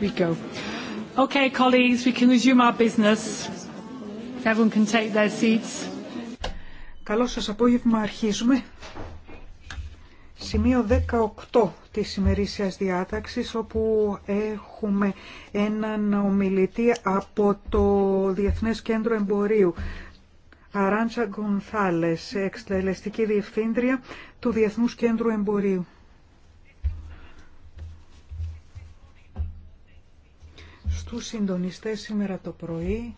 We go. Okay, colleagues, we can resume our business. Everyone can take their seats. σας απόγευμα αρχίζουμε. Σημείο 18 της ημερήσιας διάταξης όπου έχουμε έναν ομιλητή από το Διεθνές Κέντρο Εμπορίου Αράντσα Γκονθάλες, εξτελεστική διευθύντρια του Διεθνούς Κέντρου Εμπορίου. Στους συντονιστές σήμερα το πρωί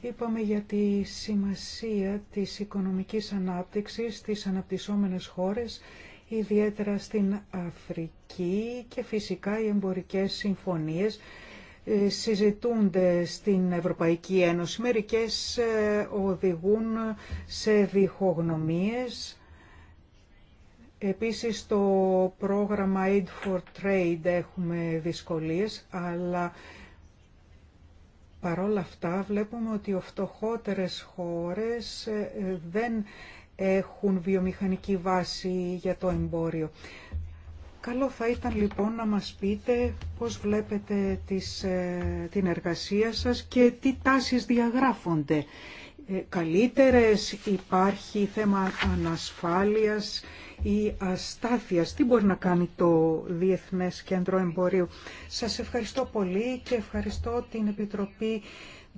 είπαμε για τη σημασία της οικονομικής ανάπτυξης στις αναπτυσσόμενες χώρες, ιδιαίτερα στην Αφρική και φυσικά οι εμπορικές συμφωνίες ε, συζητούνται στην Ευρωπαϊκή Ένωση. Μερικές ε, οδηγούν σε διχογνωμίες. Επίσης στο πρόγραμμα Aid for Trade έχουμε δυσκολίες, αλλά παρόλα αυτά βλέπουμε ότι οι φτωχότερες χώρες ε, ε, δεν έχουν βιομηχανική βάση για το εμπόριο. Καλό θα ήταν λοιπόν να μας πείτε πώς βλέπετε τις, ε, την εργασία σας και τι τάσεις διαγράφονται. Καλύτερες, υπάρχει θέμα ανασφάλειας, η αστάθεια. Τι μπορεί να κάνει το Διεθνές Κέντρο Εμπορίου. Σας ευχαριστώ πολύ και ευχαριστώ την Επιτροπή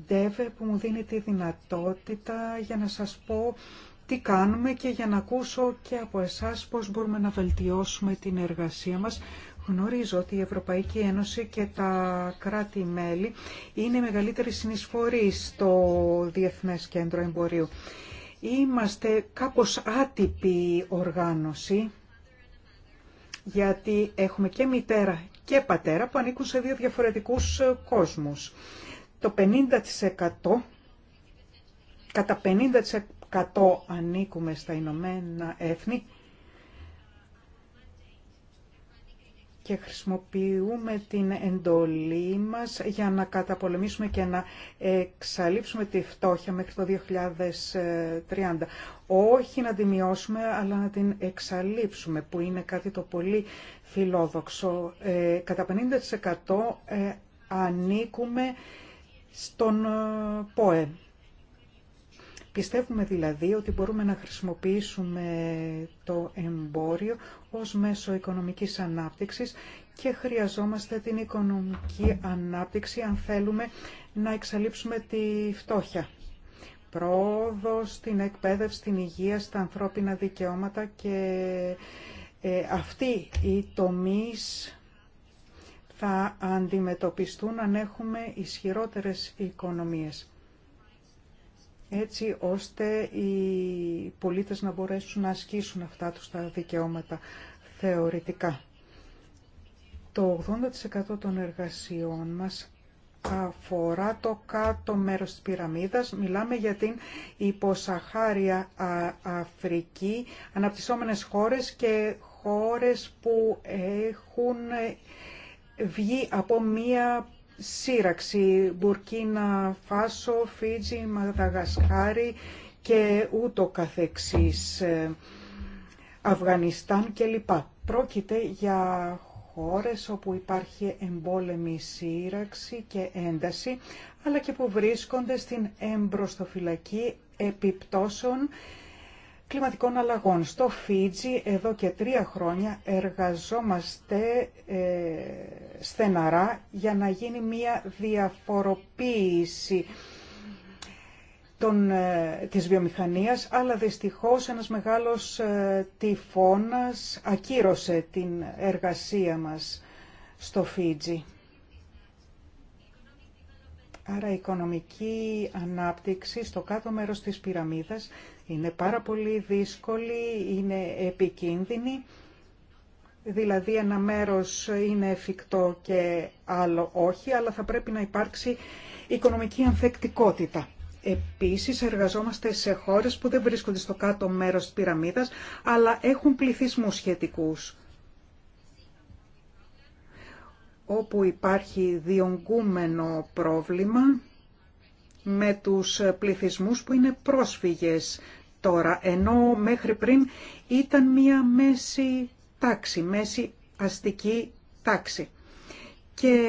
ΔΕΒΕ που μου δίνει τη δυνατότητα για να σας πω τι κάνουμε και για να ακούσω και από εσάς πώς μπορούμε να βελτιώσουμε την εργασία μας. Γνωρίζω ότι η Ευρωπαϊκή Ένωση και τα κράτη-μέλη είναι μεγαλύτερη συνεισφορή στο Διεθνές Κέντρο Εμπορίου. Είμαστε κάπως άτυπη οργάνωση, γιατί έχουμε και μητέρα και πατέρα που ανήκουν σε δύο διαφορετικούς κόσμους. Το 50% κατά 50% ανήκουμε στα Ηνωμένα Έθνη και χρησιμοποιούμε την εντολή μας για να καταπολεμήσουμε και να εξαλείψουμε τη φτώχεια μέχρι το 2030. Όχι να τη μειώσουμε, αλλά να την εξαλείψουμε, που είναι κάτι το πολύ φιλόδοξο. Ε, κατά 50% ε, ανήκουμε στον ε, ΠΟΕ. Πιστεύουμε δηλαδή ότι μπορούμε να χρησιμοποιήσουμε το εμπόριο ως μέσο οικονομικής ανάπτυξης και χρειαζόμαστε την οικονομική ανάπτυξη αν θέλουμε να εξαλείψουμε τη φτώχεια. Πρόοδο στην εκπαίδευση, στην υγεία, στα ανθρώπινα δικαιώματα και ε, αυτοί οι τομείς θα αντιμετωπιστούν αν έχουμε ισχυρότερες οικονομίες έτσι ώστε οι πολίτες να μπορέσουν να ασκήσουν αυτά τους τα δικαιώματα θεωρητικά. Το 80% των εργασιών μας αφορά το κάτω μέρος της πυραμίδας. Μιλάμε για την υποσαχάρια Αφρική, αναπτυσσόμενες χώρες και χώρες που έχουν βγει από μία σύραξη Μπουρκίνα Φάσο, Φίτζι, Μαδαγασκάρι και ούτω καθεξής ε, Αφγανιστάν κλπ. Πρόκειται για χώρες όπου υπάρχει εμπόλεμη σύραξη και ένταση αλλά και που βρίσκονται στην εμπροστοφυλακή επιπτώσεων κλιματικών αλλαγών. Στο Φίτζι εδώ και τρία χρόνια εργαζόμαστε ε, στεναρά για να γίνει μια διαφοροποίηση των, ε, της βιομηχανίας, αλλά δυστυχώς ένας μεγάλος ε, τυφώνας ακύρωσε την εργασία μας στο Φίτζι. Άρα η οικονομική ανάπτυξη στο κάτω μέρος της πυραμίδας είναι πάρα πολύ δύσκολη, είναι επικίνδυνη, δηλαδή ένα μέρος είναι εφικτό και άλλο όχι, αλλά θα πρέπει να υπάρξει οικονομική ανθεκτικότητα. Επίσης εργαζόμαστε σε χώρες που δεν βρίσκονται στο κάτω μέρος της πυραμίδας, αλλά έχουν πληθυσμούς σχετικούς. Όπου υπάρχει διονγκούμενο πρόβλημα με τους πληθυσμούς που είναι πρόσφυγες τώρα, ενώ μέχρι πριν ήταν μία μέση τάξη, μέση αστική τάξη. Και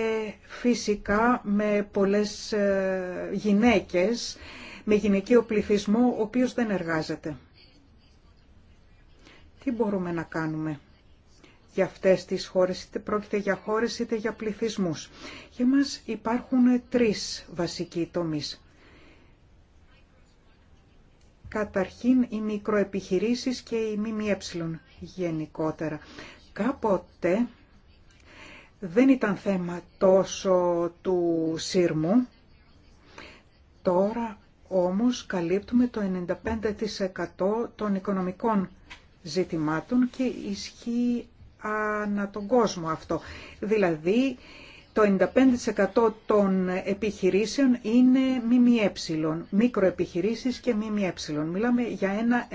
φυσικά με πολλές ε, γυναίκες, με γυναικείο πληθυσμό, ο οποίος δεν εργάζεται. Τι μπορούμε να κάνουμε για αυτές τις χώρες, είτε πρόκειται για χώρες είτε για πληθυσμούς. Για μας υπάρχουν τρεις βασικοί τομείς. Καταρχήν οι μικροεπιχειρήσεις και οι ΜΜΕ γενικότερα. Κάποτε δεν ήταν θέμα τόσο του σύρμου, τώρα όμως καλύπτουμε το 95% των οικονομικών ζητημάτων και ισχύει ανά τον κόσμο αυτό. Δηλαδή το 95% των επιχειρήσεων είναι ΜΜΕ, μικροεπιχειρήσεις και ΜΜΕ. Μιλάμε για ένα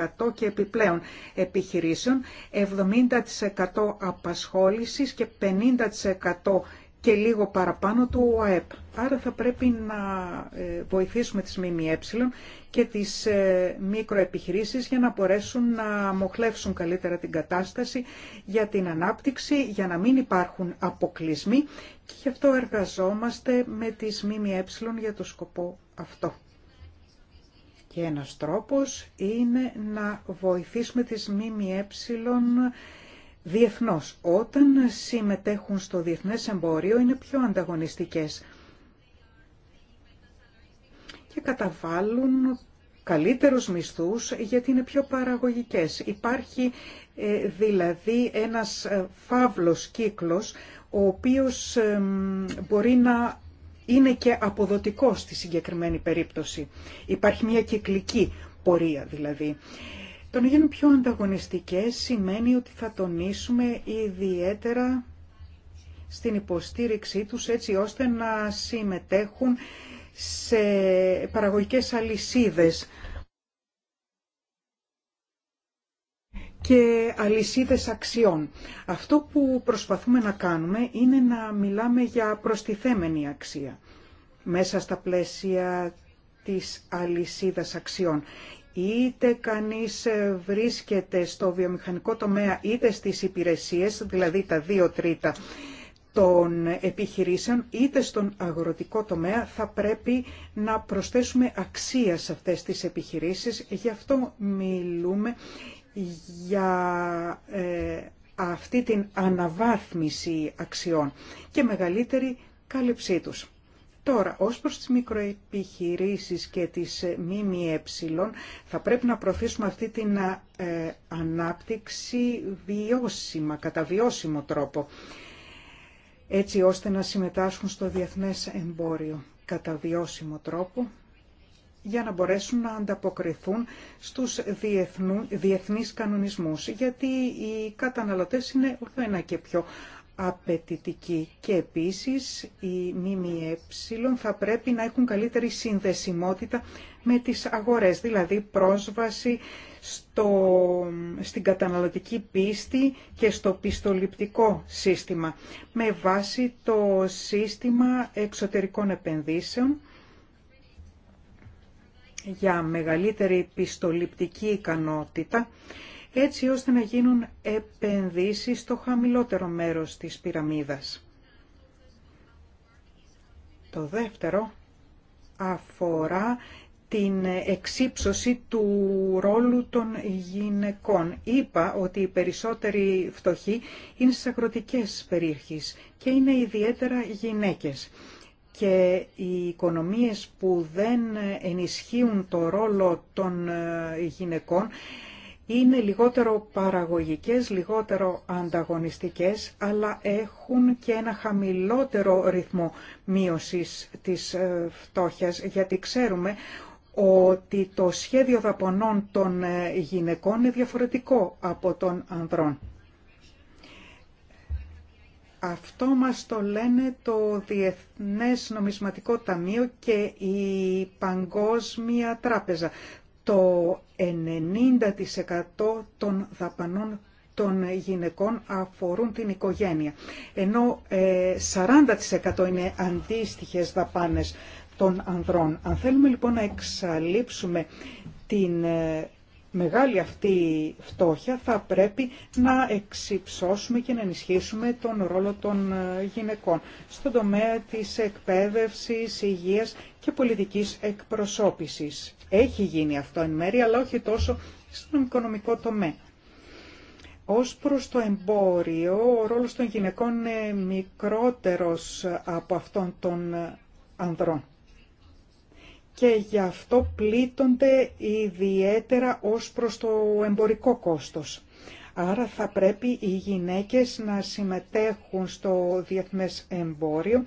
95% και επιπλέον επιχειρήσεων, 70% απασχόλησης και 50% και λίγο παραπάνω του ΟΑΕΠ. Άρα θα πρέπει να ε, βοηθήσουμε τις ΜΜΕ και τις ε, μικροεπιχειρήσεις για να μπορέσουν να μοχλεύσουν καλύτερα την κατάσταση για την ανάπτυξη, για να μην υπάρχουν αποκλεισμοί και γι' αυτό εργαζόμαστε με τις ΜΜΕ για το σκοπό αυτό. Και ένας τρόπος είναι να βοηθήσουμε τις ΜΜΕ διεθνώς. Όταν συμμετέχουν στο διεθνές εμπόριο είναι πιο ανταγωνιστικές και καταβάλουν καλύτερους μισθούς γιατί είναι πιο παραγωγικές. Υπάρχει ε, δηλαδή ένας ε, φαύλος κύκλος ο οποίος μπορεί να είναι και αποδοτικός στη συγκεκριμένη περίπτωση. Υπάρχει μια κυκλική πορεία δηλαδή. Το να γίνουν πιο ανταγωνιστικές σημαίνει ότι θα τονίσουμε ιδιαίτερα στην υποστήριξή τους έτσι ώστε να συμμετέχουν σε παραγωγικές αλυσίδες και αλυσίδες αξιών. Αυτό που προσπαθούμε να κάνουμε είναι να μιλάμε για προστιθέμενη αξία μέσα στα πλαίσια της αλυσίδας αξιών είτε κανείς βρίσκεται στο βιομηχανικό τομέα είτε στις υπηρεσίες, δηλαδή τα δύο τρίτα των επιχειρήσεων, είτε στον αγροτικό τομέα, θα πρέπει να προσθέσουμε αξία σε αυτές τις επιχειρήσεις. Γι' αυτό μιλούμε για ε, αυτή την αναβάθμιση αξιών και μεγαλύτερη κάλυψή τους. Τώρα, ως προς τις μικροεπιχειρήσεις και τις ε, ΜΜΕ, θα πρέπει να προωθήσουμε αυτή την ε, ανάπτυξη βιώσιμα, κατά βιώσιμο τρόπο, έτσι ώστε να συμμετάσχουν στο διεθνές εμπόριο κατά βιώσιμο τρόπο, για να μπορέσουν να ανταποκριθούν στους διεθνού, διεθνείς κανονισμούς, γιατί οι καταναλωτές είναι όλο ένα και πιο απαιτητική και επίσης οι ΜΜΕ θα πρέπει να έχουν καλύτερη συνδεσιμότητα με τις αγορές, δηλαδή πρόσβαση στο, στην καταναλωτική πίστη και στο πιστοληπτικό σύστημα με βάση το σύστημα εξωτερικών επενδύσεων για μεγαλύτερη πιστοληπτική ικανότητα έτσι ώστε να γίνουν επενδύσεις στο χαμηλότερο μέρος της πυραμίδας. Το δεύτερο αφορά την εξύψωση του ρόλου των γυναικών. Είπα ότι οι περισσότεροι φτωχοί είναι στις αγροτικές περιοχές και είναι ιδιαίτερα γυναίκες. Και οι οικονομίες που δεν ενισχύουν το ρόλο των γυναικών είναι λιγότερο παραγωγικές, λιγότερο ανταγωνιστικές, αλλά έχουν και ένα χαμηλότερο ρυθμό μείωσης της ε, φτώχειας, γιατί ξέρουμε ότι το σχέδιο δαπονών των ε, γυναικών είναι διαφορετικό από των ανδρών. Αυτό μας το λένε το Διεθνές Νομισματικό Ταμείο και η Παγκόσμια Τράπεζα. Το 90% των δαπανών των γυναικών αφορούν την οικογένεια, ενώ 40% ε, είναι αντίστοιχες δαπάνες των ανδρών. Αν θέλουμε λοιπόν να εξαλείψουμε την ε, μεγάλη αυτή φτώχεια θα πρέπει να εξυψώσουμε και να ενισχύσουμε τον ρόλο των ε, γυναικών στον τομέα της εκπαίδευσης, υγείας και πολιτικής εκπροσώπησης. Έχει γίνει αυτό εν μέρει, αλλά όχι τόσο στον οικονομικό τομέα. Ως προς το εμπόριο, ο ρόλος των γυναικών είναι μικρότερος από αυτόν των ανδρών και γι' αυτό πλήττονται ιδιαίτερα ως προς το εμπορικό κόστος. Άρα θα πρέπει οι γυναίκες να συμμετέχουν στο διεθνές εμπόριο.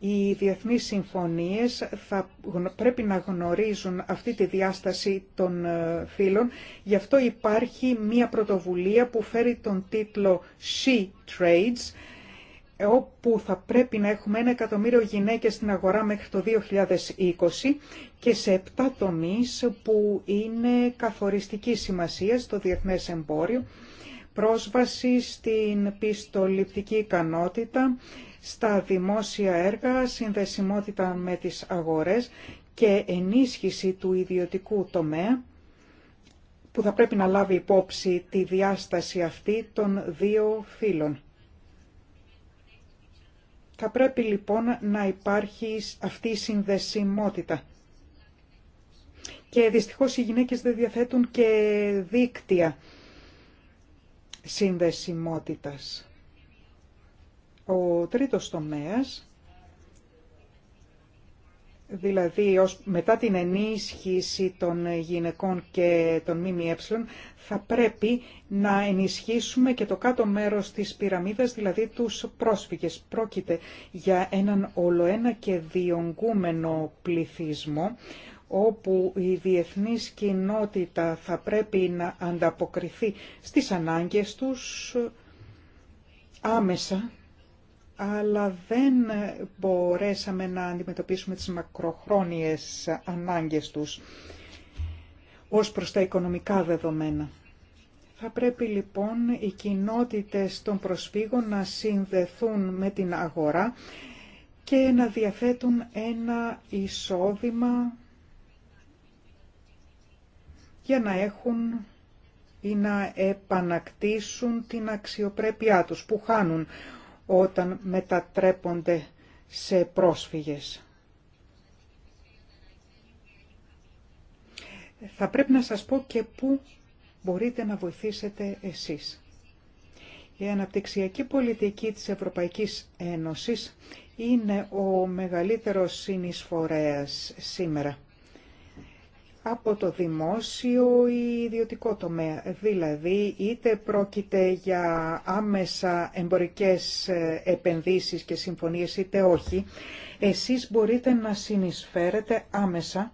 Οι διεθνείς συμφωνίες θα πρέπει να γνωρίζουν αυτή τη διάσταση των ε, φύλων. Γι' αυτό υπάρχει μία πρωτοβουλία που φέρει τον τίτλο «She Trades», όπου θα πρέπει να έχουμε ένα εκατομμύριο γυναίκες στην αγορά μέχρι το 2020 και σε 7 τομείς που είναι καθοριστική σημασία στο διεθνές εμπόριο, πρόσβαση στην πιστοληπτική ικανότητα, στα δημόσια έργα, συνδεσιμότητα με τις αγορές και ενίσχυση του ιδιωτικού τομέα που θα πρέπει να λάβει υπόψη τη διάσταση αυτή των δύο φύλων. Θα πρέπει λοιπόν να υπάρχει αυτή η συνδεσιμότητα. Και δυστυχώς οι γυναίκες δεν διαθέτουν και δίκτυα συνδεσιμότητας. Ο τρίτος τομέας δηλαδή ως μετά την ενίσχυση των γυναικών και των ΜΜΕ θα πρέπει να ενισχύσουμε και το κάτω μέρος της πυραμίδας, δηλαδή τους πρόσφυγες. Πρόκειται για έναν ολοένα και διονγκούμενο πληθυσμό, όπου η διεθνής κοινότητα θα πρέπει να ανταποκριθεί στις ανάγκες τους άμεσα αλλά δεν μπορέσαμε να αντιμετωπίσουμε τις μακροχρόνιες ανάγκες τους ως προς τα οικονομικά δεδομένα. Θα πρέπει λοιπόν οι κοινότητες των προσφύγων να συνδεθούν με την αγορά και να διαθέτουν ένα εισόδημα για να έχουν ή να επανακτήσουν την αξιοπρέπειά τους που χάνουν όταν μετατρέπονται σε πρόσφυγες. Θα πρέπει να σας πω και πού μπορείτε να βοηθήσετε εσείς. Η αναπτυξιακή πολιτική της Ευρωπαϊκής Ένωσης είναι ο μεγαλύτερος συνεισφορέας σήμερα από το δημόσιο ή ιδιωτικό τομέα. Δηλαδή, είτε πρόκειται για άμεσα εμπορικές ε, επενδύσεις και συμφωνίες, είτε όχι, εσείς μπορείτε να συνεισφέρετε άμεσα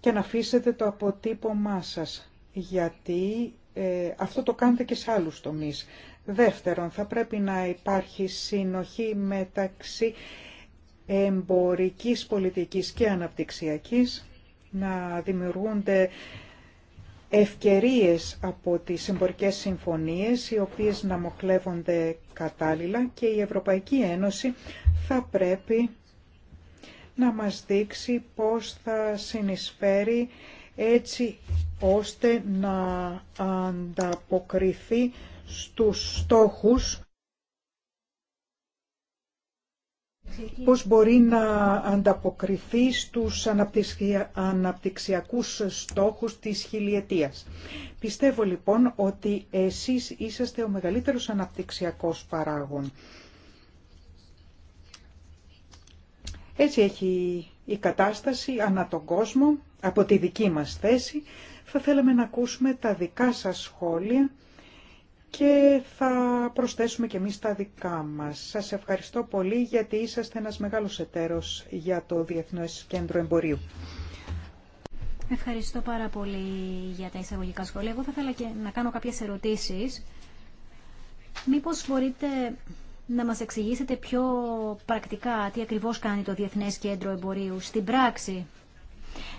και να αφήσετε το αποτύπωμά σας, γιατί ε, αυτό το κάνετε και σε άλλους τομείς. Δεύτερον, θα πρέπει να υπάρχει συνοχή μεταξύ εμπορικής πολιτικής και αναπτυξιακής να δημιουργούνται ευκαιρίες από τις εμπορικές συμφωνίες οι οποίες να μοχλεύονται κατάλληλα και η Ευρωπαϊκή Ένωση θα πρέπει να μας δείξει πώς θα συνεισφέρει έτσι ώστε να ανταποκριθεί στους στόχους πώς μπορεί να ανταποκριθεί στους αναπτυξιακούς στόχους της χιλιετίας. Πιστεύω λοιπόν ότι εσείς είσαστε ο μεγαλύτερος αναπτυξιακός παράγων. Έτσι έχει η κατάσταση ανά τον κόσμο, από τη δική μας θέση. Θα θέλαμε να ακούσουμε τα δικά σας σχόλια και θα προσθέσουμε και εμείς τα δικά μας. Σας ευχαριστώ πολύ γιατί είσαστε ένας μεγάλος εταίρος για το Διεθνές Κέντρο Εμπορίου. Ευχαριστώ πάρα πολύ για τα εισαγωγικά σχόλια. Εγώ θα ήθελα και να κάνω κάποιες ερωτήσεις. Μήπως μπορείτε να μας εξηγήσετε πιο πρακτικά τι ακριβώς κάνει το Διεθνές Κέντρο Εμπορίου στην πράξη.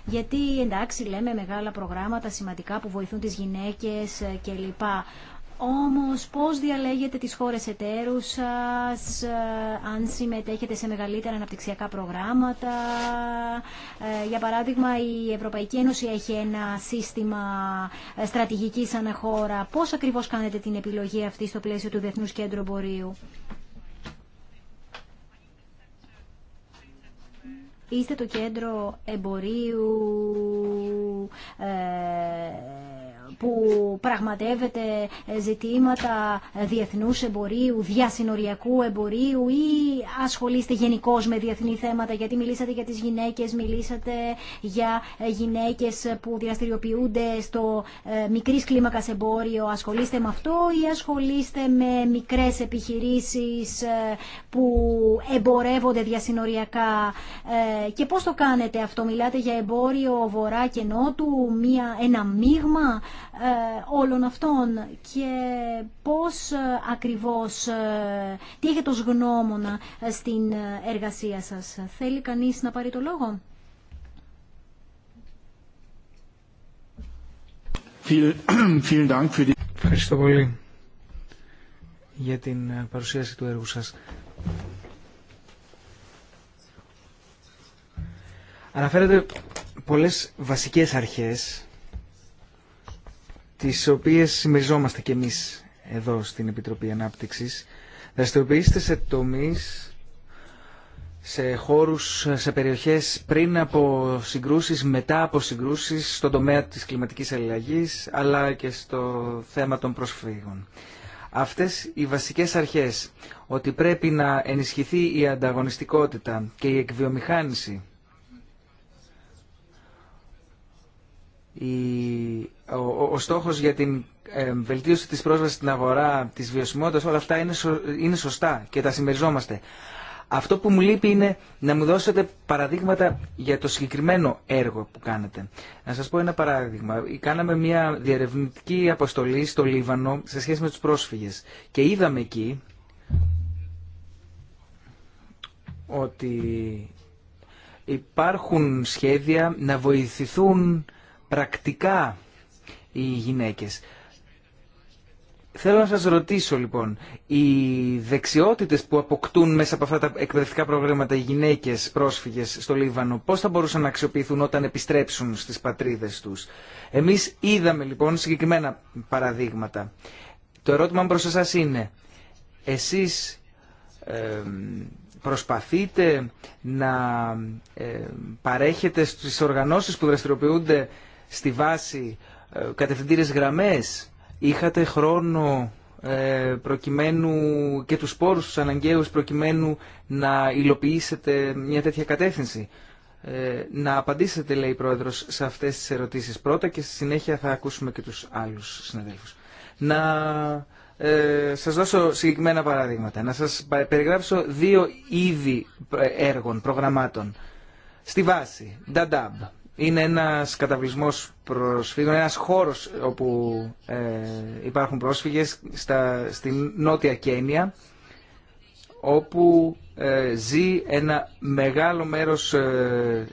Γιατί εντάξει λέμε μεγάλα προγράμματα σημαντικά που βοηθούν τις γυναίκες ε, κλπ. Όμως πώς διαλέγετε τις χώρες εταίρου σας, ε, αν συμμετέχετε σε μεγαλύτερα αναπτυξιακά προγράμματα. Ε, για παράδειγμα η Ευρωπαϊκή Ένωση έχει ένα σύστημα ε, στρατηγικής αναχώρα. Πώς ακριβώς κάνετε την επιλογή αυτή στο πλαίσιο του Διεθνούς Κέντρου Εμπορίου. Είστε το κέντρο εμπορίου που πραγματεύεται ζητήματα διεθνούς εμπορίου, διασυνοριακού εμπορίου ή ασχολείστε γενικώ με διεθνή θέματα γιατί μιλήσατε για τις γυναίκες, μιλήσατε για ε, γυναίκες που διαστηριοποιούνται στο ε, μικρής κλίμακας εμπόριο, ασχολείστε με αυτό ή ασχολείστε με μικρές επιχειρήσεις ε, που εμπορεύονται διασυνοριακά και πώς το κάνετε αυτό, μιλάτε για εμπόριο βορρά και νότου, μία, ένα μείγμα ε, όλων αυτών και πώς ε, ακριβώς, ε, τι έχετε ως γνώμονα στην εργασία σας. Θέλει κανείς να πάρει το λόγο. Ευχαριστώ πολύ για την παρουσίαση του έργου σας. Αναφέρετε πολλές βασικές αρχές τις οποίες συμμεριζόμαστε κι εμείς εδώ στην Επιτροπή Ανάπτυξης, δραστηριοποιήστε σε τομείς, σε χώρους, σε περιοχές πριν από συγκρούσεις, μετά από συγκρούσεις, στον τομέα της κλιματικής αλλαγής, αλλά και στο θέμα των προσφύγων. Αυτές οι βασικές αρχές, ότι πρέπει να ενισχυθεί η ανταγωνιστικότητα και η εκβιομηχάνηση ο, ο, στόχος για την ε, βελτίωση της πρόσβασης στην αγορά, της βιωσιμότητας, όλα αυτά είναι, είναι σωστά και τα συμμεριζόμαστε. Αυτό που μου λείπει είναι να μου δώσετε παραδείγματα για το συγκεκριμένο έργο που κάνετε. Να σας πω ένα παράδειγμα. Κάναμε μια διαρευνητική αποστολή στο Λίβανο σε σχέση με τους πρόσφυγες και είδαμε εκεί ότι υπάρχουν σχέδια να βοηθηθούν πρακτικά οι γυναίκες. Θέλω να σας ρωτήσω λοιπόν, οι δεξιότητες που αποκτούν μέσα από αυτά τα εκπαιδευτικά προγράμματα οι γυναίκες πρόσφυγες στο Λίβανο, πώς θα μπορούσαν να αξιοποιηθούν όταν επιστρέψουν στις πατρίδες τους. Εμείς είδαμε λοιπόν συγκεκριμένα παραδείγματα. Το ερώτημα μου προς εσάς είναι, εσείς ε, προσπαθείτε να παρέχετε στις οργανώσεις που δραστηριοποιούνται στη βάση ε, κατευθυντήρες γραμμές, είχατε χρόνο ε, προκειμένου και τους πόρους τους αναγκαίους προκειμένου να υλοποιήσετε μια τέτοια κατεύθυνση. Ε, να απαντήσετε, λέει η Πρόεδρος, σε αυτές τις ερωτήσεις πρώτα και στη συνέχεια θα ακούσουμε και τους άλλους συναδέλφους. Να ε, σας δώσω συγκεκριμένα παραδείγματα. Να σας περιγράψω δύο είδη έργων, προγραμμάτων. Στη βάση, DADAB, είναι ένας καταβλισμός προσφύγων, ένας χώρος όπου ε, υπάρχουν πρόσφυγες στα, στην Νότια Κένια όπου ε, ζει ένα μεγάλο μέρος ε,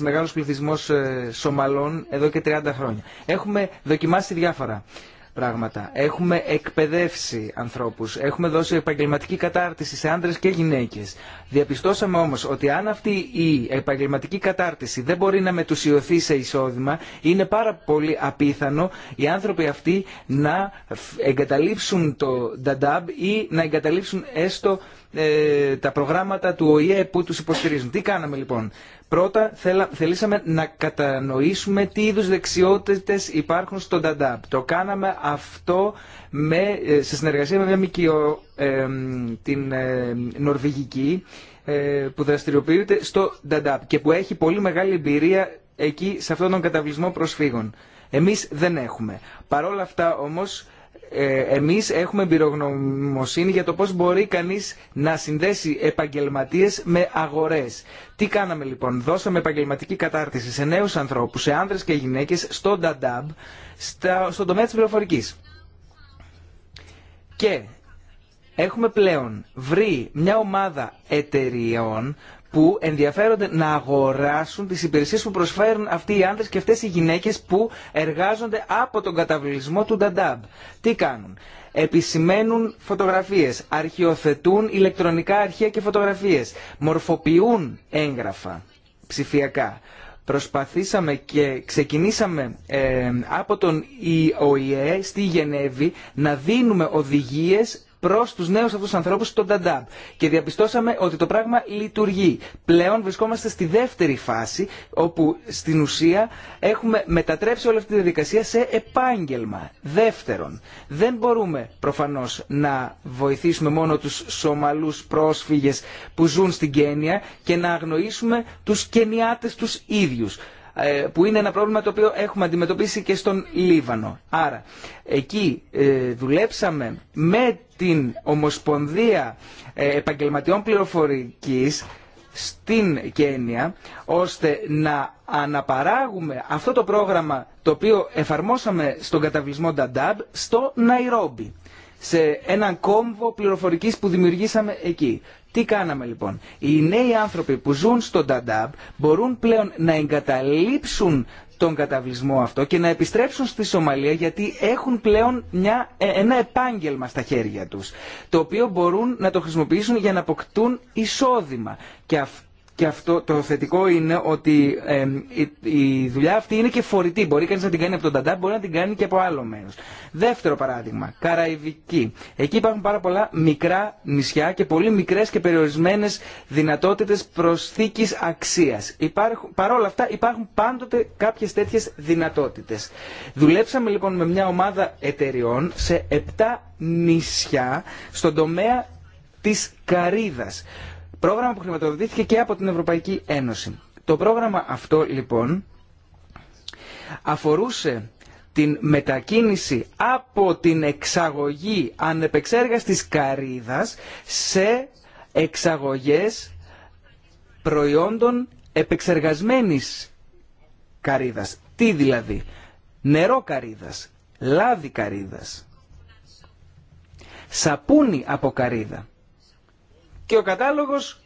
μεγάλος πληθυσμός ε, Σομαλών εδώ και 30 χρόνια. Έχουμε δοκιμάσει διάφορα πράγματα. Έχουμε εκπαιδεύσει ανθρώπους, έχουμε δώσει επαγγελματική κατάρτιση σε άντρε και γυναίκες. Διαπιστώσαμε όμως ότι αν αυτή η επαγγελματική κατάρτιση δεν μπορεί να μετουσιωθεί σε εισόδημα, είναι πάρα πολύ απίθανο οι άνθρωποι αυτοί να εγκαταλείψουν το DADAB ή να εγκαταλείψουν έστω ε, τα προγράμματα του ΟΗΕ που του υποστηρίζουν. Τι κάναμε λοιπόν. Πρώτα θέλα, θελήσαμε να κατανοήσουμε τι είδους δεξιότητες υπάρχουν στο ΤΑΝΤΑΠ. Το κάναμε αυτό με, ε, σε συνεργασία με μια μικιο, ε, την ε, νορβηγική που δραστηριοποιείται στο ΤΑΝΤΑΠ και που έχει πολύ μεγάλη εμπειρία εκεί σε αυτόν τον καταβλισμό προσφύγων. Εμείς δεν έχουμε. Παρόλα αυτά όμως ε, εμείς έχουμε εμπειρογνωμοσύνη για το πώς μπορεί κανείς να συνδέσει επαγγελματίες με αγορές. Τι κάναμε λοιπόν, δώσαμε επαγγελματική κατάρτιση σε νέους ανθρώπους, σε άνδρες και γυναίκες, στο DADAB, στον τομέα της πληροφορικής. Και έχουμε πλέον βρει μια ομάδα εταιριών που ενδιαφέρονται να αγοράσουν τις υπηρεσίες που προσφέρουν αυτοί οι άνδρες και αυτές οι γυναίκες που εργάζονται από τον καταβλισμό του Νταντάμπ. Τι κάνουν. Επισημαίνουν φωτογραφίες, αρχιοθετούν ηλεκτρονικά αρχεία και φωτογραφίες, μορφοποιούν έγγραφα ψηφιακά. Προσπαθήσαμε και ξεκινήσαμε ε, από τον ΙΟΙΕ στη Γενέβη να δίνουμε οδηγίες Προ τους νέους αυτούς του ανθρώπους τον Ταντάμπ. Και διαπιστώσαμε ότι το πράγμα λειτουργεί. Πλέον βρισκόμαστε στη δεύτερη φάση όπου στην ουσία έχουμε μετατρέψει όλη αυτή τη διαδικασία σε επάγγελμα. Δεύτερον, δεν μπορούμε προφανώ να βοηθήσουμε μόνο τους Σομαλούς πρόσφυγες που ζουν στην Κένια και να αγνοήσουμε τους κενιάτε του ίδιου. Ε, που είναι ένα πρόβλημα το οποίο έχουμε αντιμετωπίσει και στον Λίβανο. Άρα, εκεί ε, δουλέψαμε με την Ομοσπονδία ε, Επαγγελματιών Πληροφορικής στην Κένια, ώστε να αναπαράγουμε αυτό το πρόγραμμα το οποίο εφαρμόσαμε στον καταβλισμό Νταντάμπ στο Ναϊρόμπι σε έναν κόμβο πληροφορικής που δημιουργήσαμε εκεί. Τι κάναμε λοιπόν. Οι νέοι άνθρωποι που ζουν στον Νταντάμπ μπορούν πλέον να εγκαταλείψουν τον καταβλισμό αυτό και να επιστρέψουν στη Σομαλία γιατί έχουν πλέον μια, ε, ένα επάγγελμα στα χέρια τους το οποίο μπορούν να το χρησιμοποιήσουν για να αποκτούν εισόδημα και αυτό και αυτό το θετικό είναι ότι η, δουλειά αυτή είναι και φορητή. Μπορεί κανεί να την κάνει από τον Ταντά, μπορεί να την κάνει και από άλλο μέρο. Δεύτερο παράδειγμα, Καραϊβική. Εκεί υπάρχουν πάρα πολλά μικρά νησιά και πολύ μικρέ και περιορισμένε δυνατότητε προσθήκη αξία. Παρ' όλα αυτά υπάρχουν πάντοτε κάποιε τέτοιε δυνατότητε. Δουλέψαμε λοιπόν με μια ομάδα εταιριών σε 7 νησιά στον τομέα της καρίδας Πρόγραμμα που χρηματοδοτήθηκε και από την Ευρωπαϊκή Ένωση. Το πρόγραμμα αυτό λοιπόν αφορούσε την μετακίνηση από την εξαγωγή ανεπεξέργαστης καρύδας σε εξαγωγές προϊόντων επεξεργασμένης καρύδας. Τι δηλαδή, νερό καρύδας, λάδι καρύδας, σαπούνι από καρύδα και ο κατάλογος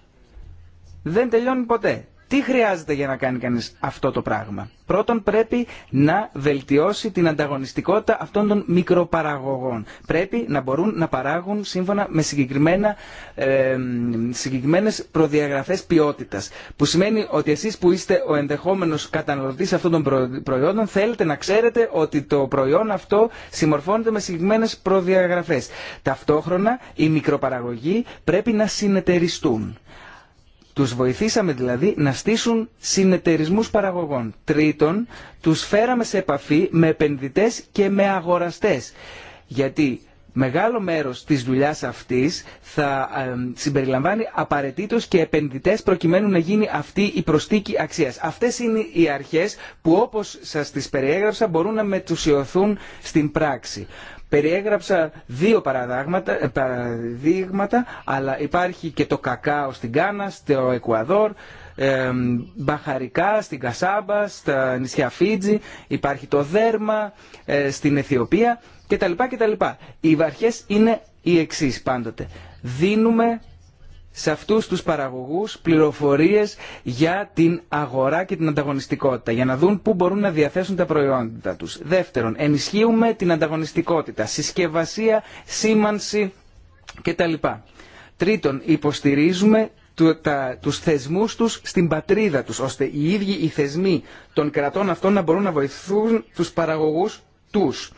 δεν τελειώνει ποτέ. Τι χρειάζεται για να κάνει κανεί αυτό το πράγμα. Πρώτον πρέπει να βελτιώσει την ανταγωνιστικότητα αυτών των μικροπαραγωγών. Πρέπει να μπορούν να παράγουν σύμφωνα με συγκεκριμένα, ε, συγκεκριμένες προδιαγραφές ποιότητας. Που σημαίνει ότι εσεί που είστε ο ενδεχόμενο καταναλωτή αυτών των προϊόντων θέλετε να ξέρετε ότι το προϊόν αυτό συμμορφώνεται με συγκεκριμένες προδιαγραφέ. Ταυτόχρονα οι μικροπαραγωγοί πρέπει να συνεταιριστούν τους βοηθήσαμε δηλαδή να στήσουν συνεταιρισμούς παραγωγών. Τρίτον, τους φέραμε σε επαφή με επενδυτές και με αγοραστές. Γιατί μεγάλο μέρος της δουλειάς αυτής θα συμπεριλαμβάνει απαραίτητος και επενδυτές προκειμένου να γίνει αυτή η προστίκη αξίας. Αυτές είναι οι αρχές που όπως σας τις περιέγραψα μπορούν να μετουσιωθούν στην πράξη. Περιέγραψα δύο ε, παραδείγματα, αλλά υπάρχει και το κακάο στην Κάνα, στο Εκουαδόρ, μπαχαρικά στην Κασάμπα, στα νησιά Φίτζη, υπάρχει το δέρμα ε, στην Αιθιοπία κτλ. κτλ. Οι βαρχές είναι οι εξής πάντοτε. Δίνουμε σε αυτούς τους παραγωγούς πληροφορίες για την αγορά και την ανταγωνιστικότητα, για να δουν πού μπορούν να διαθέσουν τα προϊόντα τους. Δεύτερον, ενισχύουμε την ανταγωνιστικότητα, συσκευασία, σήμανση κτλ. Τρίτον, υποστηρίζουμε τους θεσμούς τους στην πατρίδα τους, ώστε οι ίδιοι οι θεσμοί των κρατών αυτών να μπορούν να βοηθούν τους παραγωγούς τους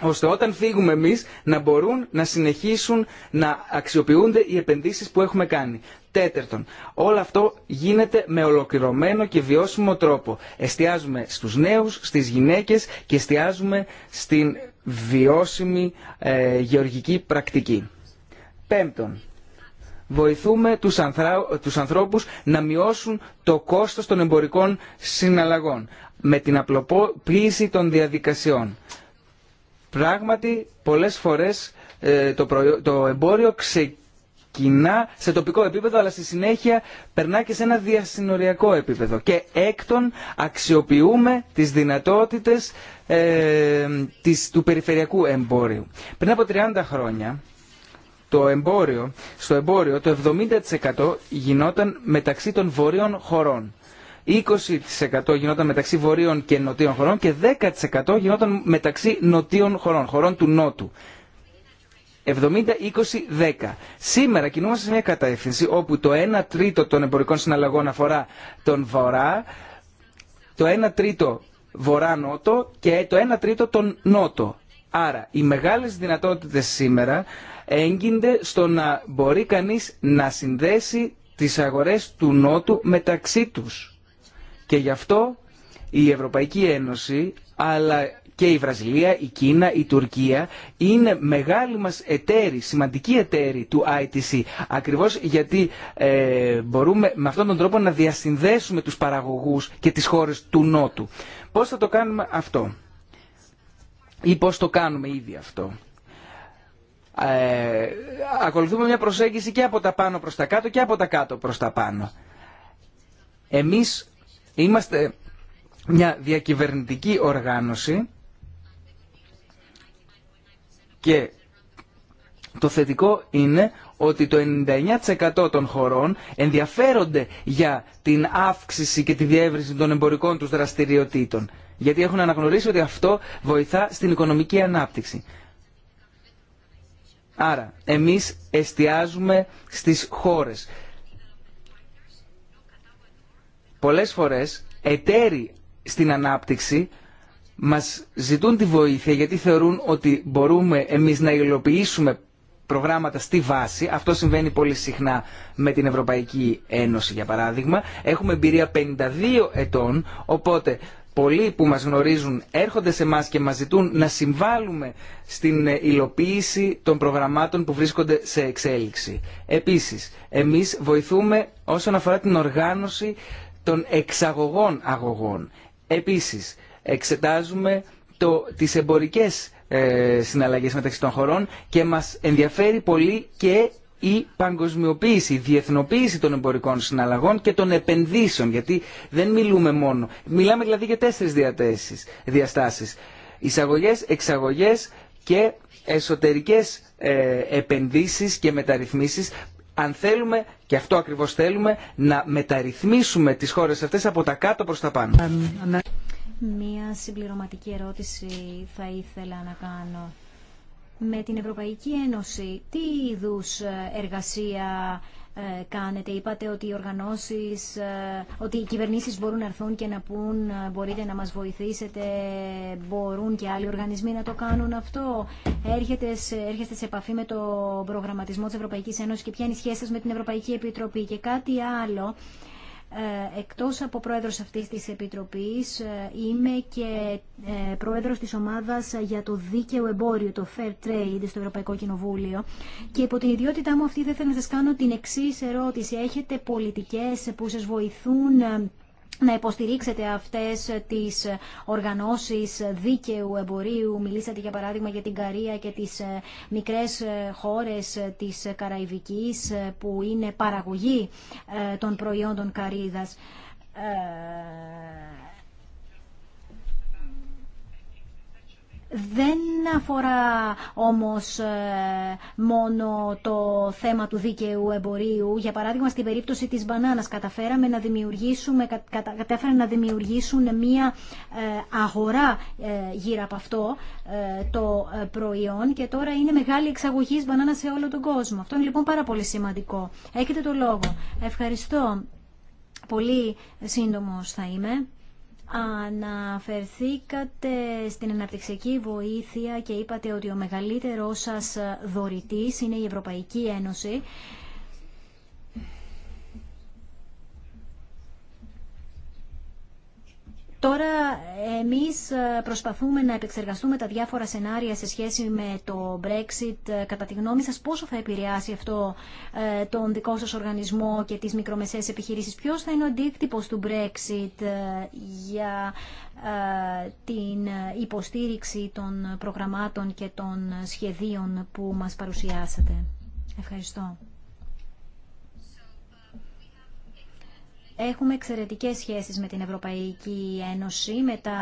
ώστε όταν φύγουμε εμείς να μπορούν να συνεχίσουν να αξιοποιούνται οι επενδύσεις που έχουμε κάνει. Τέταρτον, όλο αυτό γίνεται με ολοκληρωμένο και βιώσιμο τρόπο. Εστιάζουμε στους νέους, στις γυναίκες και εστιάζουμε στην βιώσιμη ε, γεωργική πρακτική. Πέμπτον, βοηθούμε τους, ανθρά... ανθρώπους να μειώσουν το κόστος των εμπορικών συναλλαγών με την απλοποίηση των διαδικασιών. Πράγματι, πολλές φορές ε, το εμπόριο ξεκινά σε τοπικό επίπεδο, αλλά στη συνέχεια περνά και σε ένα διασυνοριακό επίπεδο. Και έκτον, αξιοποιούμε τις δυνατότητες ε, του περιφερειακού εμπόριου. Πριν από 30 χρόνια, το εμπόριο, στο εμπόριο το 70% γινόταν μεταξύ των βορείων χωρών. 20% γινόταν μεταξύ βορείων και νοτίων χωρών και 10% γινόταν μεταξύ νοτίων χωρών, χωρών του Νότου. 70-20-10. Σήμερα κινούμαστε σε μια κατεύθυνση όπου το 1 τρίτο των εμπορικών συναλλαγών αφορά τον Βορρά, το 1 τρίτο Βορρά-Νότο και το 1 τρίτο τον Νότο. Άρα οι μεγάλες δυνατότητες σήμερα έγκυνται στο να μπορεί κανείς να συνδέσει τις αγορές του Νότου μεταξύ τους και γι' αυτό η Ευρωπαϊκή Ένωση αλλά και η Βραζιλία, η Κίνα, η Τουρκία είναι μεγάλοι μας εταίροι, σημαντικοί εταίροι του ITC ακριβώς γιατί ε, μπορούμε με αυτόν τον τρόπο να διασυνδέσουμε τους παραγωγούς και τις χώρες του Νότου. Πώς θα το κάνουμε αυτό ή πώς το κάνουμε ήδη αυτό. Ε, ακολουθούμε μια προσέγγιση και από τα πάνω προς τα κάτω και από τα κάτω προς τα πάνω. Εμείς Είμαστε μια διακυβερνητική οργάνωση και το θετικό είναι ότι το 99% των χωρών ενδιαφέρονται για την αύξηση και τη διεύρυνση των εμπορικών τους δραστηριοτήτων. Γιατί έχουν αναγνωρίσει ότι αυτό βοηθά στην οικονομική ανάπτυξη. Άρα, εμείς εστιάζουμε στις χώρες πολλές φορές εταίροι στην ανάπτυξη μας ζητούν τη βοήθεια γιατί θεωρούν ότι μπορούμε εμείς να υλοποιήσουμε προγράμματα στη βάση. Αυτό συμβαίνει πολύ συχνά με την Ευρωπαϊκή Ένωση για παράδειγμα. Έχουμε εμπειρία 52 ετών, οπότε πολλοί που μας γνωρίζουν έρχονται σε μας και μας ζητούν να συμβάλλουμε στην υλοποίηση των προγραμμάτων που βρίσκονται σε εξέλιξη. Επίσης, εμείς βοηθούμε όσον αφορά την οργάνωση των εξαγωγών αγωγών. Επίσης, εξετάζουμε το, τις εμπορικές ε, συναλλαγές μεταξύ των χωρών και μας ενδιαφέρει πολύ και η παγκοσμιοποίηση, η διεθνοποίηση των εμπορικών συναλλαγών και των επενδύσεων, γιατί δεν μιλούμε μόνο. Μιλάμε δηλαδή για τέσσερις διατέσεις, διαστάσεις. Εισαγωγές, εξαγωγές και εσωτερικές ε, επενδύσεις και μεταρρυθμίσεις αν θέλουμε, και αυτό ακριβώς θέλουμε, να μεταρρυθμίσουμε τις χώρες αυτές από τα κάτω προς τα πάνω. Ε, ναι. Μία συμπληρωματική ερώτηση θα ήθελα να κάνω. Με την Ευρωπαϊκή Ένωση, τι είδους ε, εργασία ε, κάνετε. Είπατε ότι οι οργανώσεις, ε, ότι οι κυβερνήσεις μπορούν να έρθουν και να πούν ε, μπορείτε να μας βοηθήσετε, μπορούν και άλλοι οργανισμοί να το κάνουν αυτό. έρχεστε σε επαφή με το προγραμματισμό της Ευρωπαϊκής Ένωσης και ποια είναι η σχέση σας με την Ευρωπαϊκή Επιτροπή. Και κάτι άλλο, ε, εκτός από πρόεδρος αυτής της Επιτροπής ε, είμαι και ε, πρόεδρος της ομάδας για το δίκαιο εμπόριο, το Fair Trade στο Ευρωπαϊκό Κοινοβούλιο και υπό την ιδιότητά μου αυτή δεν θέλω να σας κάνω την εξής ερώτηση. Έχετε πολιτικές που σας βοηθούν να υποστηρίξετε αυτές τις οργανώσεις δίκαιου εμπορίου. Μιλήσατε για παράδειγμα για την Καρία και τις ε, μικρές ε, χώρες της Καραϊβικής ε, που είναι παραγωγή των προϊόντων Καρίδας. δεν αφορά όμως ε, μόνο το θέμα του δίκαιου εμπορίου. Για παράδειγμα, στην περίπτωση της μπανάνας καταφέραμε να δημιουργήσουμε, καταφέραμε να δημιουργήσουν μία ε, αγορά ε, γύρω από αυτό το προϊόν και τώρα είναι μεγάλη εξαγωγή μπανάνας σε όλο τον κόσμο. Αυτό είναι λοιπόν πάρα πολύ σημαντικό. Έχετε το λόγο. Ευχαριστώ. Πολύ σύντομος θα είμαι. Αναφερθήκατε στην αναπτυξιακή βοήθεια και είπατε ότι ο μεγαλύτερός σας δωρητής είναι η Ευρωπαϊκή Ένωση Τώρα εμείς ε, προσπαθούμε να επεξεργαστούμε τα διάφορα σενάρια σε σχέση με το Brexit. Ε, κατά τη γνώμη σας πόσο θα επηρεάσει αυτό ε, τον δικό σας οργανισμό και τις μικρομεσαίες επιχειρήσεις. Ποιος θα είναι ο αντίκτυπος του Brexit για την υποστήριξη των προγραμμάτων και των σχεδίων που μας παρουσιάσατε. Ευχαριστώ. Έχουμε εξαιρετικές σχέσεις με την Ευρωπαϊκή Ένωση, με τα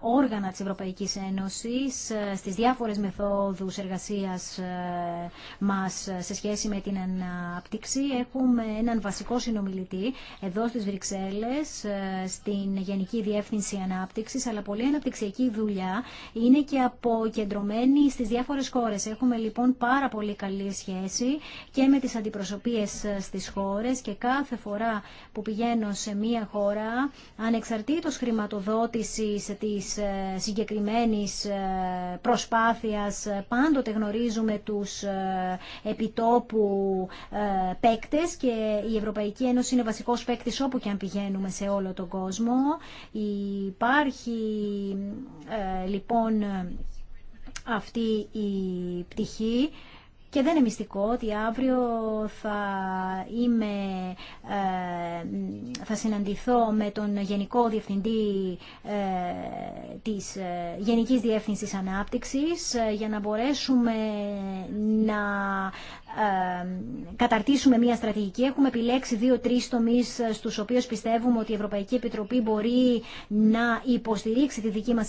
όργανα της Ευρωπαϊκής Ένωσης, ε, στις διάφορες μεθόδους εργασίας ε, μας ε, σε σχέση με την ανάπτυξη. Έχουμε έναν βασικό συνομιλητή εδώ στις Βρυξέλλες, στην Γενική Διεύθυνση Ανάπτυξης, αλλά πολλή αναπτυξιακή δουλειά είναι και αποκεντρωμένη στις διάφορες χώρες. Έχουμε λοιπόν πάρα πολύ καλή σχέση και με τις αντιπροσωπείες στις χώρες και κάθε φορά που πηγαίνουμε επομένως σε μία χώρα, ανεξαρτήτως χρηματοδότησης της ε, συγκεκριμένης ε, προσπάθειας, πάντοτε γνωρίζουμε τους ε, επιτόπου παίκτες και η Ευρωπαϊκή Ένωση είναι βασικός παίκτης όπου και αν πηγαίνουμε σε όλο τον κόσμο. Υπάρχει λοιπόν αυτή η πτυχή και δεν είναι μυστικό ότι αύριο θα, είμαι, ε, θα συναντηθώ με τον Γενικό Διευθυντή ε, της ε, Γενικής Διεύθυνσης Ανάπτυξης για να μπορέσουμε να καταρτήσουμε μια στρατηγική. Έχουμε επιλέξει δύο-τρει τομεί ε, στου οποίου πιστεύουμε ότι η Ευρωπαϊκή Επιτροπή μπορεί να υποστηρίξει τη δική μα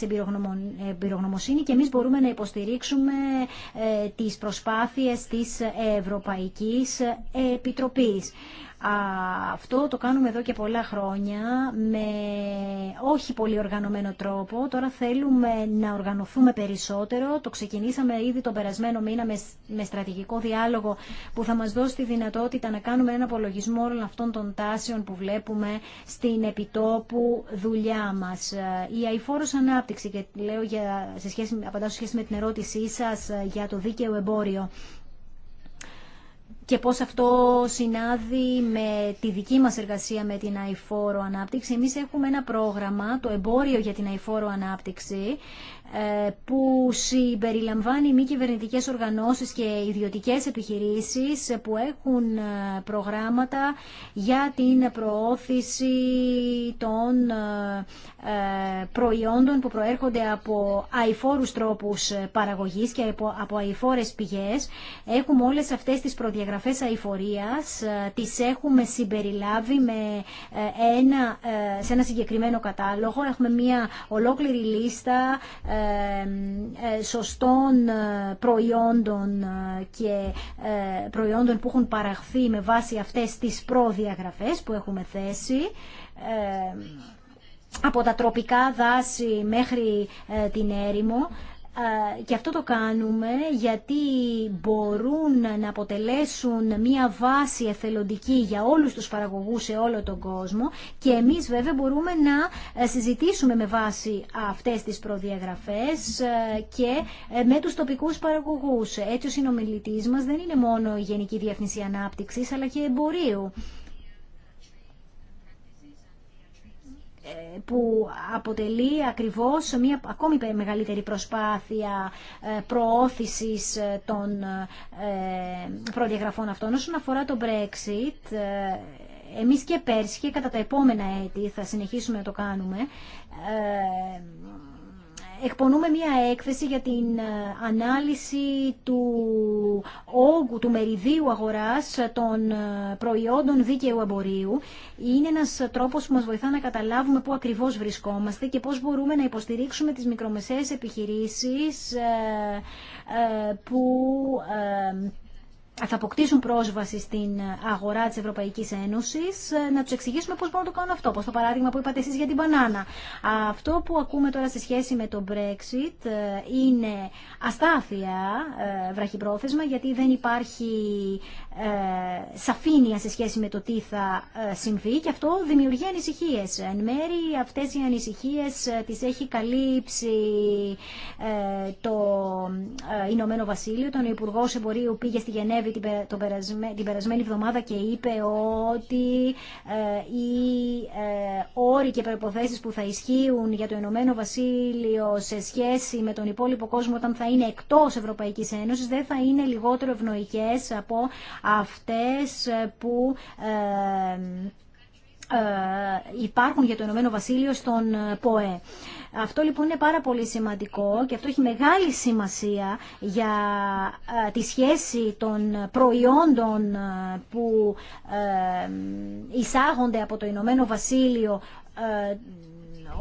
εμπειρογνωμοσύνη και εμεί μπορούμε να υποστηρίξουμε ε, τι προσπάθειε τη Ευρωπαϊκή Επιτροπή. Αυτό το κάνουμε εδώ και πολλά χρόνια με όχι πολύ οργανωμένο τρόπο. Τώρα θέλουμε να οργανωθούμε περισσότερο. Το ξεκινήσαμε ήδη τον περασμένο μήνα με στρατηγικό διάλογο που θα μας δώσει τη δυνατότητα να κάνουμε ένα απολογισμό όλων αυτών των τάσεων που βλέπουμε στην επιτόπου δουλειά μας. Η αηφόρος ανάπτυξη, και λέω για, σε σχέση, απαντάω σε σχέση με την ερώτησή σας για το δίκαιο εμπόριο και πώς αυτό συνάδει με τη δική μας εργασία με την αηφόρο ανάπτυξη. Εμείς έχουμε ένα πρόγραμμα, το εμπόριο για την αηφόρο ανάπτυξη, ε, που συμπεριλαμβάνει μη κυβερνητικέ οργανώσεις και ιδιωτικές επιχειρήσεις που έχουν ε, προγράμματα για την προώθηση των ε, προϊόντων που προέρχονται από αϊφόρους τρόπους παραγωγής και από αϊφόρες πηγές. Έχουμε όλες αυτές τις προδιαγραφές αϊφορίας. τις έχουμε συμπεριλάβει με ένα, σε ένα συγκεκριμένο κατάλογο. Έχουμε μια ολόκληρη λίστα ε, ε, σωστών ε, προϊόντων και προϊόντων που έχουν παραχθεί με βάση αυτές τις προδιαγραφές που έχουμε θέσει από τα τροπικά δάση μέχρι την έρημο και αυτό το κάνουμε γιατί μπορούν να αποτελέσουν μια βάση εθελοντική για όλους τους παραγωγούς σε όλο τον κόσμο και εμείς βέβαια μπορούμε να ε, συζητήσουμε με βάση αυτές τις προδιαγραφές ε, και ε, με τους τοπικούς παραγωγούς. Έτσι ο συνομιλητής μας δεν είναι μόνο η Γενική Διεύθυνση Ανάπτυξης αλλά και Εμπορίου. που αποτελεί ακριβώς μια ακόμη μεγαλύτερη προσπάθεια ε, προώθησης ε, των ε, προδιαγραφών αυτών. Όσον αφορά το Brexit, εμείς και πέρσι και κατά τα επόμενα έτη θα συνεχίσουμε να το κάνουμε εκπονούμε μία έκθεση για την ε, ανάλυση του όγκου, του μεριδίου αγοράς ε, των ε, προϊόντων δίκαιου εμπορίου. Είναι ένας τρόπος που μας βοηθά να καταλάβουμε πού ακριβώς βρισκόμαστε και πώς μπορούμε να υποστηρίξουμε τις μικρομεσαίες επιχειρήσεις που θα αποκτήσουν πρόσβαση στην αγορά της Ευρωπαϊκής Ένωσης, ε, να του εξηγήσουμε πώς μπορούν να το κάνουν αυτό, όπως το παράδειγμα που είπατε εσείς για την μπανάνα. Αυτό που ακούμε τώρα σε σχέση με το Brexit ε, είναι αστάθεια ε, βραχυπρόθεσμα, γιατί δεν υπάρχει σαφήνεια σε σχέση με το τι θα συμβεί και αυτό δημιουργεί ανησυχίες. Εν μέρη αυτές οι ανησυχίες τις έχει καλύψει το Ηνωμένο Βασίλειο, τον Υπουργό Εμπορίου πήγε στη Γενέβη την, τον την περασμένη εβδομάδα και είπε ότι ε, οι ε, όροι και προποθέσει που θα ισχύουν για το Ηνωμένο Βασίλειο σε σχέση με τον υπόλοιπο κόσμο όταν θα είναι εκτός Ευρωπαϊκής Ένωσης δεν θα είναι λιγότερο ευνοϊκέ από αυτές που... Ε, ε, υπάρχουν για το Ηνωμένο Βασίλειο στον ε, ΠΟΕ. Αυτό λοιπόν είναι πάρα πολύ σημαντικό και αυτό έχει μεγάλη σημασία για ε, τη σχέση των προϊόντων που εισάγονται από το Ηνωμένο Βασίλειο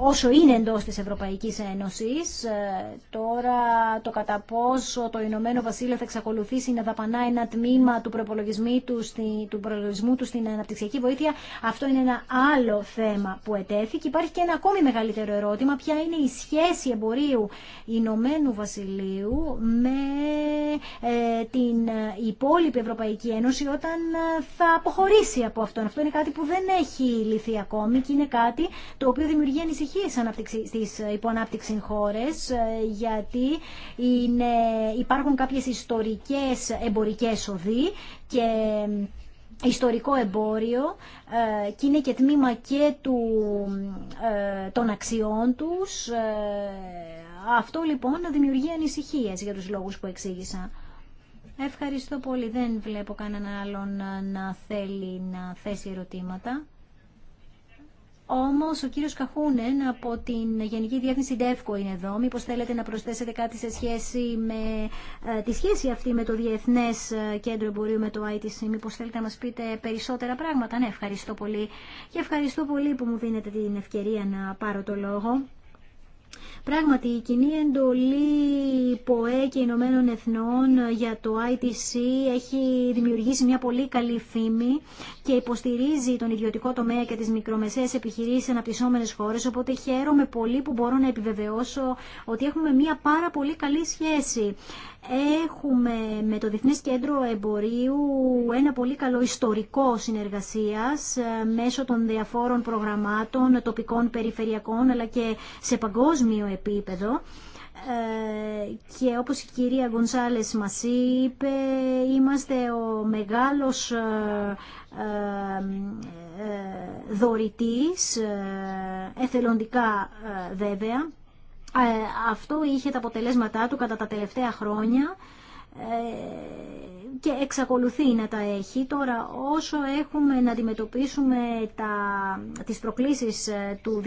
όσο είναι εντό τη Ευρωπαϊκή Ένωση. Ε, τώρα το κατά πόσο το Ηνωμένο Βασίλειο θα εξακολουθήσει να δαπανά ένα τμήμα του προπολογισμού του, του προπολογισμού του στην αναπτυξιακή βοήθεια, αυτό είναι ένα άλλο θέμα που ετέθηκε. Υπάρχει και ένα ακόμη μεγαλύτερο ερώτημα, ποια είναι η σχέση εμπορίου Ηνωμένου Βασιλείου με ε, την υπόλοιπη Ευρωπαϊκή Ένωση όταν ε, θα αποχωρήσει από αυτόν. Αυτό είναι κάτι που δεν έχει λυθεί ακόμη και είναι κάτι το οποίο δημιουργεί ανησυχίε στις ε, υποανάπτυξη χώρες ε, γιατί είναι, υπάρχουν κάποιες ιστορικέ εμπορικές οδοί και ε, ιστορικό εμπόριο και είναι και τμήμα και του, των αξιών τους. Αυτό λοιπόν δημιουργεί ανησυχίες για τους λόγους που εξήγησα. Ευχαριστώ πολύ. Δεν βλέπω κανέναν άλλον να θέλει να θέσει ερωτήματα. Όμω, ο κύριος Καχούνεν από την Γενική Διεύθυνση ΔΕΦΚΟ είναι εδώ. Μήπω θέλετε να προσθέσετε κάτι σε σχέση με ε, τη σχέση αυτή με το Διεθνές ε, Κέντρο Εμπορίου με το ITC. Μήπως θέλετε να μα πείτε περισσότερα πράγματα. Ναι, ευχαριστώ πολύ. Και ευχαριστώ πολύ που μου δίνετε την ευκαιρία να πάρω το λόγο. Πράγματι, η κοινή εντολή ΠΟΕ και Ηνωμένων Εθνών για το ITC έχει δημιουργήσει μια πολύ καλή φήμη και υποστηρίζει τον ιδιωτικό τομέα και τις μικρομεσαίες επιχειρήσεις σε αναπτυσσόμενες χώρες, οπότε χαίρομαι πολύ που μπορώ να επιβεβαιώσω ότι έχουμε μια πάρα πολύ καλή σχέση. Έχουμε με το Διεθνές Κέντρο Εμπορίου ένα πολύ καλό ιστορικό συνεργασίας ε, μέσω των διαφόρων προγραμμάτων τοπικών, περιφερειακών αλλά και σε παγκόσμιο επίπεδο ε, και όπως η κυρία Γκονσάλες μας είπε, είμαστε ο μεγάλος ε, δωρητής, εθελοντικά βέβαια, ε, αυτό είχε τα αποτελέσματά του κατά τα τελευταία χρόνια ε, και εξακολουθεί να τα έχει. Τώρα όσο έχουμε να αντιμετωπίσουμε τα, τις προκλήσεις ε, του 2030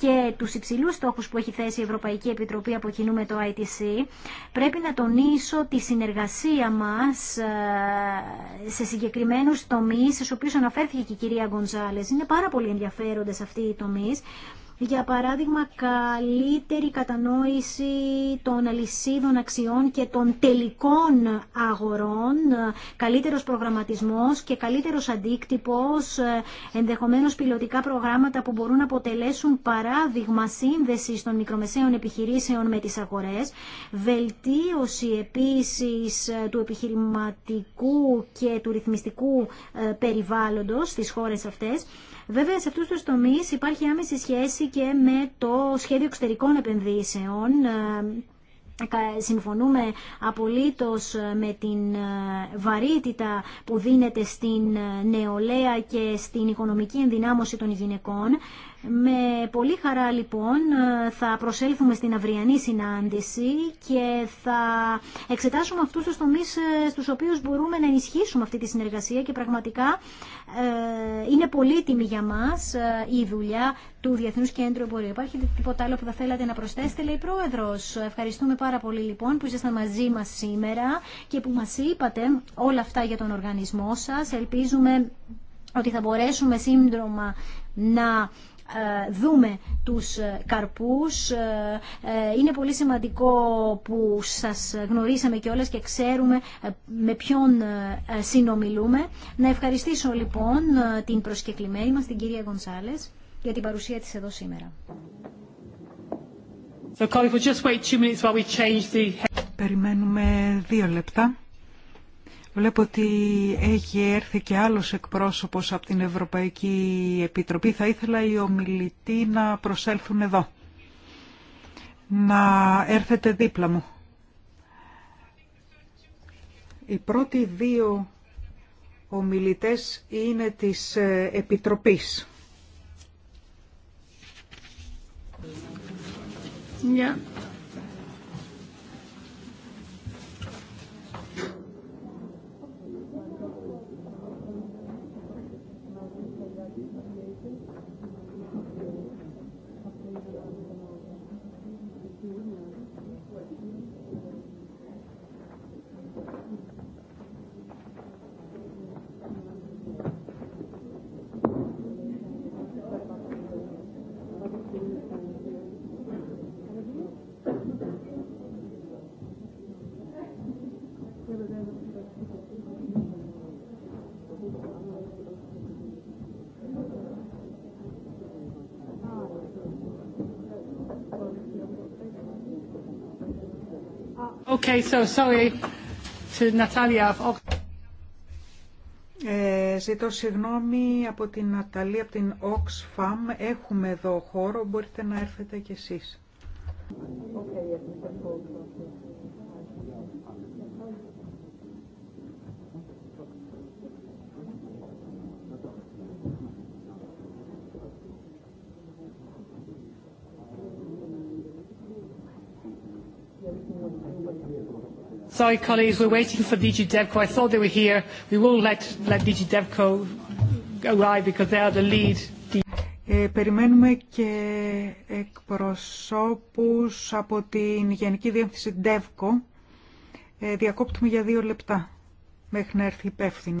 και τους υψηλούς στόχους που έχει θέσει η Ευρωπαϊκή Επιτροπή από κοινού με το ITC, πρέπει να τονίσω τη συνεργασία μας σε συγκεκριμένους τομείς, στους οποίους αναφέρθηκε και η κυρία Γκονζάλες. Είναι πάρα πολύ ενδιαφέροντες αυτοί οι τομείς για παράδειγμα, καλύτερη κατανόηση των αλυσίδων αξιών και των τελικών αγορών, καλύτερος προγραμματισμός και καλύτερος αντίκτυπος, ε, ενδεχομένως πιλωτικά προγράμματα που μπορούν να αποτελέσουν παράδειγμα σύνδεσης των μικρομεσαίων επιχειρήσεων με τις αγορές, βελτίωση επίσης ε, του επιχειρηματικού και του ρυθμιστικού ε, περιβάλλοντος στις χώρες αυτές, Βέβαια, σε αυτού του τομεί υπάρχει άμεση σχέση και με το σχέδιο εξωτερικών επενδύσεων. Ε, συμφωνούμε απολύτως ε, με την ε, βαρύτητα που δίνεται στην νεολαία και στην οικονομική ενδυνάμωση των γυναικών. Με πολύ χαρά λοιπόν θα προσέλθουμε στην αυριανή συνάντηση και θα εξετάσουμε αυτούς τους τομείς ε, στους οποίους μπορούμε να ενισχύσουμε αυτή τη συνεργασία και πραγματικά ε, είναι πολύτιμη για μας ε, η δουλειά του Διεθνούς Κέντρου Εμπορίου. Υπάρχει τίποτα άλλο που θα θέλατε να προσθέσετε, λέει Πρόεδρος. Ευχαριστούμε πάρα πολύ λοιπόν που ήσασταν μαζί μας σήμερα και που μας είπατε όλα αυτά για τον οργανισμό σας. Ελπίζουμε ότι θα μπορέσουμε σύντομα να ε, δούμε τους ε, καρπούς. Ε, είναι πολύ σημαντικό που σας γνωρίσαμε και όλες και ξέρουμε με ποιον συνομιλούμε. Να ευχαριστήσω λοιπόν την προσκεκλημένη μας, την κυρία Γονσάλες, για την παρουσία της εδώ σήμερα. Περιμένουμε δύο λεπτά. Βλέπω ότι έχει έρθει και άλλος εκπρόσωπος από την Ευρωπαϊκή Επιτροπή. Θα ήθελα οι ομιλητοί να προσέλθουν εδώ. Να έρθετε δίπλα μου. Οι πρώτοι δύο ομιλητές είναι της ε, Επιτροπής. Yeah. Okay, so sorry to ε, ζητώ συγγνώμη από την Ναταλή, από την Oxfam. Έχουμε εδώ χώρο, μπορείτε να έρθετε κι εσείς. Sorry, colleagues, we're waiting for DG DevCo. I thought they were here. We won't let, let DG DevCo arrive because they are the lead. Ε, περιμένουμε και εκπροσώπους από την Γενική Διεύθυνση DevCo. διακόπτουμε για δύο λεπτά μέχρι να έρθει υπεύθυνο.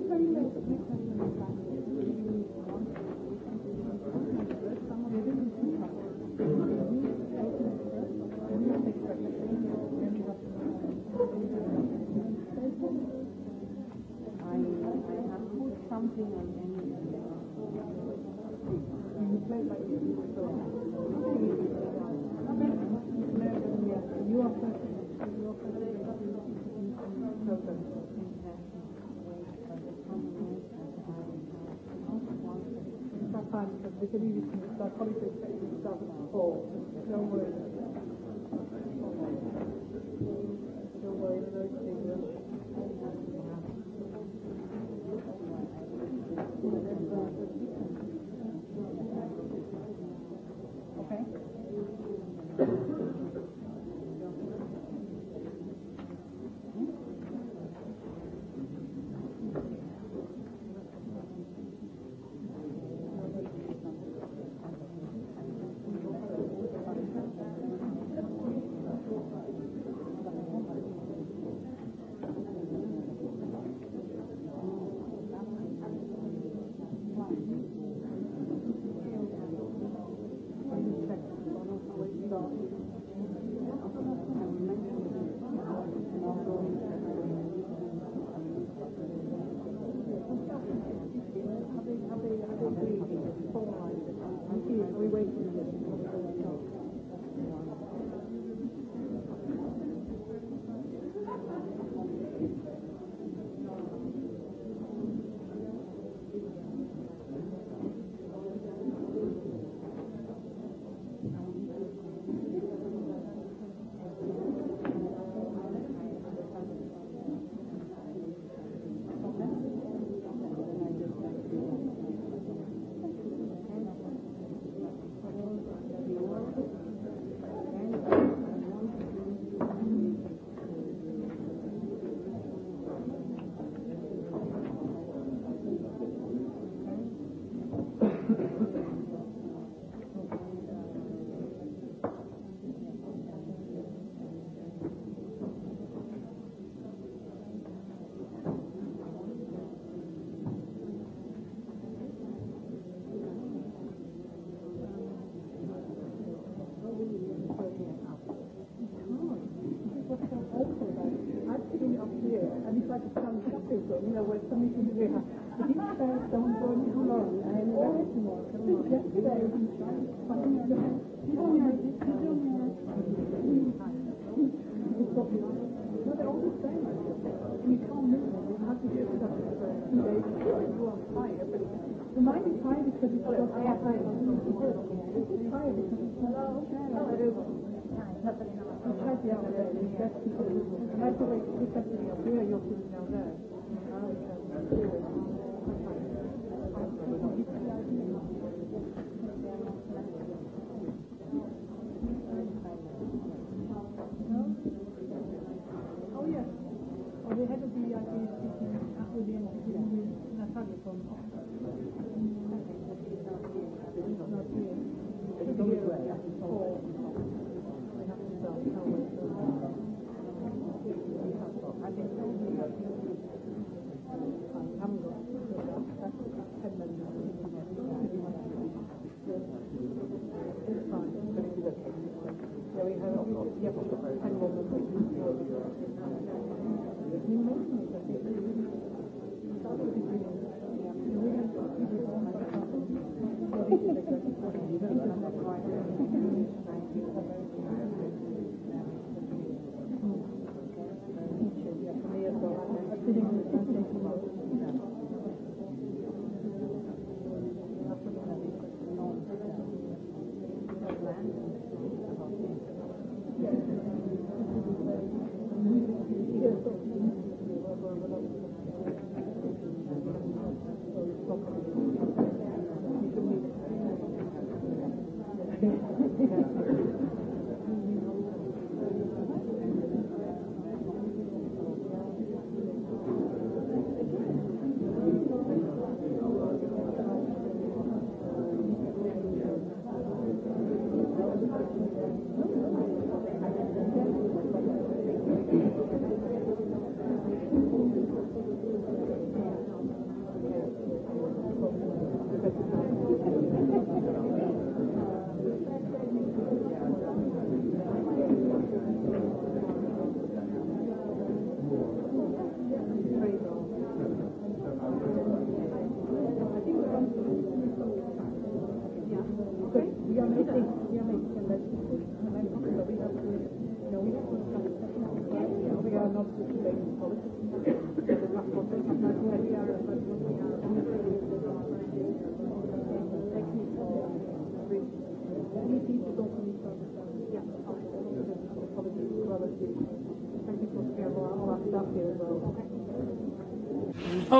forward. No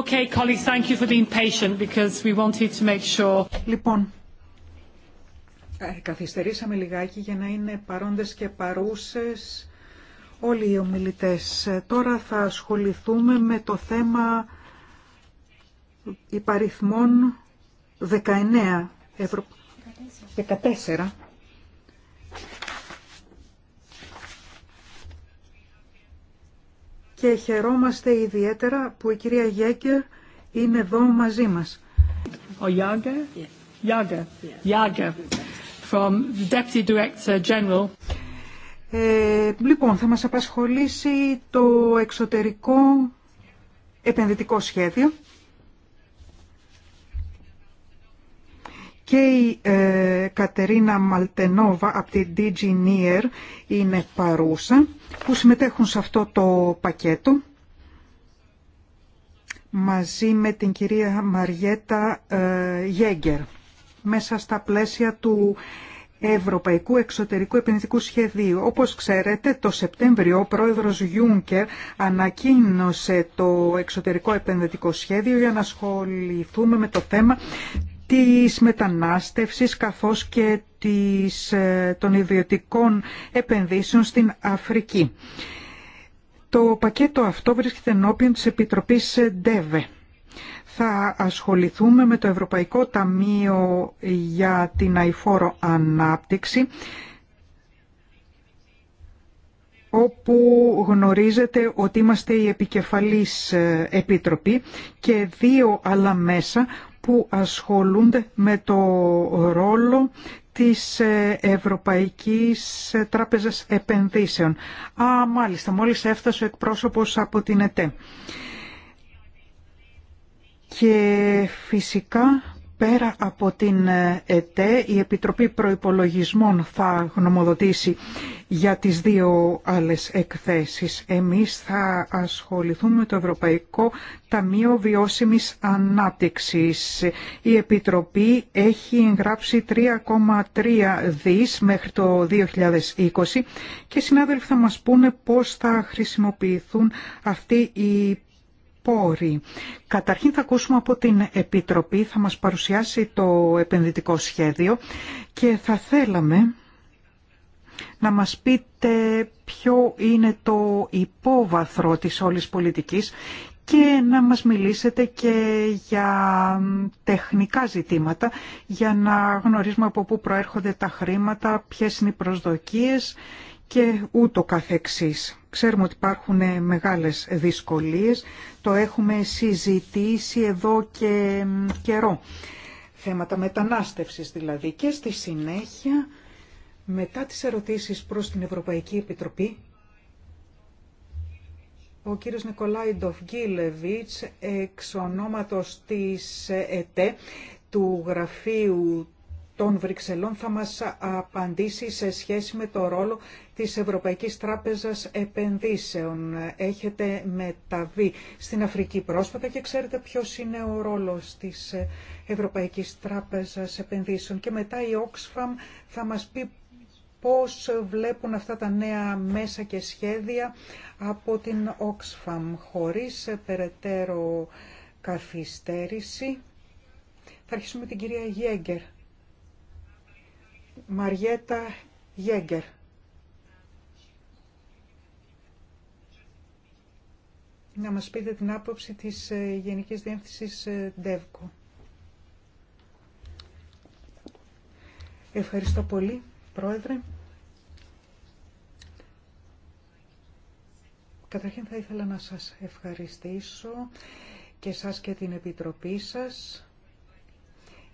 Okay, colleagues, thank you for being patient because we wanted to make sure. Λοιπόν, ε, καθυστερήσαμε λιγάκι για να είναι παρόντες και παρούσες όλοι οι ομιλητές. Ε, τώρα θα ασχοληθούμε με το θέμα υπαριθμών 19 ευρω... 14 και χαιρόμαστε ιδιαίτερα που η κυρία Γέγκερ είναι εδώ μαζί μας. Ο Γιάγκερ, Γιάγκερ, Γιάγκερ, from the Deputy Director General. Ε, λοιπόν, θα μας απασχολήσει το εξωτερικό επενδυτικό σχέδιο και η ε, Κατερίνα Μαλτενόβα από την DG είναι παρούσα που συμμετέχουν σε αυτό το πακέτο μαζί με την κυρία Μαριέτα ε, Γέγκερ μέσα στα πλαίσια του Ευρωπαϊκού Εξωτερικού Επενδυτικού Σχεδίου. Όπως ξέρετε, το Σεπτέμβριο ο πρόεδρος Γιούνκερ ανακοίνωσε το Εξωτερικό Επενδυτικό Σχέδιο για να ασχοληθούμε με το θέμα της μετανάστευσης καθώς και της, ε, των ιδιωτικών επενδύσεων στην Αφρική. Το πακέτο αυτό βρίσκεται ενώπιον της Επιτροπής ΔΕΒΕ. Θα ασχοληθούμε με το Ευρωπαϊκό Ταμείο για την Αϊφόρο Ανάπτυξη όπου γνωρίζετε ότι είμαστε η επικεφαλής ε, επιτροπή και δύο άλλα μέσα που ασχολούνται με το ρόλο της ε, Ευρωπαϊκής Τράπεζας Επενδύσεων. Α, μάλιστα, μόλις έφτασε ο εκπρόσωπος από την ΕΤΕ. Και φυσικά Πέρα από την ε, ΕΤΕ, η Επιτροπή Προϋπολογισμών θα γνωμοδοτήσει για τις δύο άλλες εκθέσεις. Εμείς θα ασχοληθούμε με το Ευρωπαϊκό Ταμείο Βιώσιμης Ανάπτυξης. Η Επιτροπή έχει εγγράψει 3,3 δις μέχρι το 2020 και οι συνάδελφοι θα μας πούνε πώς θα χρησιμοποιηθούν αυτοί οι πόροι. Καταρχήν θα ακούσουμε από την Επιτροπή, θα μας παρουσιάσει το επενδυτικό σχέδιο και θα θέλαμε να μας πείτε ποιο είναι το υπόβαθρο της όλης πολιτικής και να μας μιλήσετε και για τεχνικά ζητήματα για να γνωρίζουμε από πού προέρχονται τα χρήματα, ποιες είναι οι προσδοκίες και ούτω καθεξής. Ξέρουμε ότι υπάρχουν ε, μεγάλες δυσκολίες, το έχουμε συζητήσει εδώ και καιρό. Θέματα μετανάστευσης δηλαδή και στη συνέχεια μετά τις ερωτήσεις προς την Ευρωπαϊκή Επιτροπή ο κύριος Νικολάη Ντοφγκίλεβιτς εξ ονόματος της ε, ΕΤΕ του Γραφείου των Βρυξελών θα μας απαντήσει σε σχέση με το ρόλο της Ευρωπαϊκής Τράπεζας Επενδύσεων. Έχετε μεταβεί στην Αφρική πρόσφατα και ξέρετε ποιος είναι ο ρόλος της Ευρωπαϊκής Τράπεζας Επενδύσεων. Και μετά η Oxfam θα μας πει πώς βλέπουν αυτά τα νέα μέσα και σχέδια από την Oxfam χωρίς περαιτέρω καθυστέρηση. Θα αρχίσουμε την κυρία Γέγκερ. Μαριέτα Γέγκερ. Να μας πείτε την άποψη της ε, Γενικής Διεύθυνσης ε, ΔΕΒΚΟ. Ευχαριστώ πολύ, Πρόεδρε. Καταρχήν θα ήθελα να σας ευχαριστήσω και σας και την Επιτροπή σας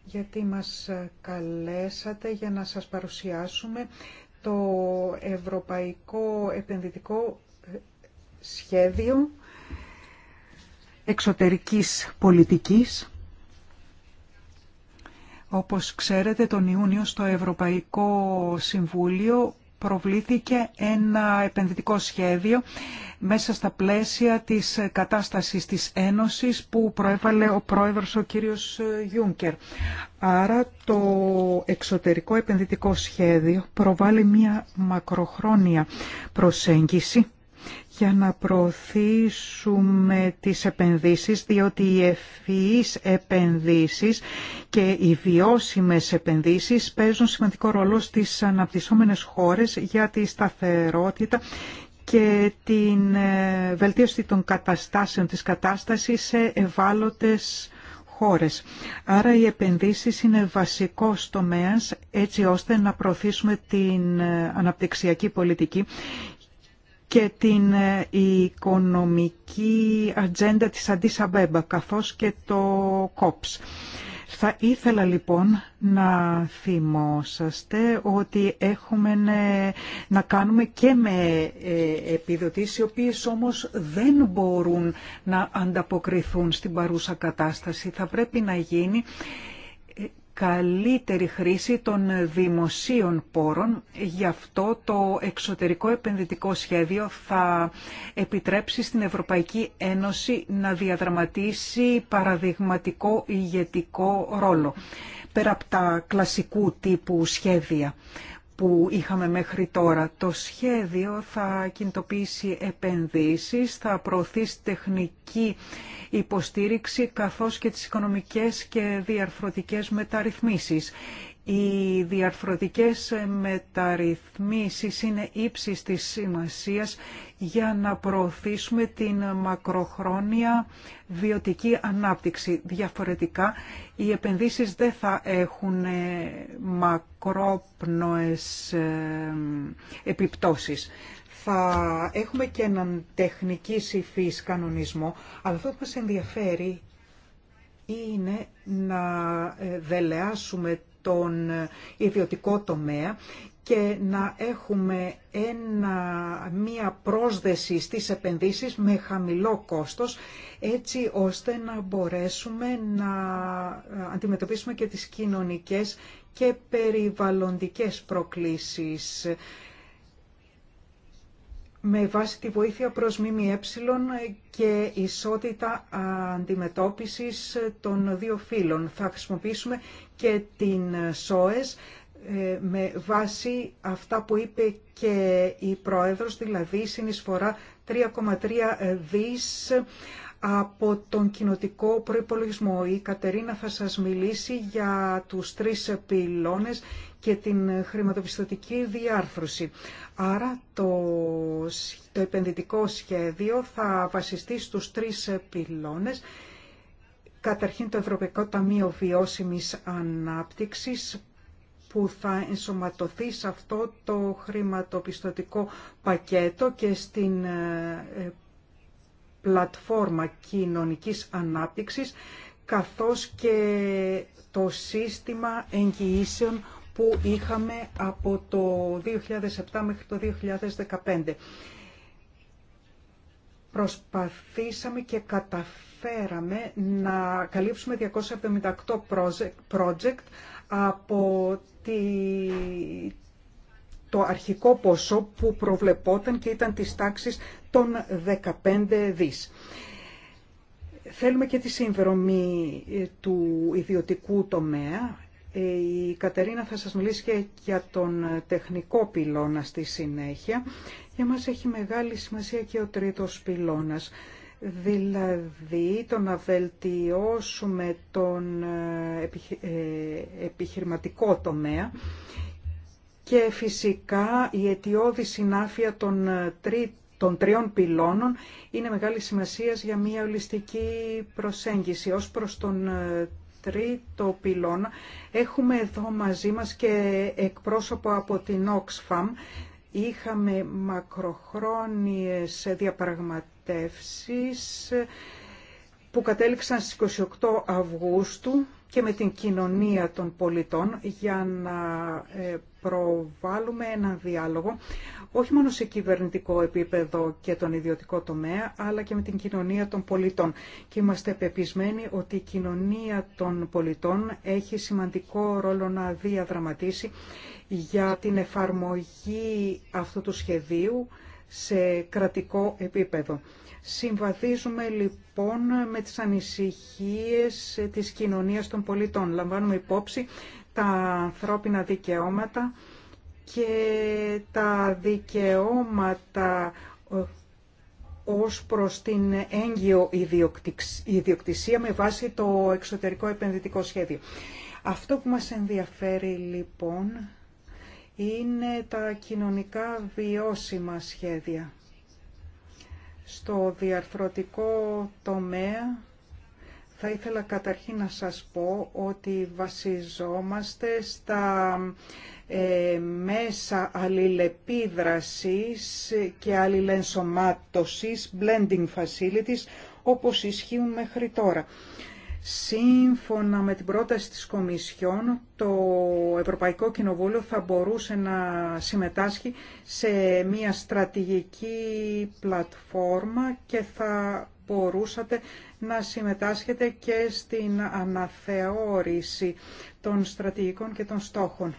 γιατί μας καλέσατε για να σας παρουσιάσουμε το Ευρωπαϊκό Επενδυτικό ε, Σχέδιο Εξωτερικής Πολιτικής. Όπως ξέρετε, τον Ιούνιο στο Ευρωπαϊκό Συμβούλιο προβλήθηκε ένα επενδυτικό σχέδιο μέσα στα πλαίσια της κατάστασης της Ένωσης που προέβαλε ο πρόεδρος ο κύριος Γιούνκερ. Άρα το εξωτερικό επενδυτικό σχέδιο προβάλλει μια μακροχρόνια προσέγγιση για να προωθήσουμε τις επενδύσεις, διότι οι ευφυείς επενδύσεις και οι βιώσιμες επενδύσεις παίζουν σημαντικό ρόλο στις αναπτυσσόμενες χώρες για τη σταθερότητα και την ε, βελτίωση των καταστάσεων της κατάστασης σε ευάλωτες χώρες. Άρα οι επενδύσεις είναι βασικός τομέας έτσι ώστε να προωθήσουμε την ε, αναπτυξιακή πολιτική και την ε, οικονομική ατζέντα της Μπεμπα καθώς και το ΚΟΠΣ. Θα ήθελα λοιπόν να θυμόσαστε ότι έχουμε ε, να κάνουμε και με ε, επιδοτήσεις οι οποίες όμως δεν μπορούν να ανταποκριθούν στην παρούσα κατάσταση. Θα πρέπει να γίνει καλύτερη χρήση των δημοσίων πόρων. Γι' αυτό το εξωτερικό επενδυτικό σχέδιο θα επιτρέψει στην Ευρωπαϊκή Ένωση να διαδραματίσει παραδειγματικό ηγετικό ρόλο πέρα από τα κλασικού τύπου σχέδια που είχαμε μέχρι τώρα. Το σχέδιο θα κινητοποιήσει επενδύσεις, θα προωθήσει τεχνική υποστήριξη καθώς και τις οικονομικές και διαρθρωτικές μεταρρυθμίσεις. Οι διαρθρωτικές μεταρρυθμίσεις είναι ύψης της σημασίας για να προωθήσουμε την μακροχρόνια βιωτική ανάπτυξη. Διαφορετικά, οι επενδύσεις δεν θα έχουν μακρόπνοες επιπτώσεις. Θα έχουμε και έναν τεχνική υφής κανονισμό, αλλά αυτό που μας ενδιαφέρει είναι να ε, δελεάσουμε τον ιδιωτικό τομέα και να έχουμε ένα, μία πρόσδεση στις επενδύσεις με χαμηλό κόστος, έτσι ώστε να μπορέσουμε να αντιμετωπίσουμε και τις κοινωνικές και περιβαλλοντικές προκλήσεις με βάση τη βοήθεια προς ΜΜΕ και ισότητα αντιμετώπισης των δύο φύλων. Θα χρησιμοποιήσουμε και την ΣΟΕΣ ε, με βάση αυτά που είπε και η Πρόεδρος, δηλαδή συνεισφορά 3,3 δις από τον κοινοτικό προϋπολογισμό. Η Κατερίνα θα σας μιλήσει για τους τρεις πυλώνες και την χρηματοπιστωτική διάρθρωση. Άρα το, το επενδυτικό σχέδιο θα βασιστεί στους τρεις πυλώνες. Καταρχήν το Ευρωπαϊκό Ταμείο Βιώσιμης Ανάπτυξης που θα ενσωματωθεί σε αυτό το χρηματοπιστωτικό πακέτο και στην ε, πλατφόρμα κοινωνικής ανάπτυξης καθώς και το σύστημα εγγυήσεων που είχαμε από το 2007 μέχρι το 2015. Προσπαθήσαμε και καταφέραμε να καλύψουμε 278 project από το αρχικό ποσό που προβλεπόταν και ήταν της τάξης των 15 δις. Θέλουμε και τη συνδρομή ε, του ιδιωτικού τομέα ε, η Κατερίνα θα σας μιλήσει και για τον τεχνικό πυλώνα στη συνέχεια. Για μας έχει μεγάλη σημασία και ο τρίτος πυλώνας. Δηλαδή το να βελτιώσουμε τον ε, ε, επιχειρηματικό τομέα και φυσικά η αιτιώδη συνάφεια των, τρι, τριών πυλώνων είναι μεγάλη σημασία για μια ολιστική προσέγγιση ως προς τον τρίτο πυλώνα. Έχουμε εδώ μαζί μας και εκπρόσωπο από την Oxfam. Είχαμε μακροχρόνιες διαπραγματεύσεις που κατέληξαν στις 28 Αυγούστου και με την κοινωνία των πολιτών για να ε, προβάλλουμε έναν διάλογο όχι μόνο σε κυβερνητικό επίπεδο και τον ιδιωτικό τομέα, αλλά και με την κοινωνία των πολιτών. Και είμαστε πεπισμένοι ότι η κοινωνία των πολιτών έχει σημαντικό ρόλο να διαδραματίσει για την εφαρμογή αυτού του σχεδίου σε κρατικό επίπεδο. Συμβαδίζουμε λοιπόν με τις ανησυχίες της κοινωνίας των πολιτών. Λαμβάνουμε υπόψη τα ανθρώπινα δικαιώματα και τα δικαιώματα ε, ως προς την έγκυο ιδιοκτησία με βάση το εξωτερικό επενδυτικό σχέδιο. Αυτό που μας ενδιαφέρει λοιπόν είναι τα κοινωνικά βιώσιμα σχέδια στο διαρθρωτικό τομέα θα ήθελα καταρχήν να σας πω ότι βασιζόμαστε στα ε, μέσα αλληλεπίδρασης και αλληλενσωμάτωσης, blending facilities, όπως ισχύουν μέχρι τώρα. Σύμφωνα με την πρόταση της Κομισιόν, το Ευρωπαϊκό Κοινοβούλιο θα μπορούσε να συμμετάσχει σε μια στρατηγική πλατφόρμα και θα μπορούσατε να συμμετάσχετε και στην αναθεώρηση των στρατηγικών και των στόχων.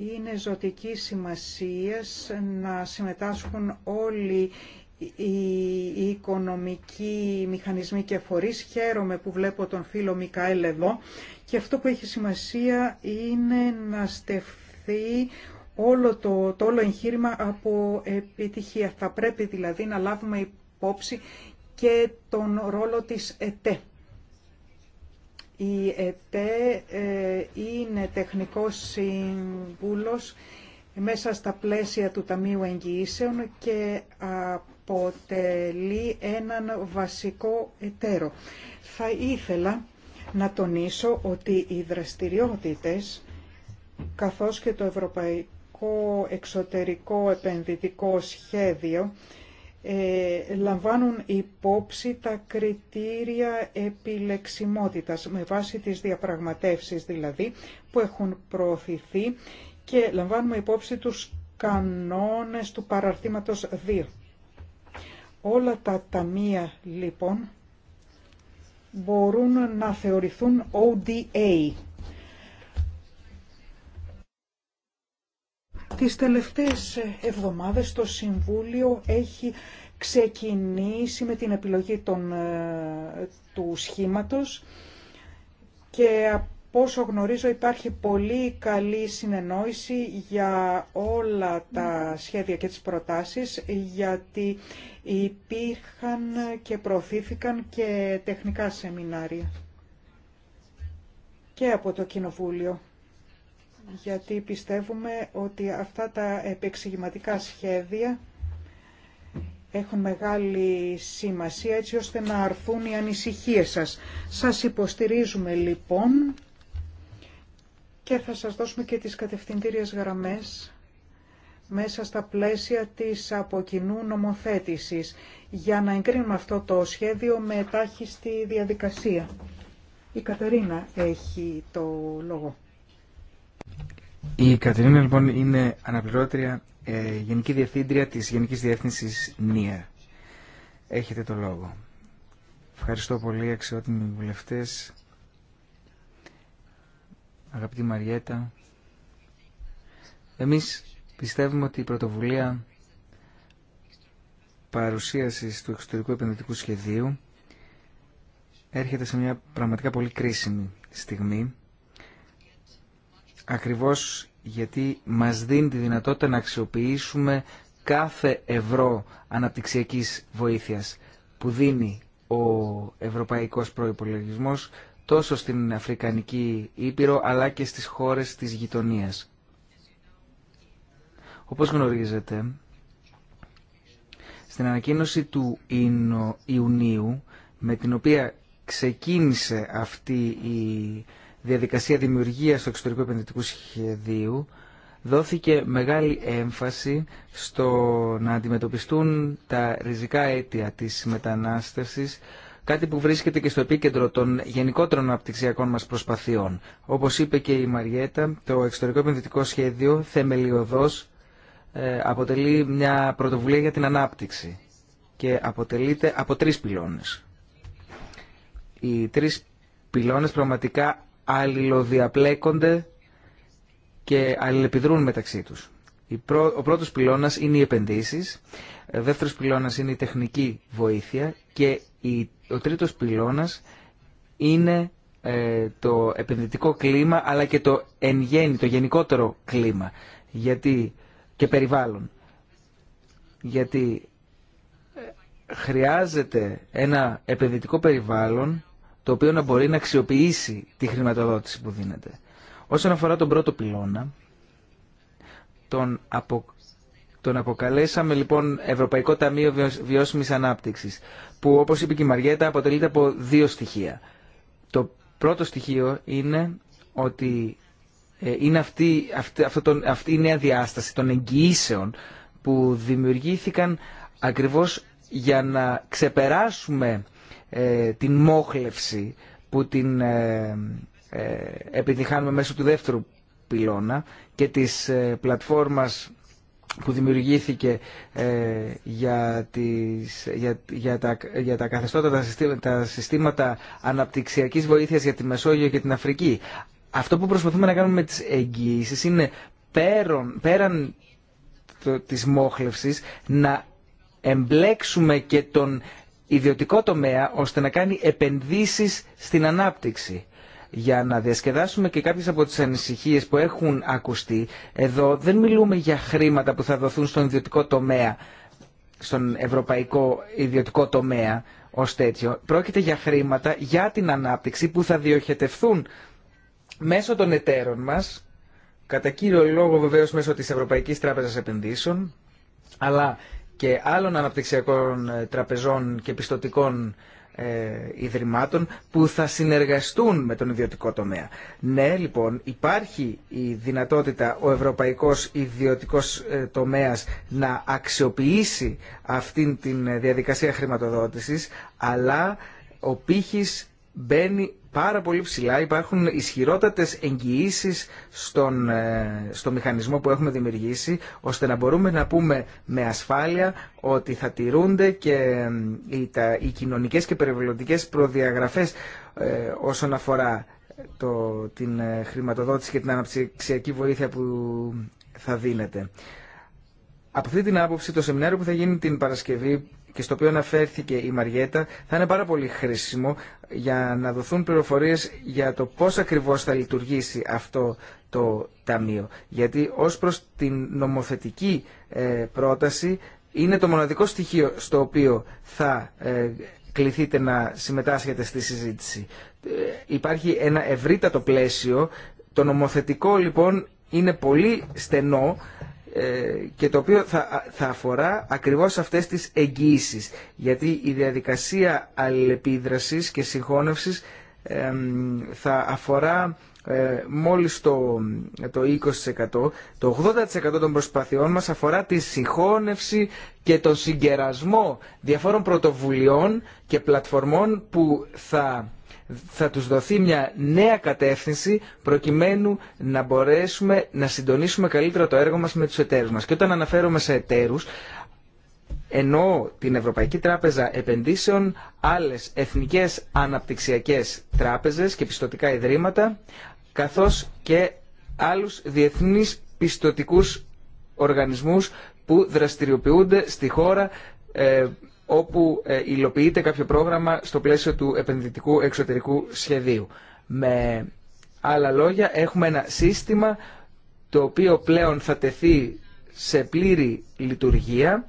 Είναι ζωτική σημασία να συμμετάσχουν όλοι οι οικονομικοί μηχανισμοί και φορείς. Χαίρομαι που βλέπω τον φίλο Μικαέλ εδώ και αυτό που έχει σημασία είναι να στεφθεί όλο το, το όλο εγχείρημα από επιτυχία. Θα πρέπει δηλαδή να λάβουμε υπόψη και τον ρόλο της ΕΤΕ. Η ΕΤΕ ε, είναι τεχνικός σύμβουλος μέσα στα πλαίσια του Ταμείου Εγγυήσεων και αποτελεί έναν βασικό εταίρο. Θα ήθελα να τονίσω ότι οι δραστηριότητες καθώς και το Ευρωπαϊκό Εξωτερικό Επενδυτικό Σχέδιο ε, λαμβάνουν υπόψη τα κριτήρια επιλεξιμότητας με βάση τις διαπραγματεύσεις δηλαδή που έχουν προωθηθεί και λαμβάνουμε υπόψη τους κανόνες του παραρτήματος 2. Όλα τα ταμεία λοιπόν μπορούν να θεωρηθούν ODA. Τις τελευταίες εβδομάδες το Συμβούλιο έχει ξεκινήσει με την επιλογή των, ε, του σχήματος και όσο γνωρίζω υπάρχει πολύ καλή συνεννόηση για όλα τα σχέδια και τις προτάσεις γιατί υπήρχαν και προωθήθηκαν και τεχνικά σεμινάρια και από το Κοινοβούλιο γιατί πιστεύουμε ότι αυτά τα επεξηγηματικά σχέδια έχουν μεγάλη σημασία έτσι ώστε να αρθούν οι ανησυχίες σας. Σας υποστηρίζουμε λοιπόν και θα σας δώσουμε και τις κατευθυντήριες γραμμές μέσα στα πλαίσια της αποκοινού νομοθέτησης για να εγκρίνουμε αυτό το σχέδιο με τάχιστη διαδικασία. Η Κατερίνα έχει το λόγο. Η Κατερίνα λοιπόν είναι αναπληρώτρια ε, Γενική Διευθύντρια της Γενικής Διεύθυνσης ΝΙΑ. Έχετε το λόγο. Ευχαριστώ πολύ αξιότιμοι βουλευτές αγαπητή Μαριέτα. Εμείς πιστεύουμε ότι η πρωτοβουλία παρουσίασης του εξωτερικού επενδυτικού σχεδίου έρχεται σε μια πραγματικά πολύ κρίσιμη στιγμή ακριβώς γιατί μας δίνει τη δυνατότητα να αξιοποιήσουμε κάθε ευρώ αναπτυξιακής βοήθειας που δίνει ο ευρωπαϊκός προϋπολογισμός τόσο στην Αφρικανική Ήπειρο αλλά και στις χώρες της γειτονίας. Όπως γνωρίζετε, στην ανακοίνωση του Ιουνίου με την οποία ξεκίνησε αυτή η διαδικασία δημιουργίας του εξωτερικού επενδυτικού σχεδίου δόθηκε μεγάλη έμφαση στο να αντιμετωπιστούν τα ριζικά αίτια της μετανάστευσης κάτι που βρίσκεται και στο επίκεντρο των γενικότερων αναπτυξιακών μας προσπαθειών. Όπως είπε και η Μαριέτα, το εξωτερικό επενδυτικό σχέδιο θεμελιωδώς ε, αποτελεί μια πρωτοβουλία για την ανάπτυξη και αποτελείται από τρεις πυλώνες. Οι τρεις πυλώνες πραγματικά αλληλοδιαπλέκονται και αλληλεπιδρούν μεταξύ τους. Ο πρώτος πυλώνας είναι οι επενδύσεις ε, δεύτερος πυλώνας είναι η τεχνική βοήθεια και ο τρίτος πυλώνας είναι ε, το επενδυτικό κλίμα αλλά και το εν γέννη, το γενικότερο κλίμα γιατί, και περιβάλλον. Γιατί ε, χρειάζεται ένα επενδυτικό περιβάλλον το οποίο να μπορεί να αξιοποιήσει τη χρηματοδότηση που δίνεται. Όσον αφορά τον πρώτο πυλώνα, τον απο τον αποκαλέσαμε λοιπόν Ευρωπαϊκό Ταμείο Βιώσιμης Ανάπτυξης, που όπως είπε και η Μαριέτα αποτελείται από δύο στοιχεία. Το πρώτο στοιχείο είναι ότι ε, είναι αυτή, αυτό τον, αυτή η νέα διάσταση των εγγυήσεων που δημιουργήθηκαν ακριβώς για να ξεπεράσουμε ε, την μόχλευση που την ε, ε, επιτυχάνουμε μέσω του δεύτερου πυλώνα και της πλατφόρμας που δημιουργήθηκε ε, για, για, για, τα, για τα καθεστώτα, τα συστήματα, τα αναπτυξιακής βοήθειας για τη Μεσόγειο και την Αφρική. Αυτό που προσπαθούμε να κάνουμε με τις εγγύησεις είναι πέραν, πέραν της μόχλευσης να εμπλέξουμε και τον ιδιωτικό τομέα ώστε να κάνει επενδύσεις στην ανάπτυξη για να διασκεδάσουμε και κάποιες από τις ανησυχίες που έχουν ακουστεί. Εδώ δεν μιλούμε για χρήματα που θα δοθούν στον ιδιωτικό τομέα, στον ευρωπαϊκό ιδιωτικό τομέα ως τέτοιο. Πρόκειται για χρήματα για την ανάπτυξη που θα διοχετευθούν μέσω των εταίρων μας, κατά κύριο λόγο βεβαίως μέσω της Ευρωπαϊκής Τράπεζας Επενδύσεων, αλλά και άλλων αναπτυξιακών ε, τραπεζών και πιστοτικών ε, ιδρυμάτων που θα συνεργαστούν με τον ιδιωτικό τομέα. Ναι, λοιπόν, υπάρχει η δυνατότητα ο ευρωπαϊκός ιδιωτικός ε, τομέας να αξιοποιήσει αυτήν την ε, διαδικασία χρηματοδότησης, αλλά ο πύχης μπαίνει πάρα πολύ ψηλά. Υπάρχουν ισχυρότατες εγγυήσει στον, ε, στο μηχανισμό που έχουμε δημιουργήσει, ώστε να μπορούμε να πούμε με ασφάλεια ότι θα τηρούνται και ε, οι, τα, οι κοινωνικές και περιβαλλοντικές προδιαγραφές ε, όσον αφορά το, την χρηματοδότηση και την αναψυξιακή βοήθεια που θα δίνεται. Από αυτή την άποψη το σεμινάριο που θα γίνει την Παρασκευή και στο οποίο αναφέρθηκε η Μαριέτα θα είναι πάρα πολύ χρήσιμο για να δοθούν πληροφορίες για το πώς ακριβώς θα λειτουργήσει αυτό το Ταμείο. Γιατί ως προς την νομοθετική ε, πρόταση είναι το μοναδικό στοιχείο στο οποίο θα ε, κληθείτε να συμμετάσχετε στη συζήτηση. Ε, υπάρχει ένα ευρύτατο πλαίσιο. Το νομοθετικό λοιπόν είναι πολύ στενό ε, και το οποίο θα, θα αφορά ακριβώς αυτές τις εγγύησει. γιατί η διαδικασία αλληλεπίδρασης και συγχώνευσης θα αφορά ε, μόλις το, το 20%. Το 80% των προσπαθειών μας αφορά τη συγχώνευση και τον συγκερασμό διαφόρων πρωτοβουλειών και πλατφορμών που θα θα τους δοθεί μια νέα κατεύθυνση προκειμένου να μπορέσουμε να συντονίσουμε καλύτερα το έργο μας με τους εταίρους μας. Και όταν αναφέρομαι σε εταίρους, ενώ την Ευρωπαϊκή Τράπεζα Επενδύσεων, άλλες εθνικές αναπτυξιακές τράπεζες και πιστοτικά ιδρύματα, καθώς και άλλους διεθνείς πιστοτικούς οργανισμούς που δραστηριοποιούνται στη χώρα ε, όπου ε, υλοποιείται κάποιο πρόγραμμα στο πλαίσιο του επενδυτικού εξωτερικού σχεδίου. Με άλλα λόγια, έχουμε ένα σύστημα το οποίο πλέον θα τεθεί σε πλήρη λειτουργία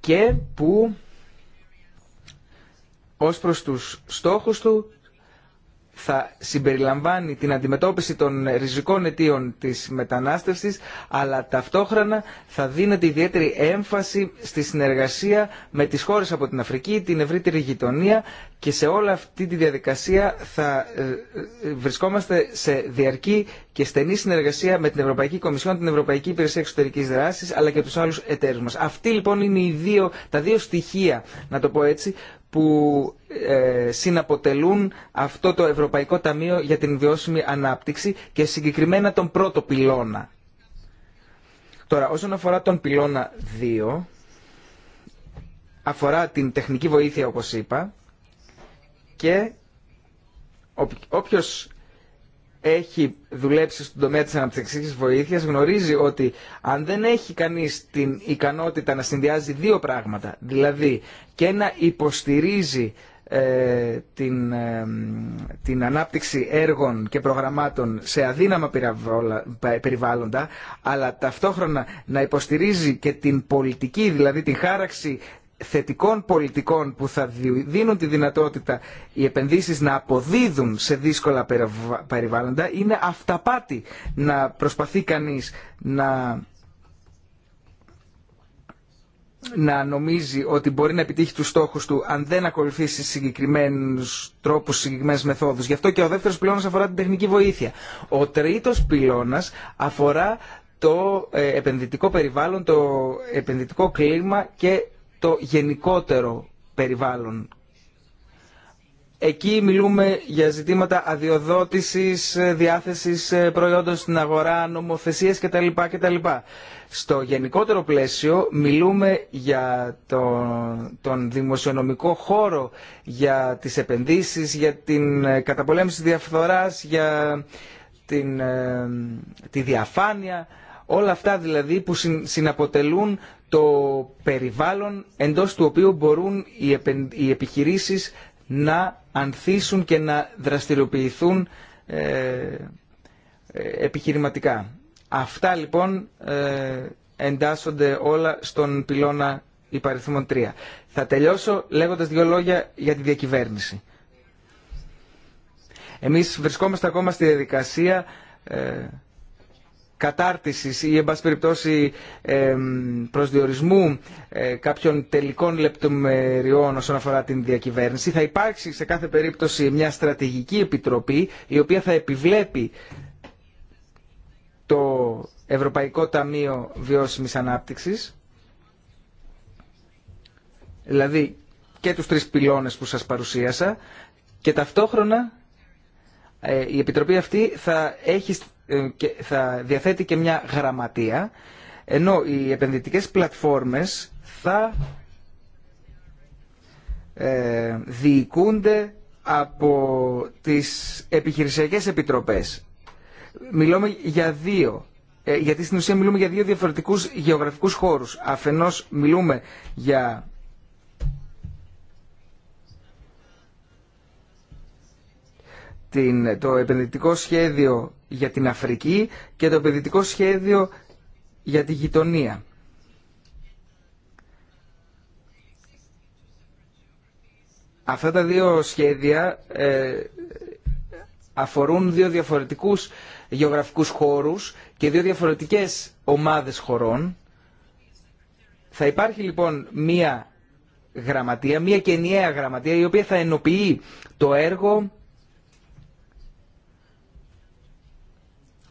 και που ως προς τους στόχους του θα συμπεριλαμβάνει την αντιμετώπιση των ριζικών αιτίων της μετανάστευσης αλλά ταυτόχρονα θα δίνεται ιδιαίτερη έμφαση στη συνεργασία με τις χώρες από την Αφρική, την ευρύτερη γειτονία και σε όλη αυτή τη διαδικασία θα ε, ε, βρισκόμαστε σε διαρκή και στενή συνεργασία με την Ευρωπαϊκή Κομισιόν, την Ευρωπαϊκή Υπηρεσία Εξωτερικής Δράσης αλλά και τους άλλους εταίρους μας. Αυτή λοιπόν είναι δύο, τα δύο στοιχεία, να το πω έτσι, που ε, συναποτελούν αυτό το Ευρωπαϊκό Ταμείο για την Βιώσιμη Ανάπτυξη και συγκεκριμένα τον πρώτο πυλώνα. Τώρα, όσον αφορά τον πυλώνα 2, αφορά την τεχνική βοήθεια όπως είπα και όποιος έχει δουλέψει στον τομέα της αναπτυξιακής βοήθειας γνωρίζει ότι αν δεν έχει κανείς την ικανότητα να συνδυάζει δύο πράγματα, δηλαδή και να υποστηρίζει ε, την, ε, την ανάπτυξη έργων και προγραμμάτων σε αδύναμα περιβάλλοντα αλλά ταυτόχρονα να υποστηρίζει και την πολιτική, δηλαδή την χάραξη θετικών πολιτικών που θα δίνουν τη δυνατότητα οι επενδύσεις να αποδίδουν σε δύσκολα περιβάλλοντα είναι αυταπάτη να προσπαθεί κανείς να να νομίζει ότι μπορεί να επιτύχει τους στόχους του αν δεν ακολουθήσει συγκεκριμένους τρόπους, συγκεκριμένες μεθόδους. Γι' αυτό και ο δεύτερος πυλώνας αφορά την τεχνική βοήθεια. Ο τρίτος πυλώνας αφορά το ε, επενδυτικό περιβάλλον, το επενδυτικό κλίμα και το γενικότερο περιβάλλον. Εκεί μιλούμε για ζητήματα αδειοδότησης, διάθεσης προϊόντων στην αγορά, νομοθεσίες κτλ. κτλ. Στο γενικότερο πλαίσιο μιλούμε για τον, τον δημοσιονομικό χώρο, για τις επενδύσεις, για την καταπολέμηση διαφθοράς, για την, ε, τη διαφάνεια. Όλα αυτά δηλαδή που συναποτελούν το περιβάλλον εντός του οποίου μπορούν οι επιχειρήσεις να ανθίσουν και να δραστηριοποιηθούν ε, ε, επιχειρηματικά. Αυτά λοιπόν ε, εντάσσονται όλα στον πυλώνα υπαριθμών 3. Θα τελειώσω λέγοντας δύο λόγια για τη διακυβέρνηση. Εμείς βρισκόμαστε ακόμα στη διαδικασία κατάρτισης ή εν πάση περιπτώσει προσδιορισμού ε, κάποιων τελικών λεπτομεριών όσον αφορά την διακυβέρνηση. Θα υπάρξει σε κάθε περίπτωση μια στρατηγική επιτροπή η οποία θα επιβλέπει το Ευρωπαϊκό Ταμείο Βιώσιμης Ανάπτυξης δηλαδή και τους τρεις πυλώνες που σας παρουσίασα και ταυτόχρονα ε, η Επιτροπή αυτή θα, έχει, ε, θα διαθέτει και μια γραμματεία, ενώ οι επενδυτικές πλατφόρμες θα ε, διοικούνται από τις επιχειρησιακές επιτροπές. Μιλούμε για δύο γιατί στην ουσία μιλούμε για δύο διαφορετικούς γεωγραφικούς χώρους. Αφενός μιλούμε για την, το επενδυτικό σχέδιο για την Αφρική και το επενδυτικό σχέδιο για τη γειτονία. Αυτά τα δύο σχέδια ε, αφορούν δύο διαφορετικούς γεωγραφικούς χώρους και δύο διαφορετικές ομάδες χωρών. Θα υπάρχει λοιπόν μία γραμματεία, μία καινιαία γραμματεία η οποία θα ενοποιεί το έργο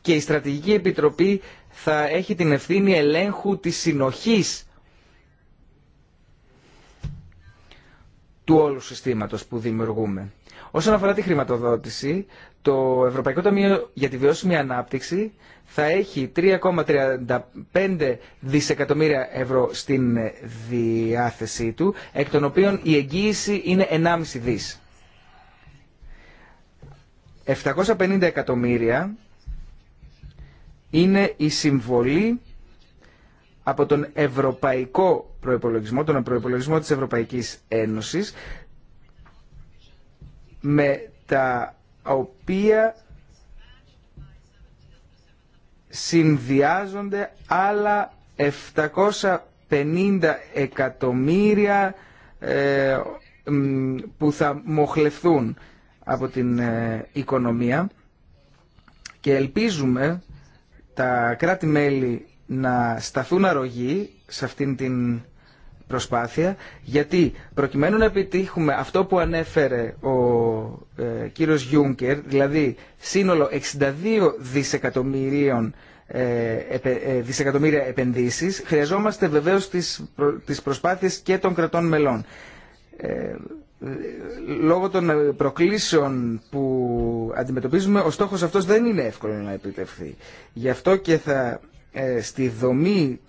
και η Στρατηγική Επιτροπή θα έχει την ευθύνη ελέγχου της συνοχής του όλου συστήματος που δημιουργούμε. Όσον αφορά τη χρηματοδότηση, το Ευρωπαϊκό Ταμείο για τη Βιώσιμη Ανάπτυξη θα έχει 3,35 δισεκατομμύρια ευρώ στην διάθεσή του, εκ των οποίων η εγγύηση είναι 1,5 δις. 750 εκατομμύρια είναι η συμβολή από τον ευρωπαϊκό προϋπολογισμό, τον προϋπολογισμό της Ευρωπαϊκής Ένωσης, με τα οποία συνδυάζονται άλλα 750 εκατομμύρια ε, που θα μοχλευθούν από την ε, οικονομία και ελπίζουμε τα κράτη-μέλη να σταθούν αρρωγοί σε αυτήν την προσπάθεια, γιατί προκειμένου να επιτύχουμε αυτό που ανέφερε ο ε, κύριος δηλαδή σύνολο 62 δισεκατομμυρίων ε, ε, δισεκατομμύρια επενδύσεις. Χρειαζόμαστε βεβαίως τις, προ... τις προσπάθειες και των κρατών μελών. Ε, λόγω των ε, προκλήσεων που αντιμετωπίζουμε, ο στόχος αυτός δεν είναι εύκολο να επιτευχθεί. Γι' αυτό και θα ε, στη δομή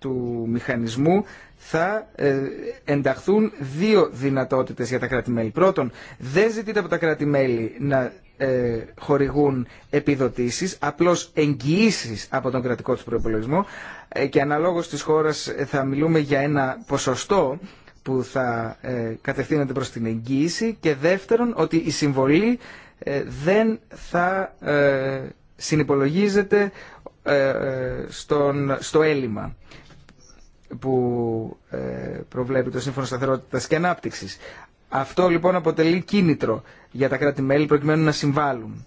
του, μηχανισμού θα ε, ενταχθούν δύο δυνατότητες για τα κράτη-μέλη. Πρώτον, δεν ζητείται από τα κράτη-μέλη να χορηγούν επιδοτήσεις, απλώς εγγυήσεις από τον κρατικό τους προϋπολογισμό και αναλόγως της χώρας θα μιλούμε για ένα ποσοστό που θα ε, κατευθύνεται προς την εγγύηση και δεύτερον ότι η συμβολή ε, δεν θα ε, συνυπολογίζεται στον, στο έλλειμμα που προβλέπει το Σύμφωνο Σταθερότητας και Ανάπτυξης. Αυτό λοιπόν αποτελεί κίνητρο για τα κράτη-μέλη προκειμένου να συμβάλλουν.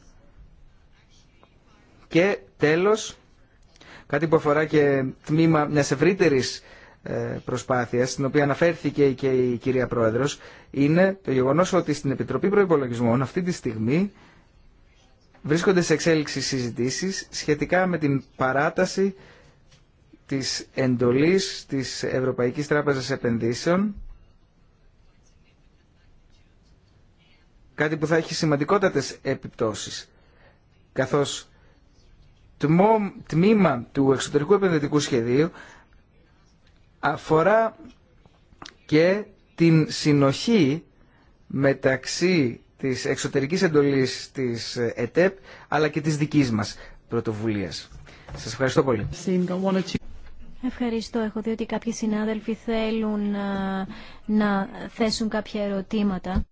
Και τέλος, κάτι που αφορά και τμήμα μιας ευρύτερης ε, προσπάθειας, στην οποία αναφέρθηκε και η κυρία Πρόεδρος, είναι το γεγονός ότι στην Επιτροπή Προϋπολογισμών αυτή τη στιγμή βρίσκονται σε εξέλιξη συζητήσεις σχετικά με την παράταση της εντολής της Ευρωπαϊκής Τράπεζας Επενδύσεων κάτι που θα έχει σημαντικότατες επιπτώσεις καθώς τμήμα του εξωτερικού επενδυτικού σχεδίου αφορά και την συνοχή μεταξύ της εξωτερικής εντολής της ΕΤΕΠ αλλά και της δικής μας πρωτοβουλίας. Σας ευχαριστώ πολύ. Ευχαριστώ. Έχω δει ότι κάποιοι συνάδελφοι θέλουν ε, να, θέσουν κάποια ερωτήματα.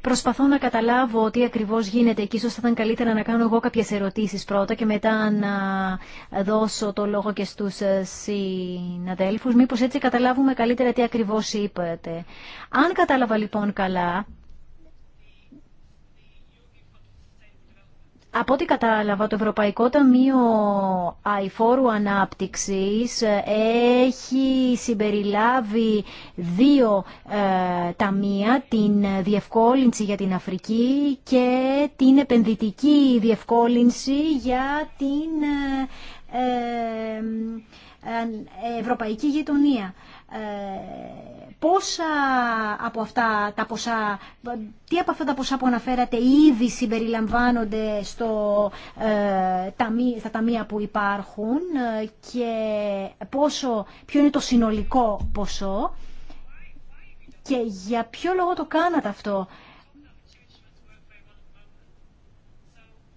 Προσπαθώ να καταλάβω τι ακριβώς γίνεται και ίσως θα ήταν καλύτερα να κάνω εγώ κάποιε ερωτήσει πρώτα και μετά να δώσω το λόγο και στους ε, συναδέλφου. Μήπως έτσι καταλάβουμε καλύτερα τι ακριβώς είπατε. Αν κατάλαβα λοιπόν καλά, Από ό,τι κατάλαβα, το Ευρωπαϊκό Ταμείο Αϊφόρου Ανάπτυξης ε, έχει συμπεριλάβει δύο ε, ταμεία, την διευκόλυνση για την Αφρική και την επενδυτική διευκόλυνση για την ε, ευρωπαϊκή γειτονία πόσα από αυτά τα ποσά, τι από αυτά τα ποσά που αναφέρατε ήδη συμπεριλαμβάνονται στο, ε, στα ταμεία που υπάρχουν ε, και πόσο, ποιο είναι το συνολικό ποσό και για ποιο λόγο το κάνατε αυτό.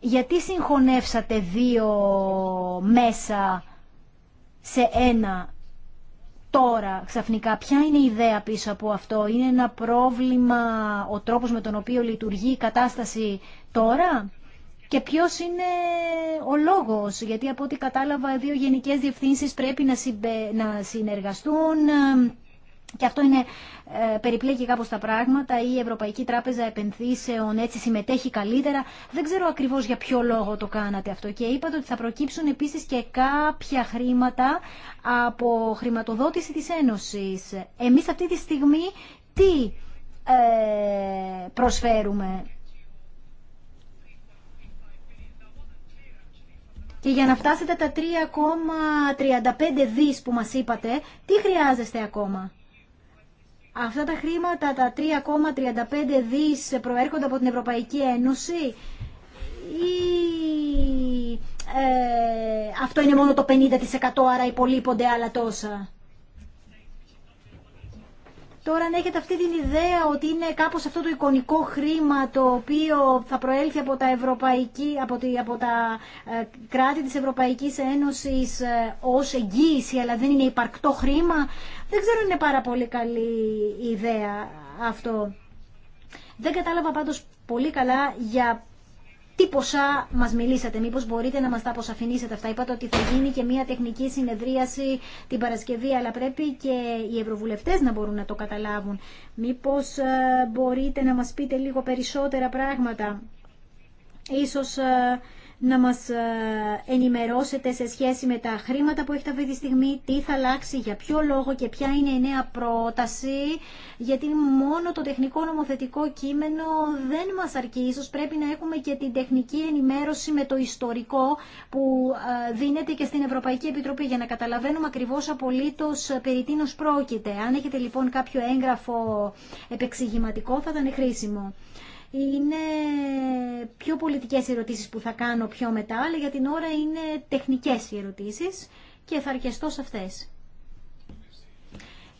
Γιατί συγχωνεύσατε δύο μέσα σε ένα τώρα ξαφνικά. Ποια είναι η ιδέα πίσω από αυτό. Είναι ένα πρόβλημα ο τρόπος με τον οποίο λειτουργεί η κατάσταση τώρα. Και ποιος είναι ο λόγος. Γιατί από ό,τι κατάλαβα δύο γενικές διευθύνσεις πρέπει να, να συνεργαστούν και αυτό είναι, ε, περιπλέκει κάπως τα πράγματα. Η Ευρωπαϊκή Τράπεζα Επενθύσεων έτσι συμμετέχει καλύτερα. Δεν ξέρω ακριβώς για ποιο λόγο το κάνατε αυτό. Και είπατε ότι θα προκύψουν επίσης και κάποια χρήματα από χρηματοδότηση της Ένωσης. Εμείς αυτή τη στιγμή τι ε, προσφέρουμε. Και για να φτάσετε τα 3,35 δις που μας είπατε, τι χρειάζεστε ακόμα. Αυτά τα χρήματα, τα 3,35 δις προέρχονται από την Ευρωπαϊκή Ένωση ή ε, αυτό είναι μόνο το 50% άρα υπολείπονται άλλα τόσα. Τώρα αν έχετε αυτή την ιδέα ότι είναι κάπως αυτό το εικονικό χρήμα το οποίο θα προέλθει από τα, ευρωπαϊκή, από τη, από τα ε, κράτη της Ευρωπαϊκής Ένωσης ε, ως εγγύηση αλλά δεν είναι υπαρκτό χρήμα, δεν ξέρω αν είναι πάρα πολύ καλή ιδέα αυτό. Δεν κατάλαβα πάντως πολύ καλά για τι ποσά μας μιλήσατε, μήπως μπορείτε να μα τα αποσαφηνήσετε αυτά. Είπατε ότι θα γίνει και μια τεχνική συνεδρίαση την Παρασκευή, αλλά πρέπει και οι ευρωβουλευτές να μπορούν να το καταλάβουν. Μήπως ε, μπορείτε να μας πείτε λίγο περισσότερα πράγματα. Ίσως ε, να μας ε, ενημερώσετε σε σχέση με τα χρήματα που έχετε αυτή τη στιγμή, τι θα αλλάξει, για ποιο λόγο και ποια είναι η νέα πρόταση, γιατί μόνο το τεχνικό νομοθετικό κείμενο δεν μας αρκεί. Ίσως πρέπει να έχουμε και την τεχνική ενημέρωση με το ιστορικό που ε, δίνεται και στην Ευρωπαϊκή Επιτροπή για να καταλαβαίνουμε ακριβώς απολύτως ε, περί τίνος πρόκειται. Αν έχετε λοιπόν κάποιο έγγραφο επεξηγηματικό θα ήταν χρήσιμο. Είναι πιο πολιτικές ερωτήσεις που θα κάνω πιο μετά, αλλά για την ώρα είναι τεχνικές οι ερωτήσεις και θα αρκεστώ σε αυτές.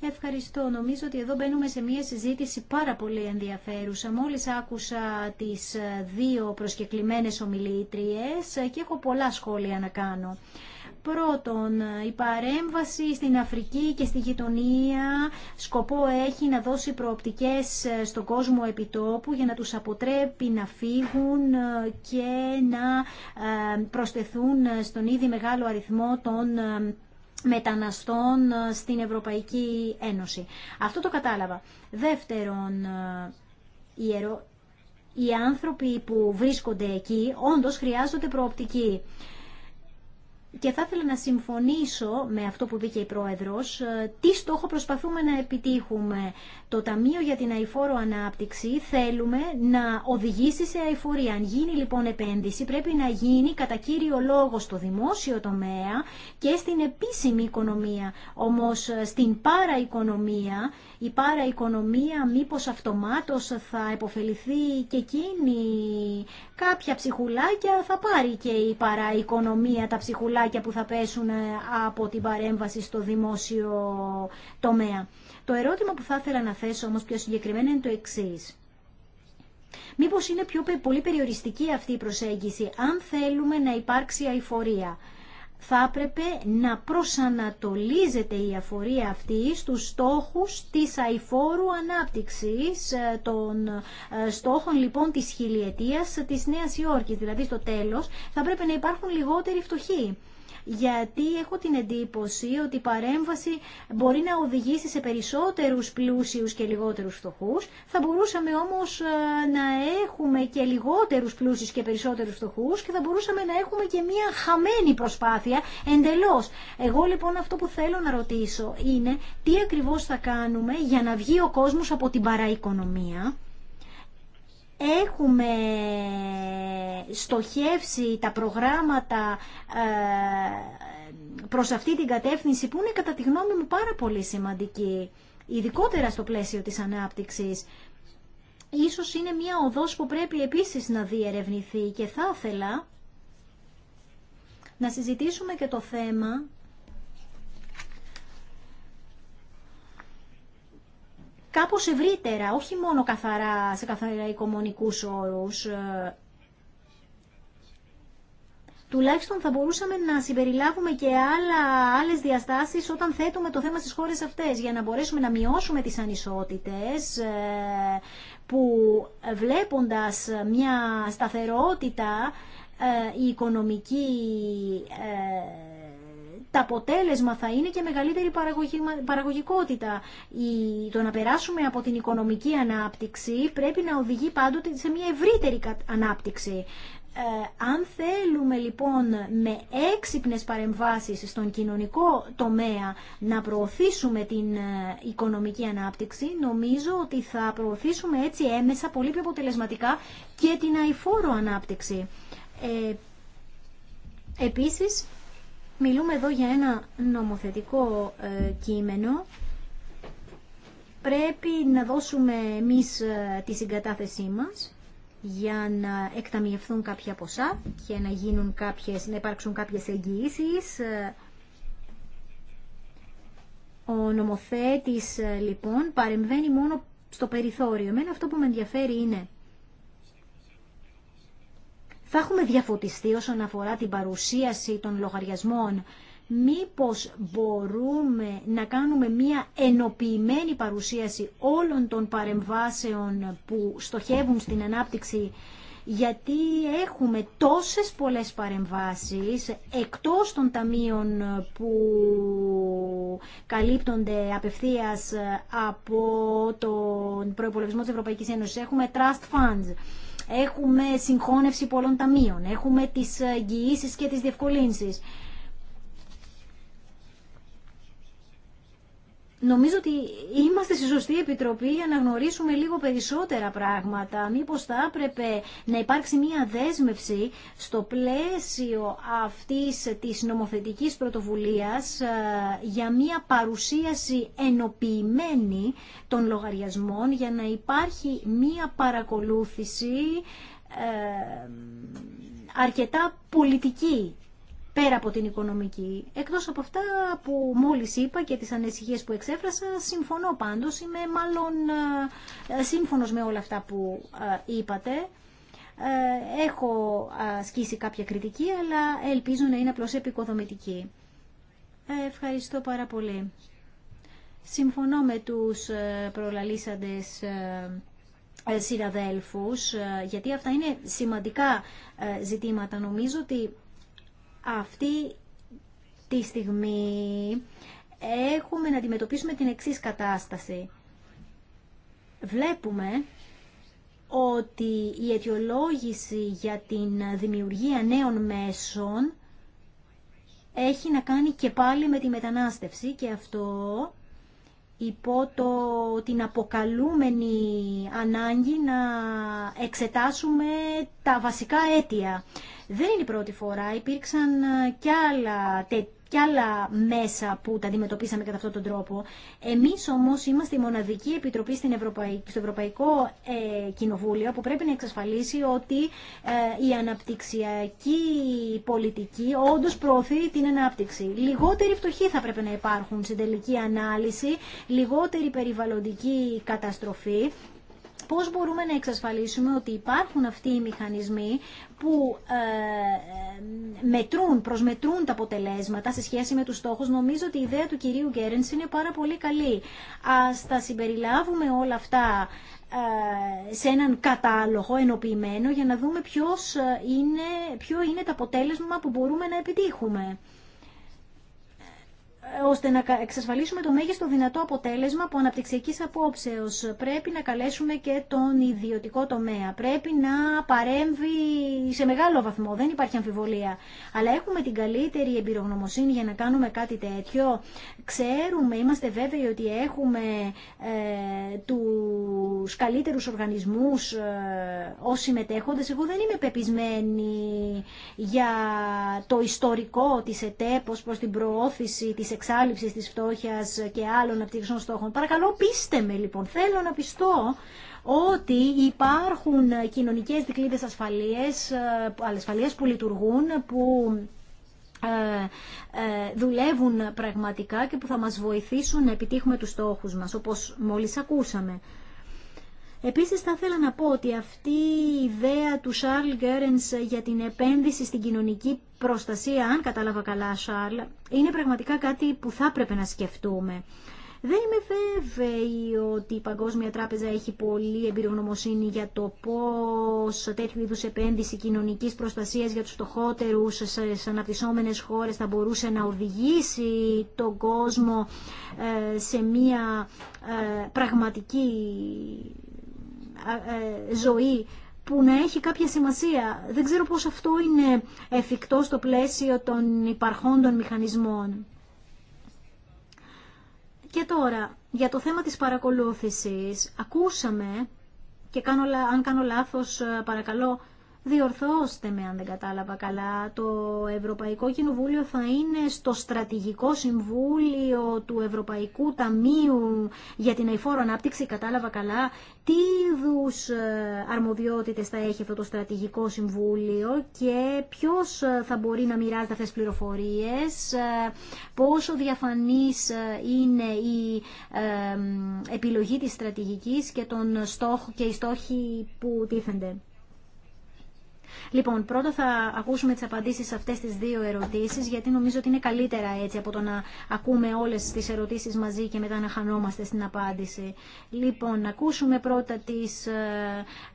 Ευχαριστώ. Νομίζω ότι εδώ μπαίνουμε σε μια συζήτηση πάρα πολύ ενδιαφέρουσα. Μόλις άκουσα τις δύο προσκεκλημένες ομιλήτριες και έχω πολλά σχόλια να κάνω. Πρώτον, η παρέμβαση στην Αφρική και στη γειτονία σκοπό έχει να δώσει προοπτικές ε, στον κόσμο επιτόπου για να τους αποτρέπει να φύγουν ε, και να ε, προσθεθούν στον ήδη μεγάλο αριθμό των μεταναστών στην Ευρωπαϊκή Ένωση. Αυτό το κατάλαβα. Δεύτερον, οι άνθρωποι που βρίσκονται εκεί όντως χρειάζονται προοπτική και θα ήθελα να συμφωνήσω με αυτό που είπε η Πρόεδρος, ε, τι στόχο προσπαθούμε να επιτύχουμε το Ταμείο για την Αηφόρο Ανάπτυξη θέλουμε να οδηγήσει σε αηφορία. Αν γίνει λοιπόν επένδυση πρέπει να γίνει κατά κύριο λόγο στο δημόσιο τομέα και στην επίσημη οικονομία. Όμως στην παραοικονομία, η παραοικονομία μήπως αυτομάτως θα επωφεληθεί και εκείνη κάποια ψυχουλάκια θα πάρει και η παραοικονομία τα ψυχουλάκια που θα πέσουν από την παρέμβαση στο δημόσιο τομέα. Το ερώτημα που θα ήθελα να θέσω όμως πιο συγκεκριμένα είναι το εξή. Μήπως είναι πιο πολύ περιοριστική αυτή η προσέγγιση, αν θέλουμε να υπάρξει αηφορία. Θα έπρεπε να προσανατολίζεται η αφορία αυτή στους στόχους της αηφόρου ανάπτυξης, ε, των ε, στόχων λοιπόν της χιλιετίας της Νέας Υόρκης. Δηλαδή στο τέλος θα πρέπει να υπάρχουν λιγότεροι φτωχοί γιατί έχω την εντύπωση ότι η παρέμβαση μπορεί να οδηγήσει σε περισσότερους πλούσιους και λιγότερους φτωχούς. Θα μπορούσαμε όμως ε, να έχουμε και λιγότερους πλούσιους και περισσότερους φτωχούς και θα μπορούσαμε να έχουμε και μια χαμένη προσπάθεια εντελώς. Εγώ λοιπόν αυτό που θέλω να ρωτήσω είναι τι ακριβώς θα κάνουμε για να βγει ο κόσμος από την παραοικονομία Έχουμε στοχεύσει τα προγράμματα ε, προς αυτή την κατεύθυνση που είναι κατά τη γνώμη μου πάρα πολύ σημαντική, ειδικότερα στο πλαίσιο της ανάπτυξης. Ίσως είναι μια οδός που πρέπει επίσης να διερευνηθεί και θα ήθελα να συζητήσουμε και το θέμα κάπως ευρύτερα, όχι μόνο καθαρά, σε καθαρά οικομονικούς όρους. Ε, τουλάχιστον θα μπορούσαμε να συμπεριλάβουμε και άλλα, άλλες διαστάσεις όταν θέτουμε το θέμα στις χώρες αυτές, για να μπορέσουμε να μειώσουμε τις ανισότητες ε, που βλέποντας μια σταθερότητα ε, η οικονομική τα αποτέλεσμα θα είναι και μεγαλύτερη παραγωγικότητα. Το να περάσουμε από την οικονομική ανάπτυξη πρέπει να οδηγεί πάντοτε σε μια ευρύτερη ανάπτυξη. Ε, αν θέλουμε λοιπόν με έξυπνες παρεμβάσεις στον κοινωνικό τομέα να προωθήσουμε την ε, οικονομική ανάπτυξη, νομίζω ότι θα προωθήσουμε έτσι έμεσα πολύ πιο αποτελεσματικά και την αηφόρο ανάπτυξη. Ε, επίσης, Μιλούμε εδώ για ένα νομοθετικό ε, κείμενο. Πρέπει να δώσουμε εμείς ε, τη συγκατάθεσή μας για να εκταμιευθούν κάποια ποσά και να, γίνουν κάποιες, να υπάρξουν κάποιες εγγυήσεις. Ο νομοθέτης ε, λοιπόν παρεμβαίνει μόνο στο περιθώριο. Εμένα αυτό που με ενδιαφέρει είναι θα έχουμε διαφωτιστεί όσον αφορά την παρουσίαση των λογαριασμών. Μήπως μπορούμε να κάνουμε μία ενοποιημένη παρουσίαση όλων των παρεμβάσεων που στοχεύουν στην ανάπτυξη γιατί έχουμε τόσες πολλές παρεμβάσεις εκτός των ταμείων που καλύπτονται απευθείας από τον προϋπολογισμό της Ευρωπαϊκής Ένωσης. Έχουμε trust funds, Έχουμε συγχώνευση πολλών ταμείων, έχουμε τις ε, εγγυήσει και τις διευκολύνσεις. Νομίζω ότι είμαστε στη σωστή επιτροπή για να γνωρίσουμε λίγο περισσότερα πράγματα. Μήπως θα έπρεπε να υπάρξει μία δέσμευση στο πλαίσιο αυτής της νομοθετικής πρωτοβουλίας ε, για μία παρουσίαση ενοποιημένη των λογαριασμών για να υπάρχει μία παρακολούθηση ε, αρκετά πολιτική πέρα από την οικονομική. Εκτός από αυτά που μόλις είπα και τις ανησυχίες που εξέφρασα, συμφωνώ πάντως, είμαι μάλλον ε, σύμφωνος με όλα αυτά που ε, είπατε. Ε, έχω σκίσει κάποια κριτική, αλλά ελπίζω να είναι απλώς επικοδομητική. Ευχαριστώ πάρα πολύ. Συμφωνώ με τους προλαλήσαντες συναδέλφους, γιατί αυτά είναι σημαντικά ζητήματα. Νομίζω ότι αυτή τη στιγμή έχουμε να αντιμετωπίσουμε την εξής κατάσταση. Βλέπουμε ότι η αιτιολόγηση για την δημιουργία νέων μέσων έχει να κάνει και πάλι με τη μετανάστευση και αυτό υπό το, την αποκαλούμενη ανάγκη να εξετάσουμε τα βασικά αίτια. Δεν είναι η πρώτη φορά, υπήρξαν ε, κι άλλα κι άλλα μέσα που τα αντιμετωπίσαμε κατά αυτόν τον τρόπο. Εμείς όμως είμαστε η μοναδική επιτροπή στην στο Ευρωπαϊκό ε, Κοινοβούλιο που πρέπει να εξασφαλίσει ότι ε, η αναπτυξιακή πολιτική όντως προωθεί την ανάπτυξη. Λιγότερη φτωχή θα πρέπει να υπάρχουν στην τελική ανάλυση, λιγότερη περιβαλλοντική καταστροφή πώς μπορούμε να εξασφαλίσουμε ότι υπάρχουν αυτοί οι μηχανισμοί που ε, ε, μετρούν, προσμετρούν τα αποτελέσματα σε σχέση με τους στόχους. Νομίζω ότι η ιδέα του κυρίου Γκέρενς είναι πάρα πολύ καλή. Ας τα συμπεριλάβουμε όλα αυτά ε, σε έναν κατάλογο ενοποιημένο για να δούμε ποιος είναι, ποιο είναι το αποτέλεσμα που μπορούμε να επιτύχουμε. Ε, ώστε να εξασφαλίσουμε το μέγιστο δυνατό αποτέλεσμα από αναπτυξιακής απόψεως. Πρέπει να καλέσουμε και τον ιδιωτικό τομέα. Πρέπει να παρέμβει σε μεγάλο βαθμό, δεν υπάρχει αμφιβολία. Αλλά έχουμε την καλύτερη εμπειρογνωμοσύνη για να κάνουμε κάτι τέτοιο. Ξέρουμε, είμαστε βέβαιοι ότι έχουμε ε, τους καλύτερους οργανισμούς ε, ως συμμετέχοντες. Εγώ δεν είμαι πεπισμένη για το ιστορικό της ΕΤΕΠ την προώθηση εξάλληψη τη της φτώχειας και άλλων αναπτύξεων στόχων. Παρακαλώ πείστε με λοιπόν, θέλω να πιστώ ότι υπάρχουν κοινωνικές δικλείδες ασφαλεία, ε, που λειτουργούν, που ε, ε, δουλεύουν πραγματικά και που θα μας βοηθήσουν να επιτύχουμε τους στόχους μας, όπως μόλις ακούσαμε. Επίσης θα ήθελα να πω ότι αυτή η ιδέα του Σάρλ Γκέρενς για την επένδυση στην κοινωνική προστασία, αν κατάλαβα καλά Σάρλ, είναι πραγματικά κάτι που θα πρέπει να σκεφτούμε. Δεν είμαι βέβαιη ότι η Παγκόσμια Τράπεζα έχει πολλή εμπειρογνωμοσύνη για το πώς τέτοιου είδους επένδυση κοινωνικής προστασίας για τους φτωχότερους σε αναπτυσσόμενες χώρες θα μπορούσε να οδηγήσει τον κόσμο ε, σε μια ε, πραγματική ε, ζωή που να έχει κάποια σημασία. Δεν ξέρω πώς αυτό είναι εφικτό στο πλαίσιο των υπαρχόντων μηχανισμών. Και τώρα, για το θέμα της παρακολούθησης, ακούσαμε, και αν κάνω λάθος ε, παρακαλώ Διορθώστε με αν δεν κατάλαβα καλά, το Ευρωπαϊκό Κοινοβούλιο θα είναι στο Στρατηγικό Συμβούλιο του Ευρωπαϊκού Ταμείου για την Αϊφόρο Ανάπτυξη, κατάλαβα καλά, τι είδου ε, αρμοδιότητες θα έχει αυτό το Στρατηγικό Συμβούλιο και ποιος ε, θα μπορεί να μοιράζεται αυτές τις πληροφορίες, ε, πόσο διαφανής είναι η επιλογή της στρατηγικής και, και οι στόχοι που τίθενται. Λοιπόν, πρώτα θα ακούσουμε τις απαντήσεις σε αυτές τις δύο ερωτήσεις, γιατί νομίζω ότι είναι καλύτερα έτσι από το να ακούμε όλες τις ερωτήσεις μαζί και μετά να χανόμαστε στην απάντηση. Λοιπόν, ακούσουμε πρώτα τις ε,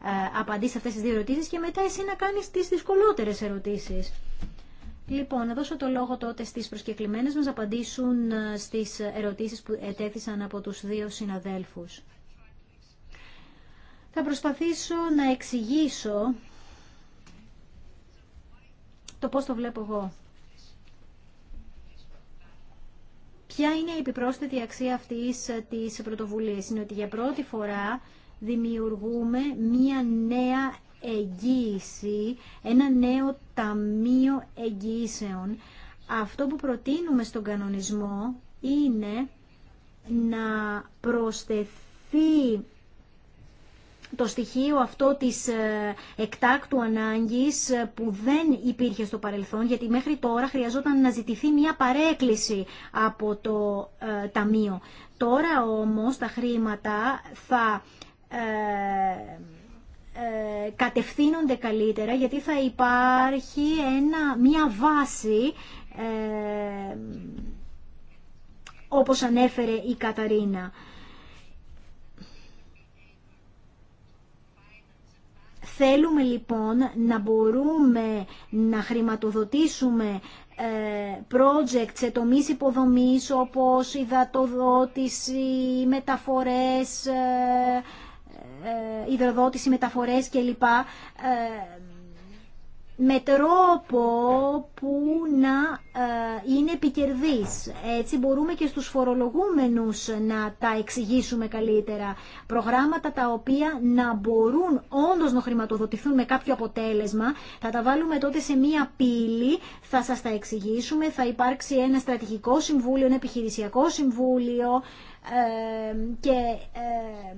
ε, απαντήσεις σε αυτές τις δύο ερωτήσεις και μετά εσύ να κάνεις τις δυσκολότερε ερωτήσεις. Λοιπόν, να δώσω το λόγο τότε στις προσκεκλημένες μας απαντήσουν ε, στις ερωτήσεις που ετέθησαν από τους δύο συναδέλφους. Θα προσπαθήσω να εξηγήσω το πώς το βλέπω εγώ. Ποια είναι η επιπρόσθετη αξία αυτής ε, της πρωτοβουλίας. Είναι ότι για πρώτη φορά δημιουργούμε μία νέα εγγύηση, ένα νέο ταμείο εγγύησεων. Αυτό που προτείνουμε στον κανονισμό είναι να προσθεθεί το στοιχείο αυτό της ε, εκτάκτου ανάγκης ε, που δεν υπήρχε στο παρελθόν, γιατί μέχρι τώρα χρειαζόταν να ζητηθεί μια παρέκκληση από το ε, Ταμείο. Τώρα όμως τα χρήματα θα... Ε, κατευθύνονται καλύτερα γιατί θα υπάρχει ένα, μια βάση όπως ανέφερε η Καταρίνα. Θέλουμε λοιπόν να μπορούμε να χρηματοδοτήσουμε ε, project σε τομείς υποδομής όπως υδατοδότηση, μεταφορές, ε, ε, υδροδότηση, μεταφορές κλπ με τρόπο που να ε, είναι επικερδής. Έτσι μπορούμε και στους φορολογούμενους να τα εξηγήσουμε καλύτερα. Προγράμματα τα οποία να μπορούν όντως να χρηματοδοτηθούν με κάποιο αποτέλεσμα. Θα τα βάλουμε τότε σε μία πύλη, θα σας τα εξηγήσουμε, θα υπάρξει ένα στρατηγικό συμβούλιο, ένα επιχειρησιακό συμβούλιο ε, ε,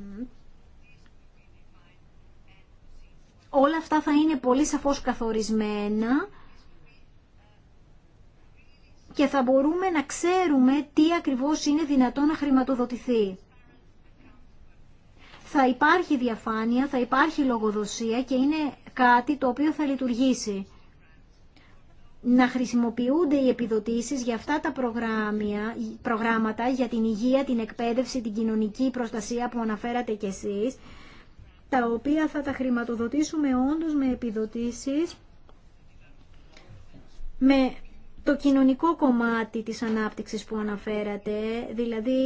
όλα αυτά θα είναι πολύ σαφώς καθορισμένα και θα μπορούμε να ξέρουμε τι ακριβώς είναι δυνατό να χρηματοδοτηθεί. Θα υπάρχει διαφάνεια, θα υπάρχει λογοδοσία και είναι κάτι το οποίο θα λειτουργήσει. Να χρησιμοποιούνται οι επιδοτήσεις για αυτά τα προγράμματα για την υγεία, την εκπαίδευση, την κοινωνική προστασία που αναφέρατε κι εσείς τα οποία θα τα χρηματοδοτήσουμε όντως με επιδοτήσεις, με το κοινωνικό κομμάτι της ανάπτυξης που αναφέρατε, δηλαδή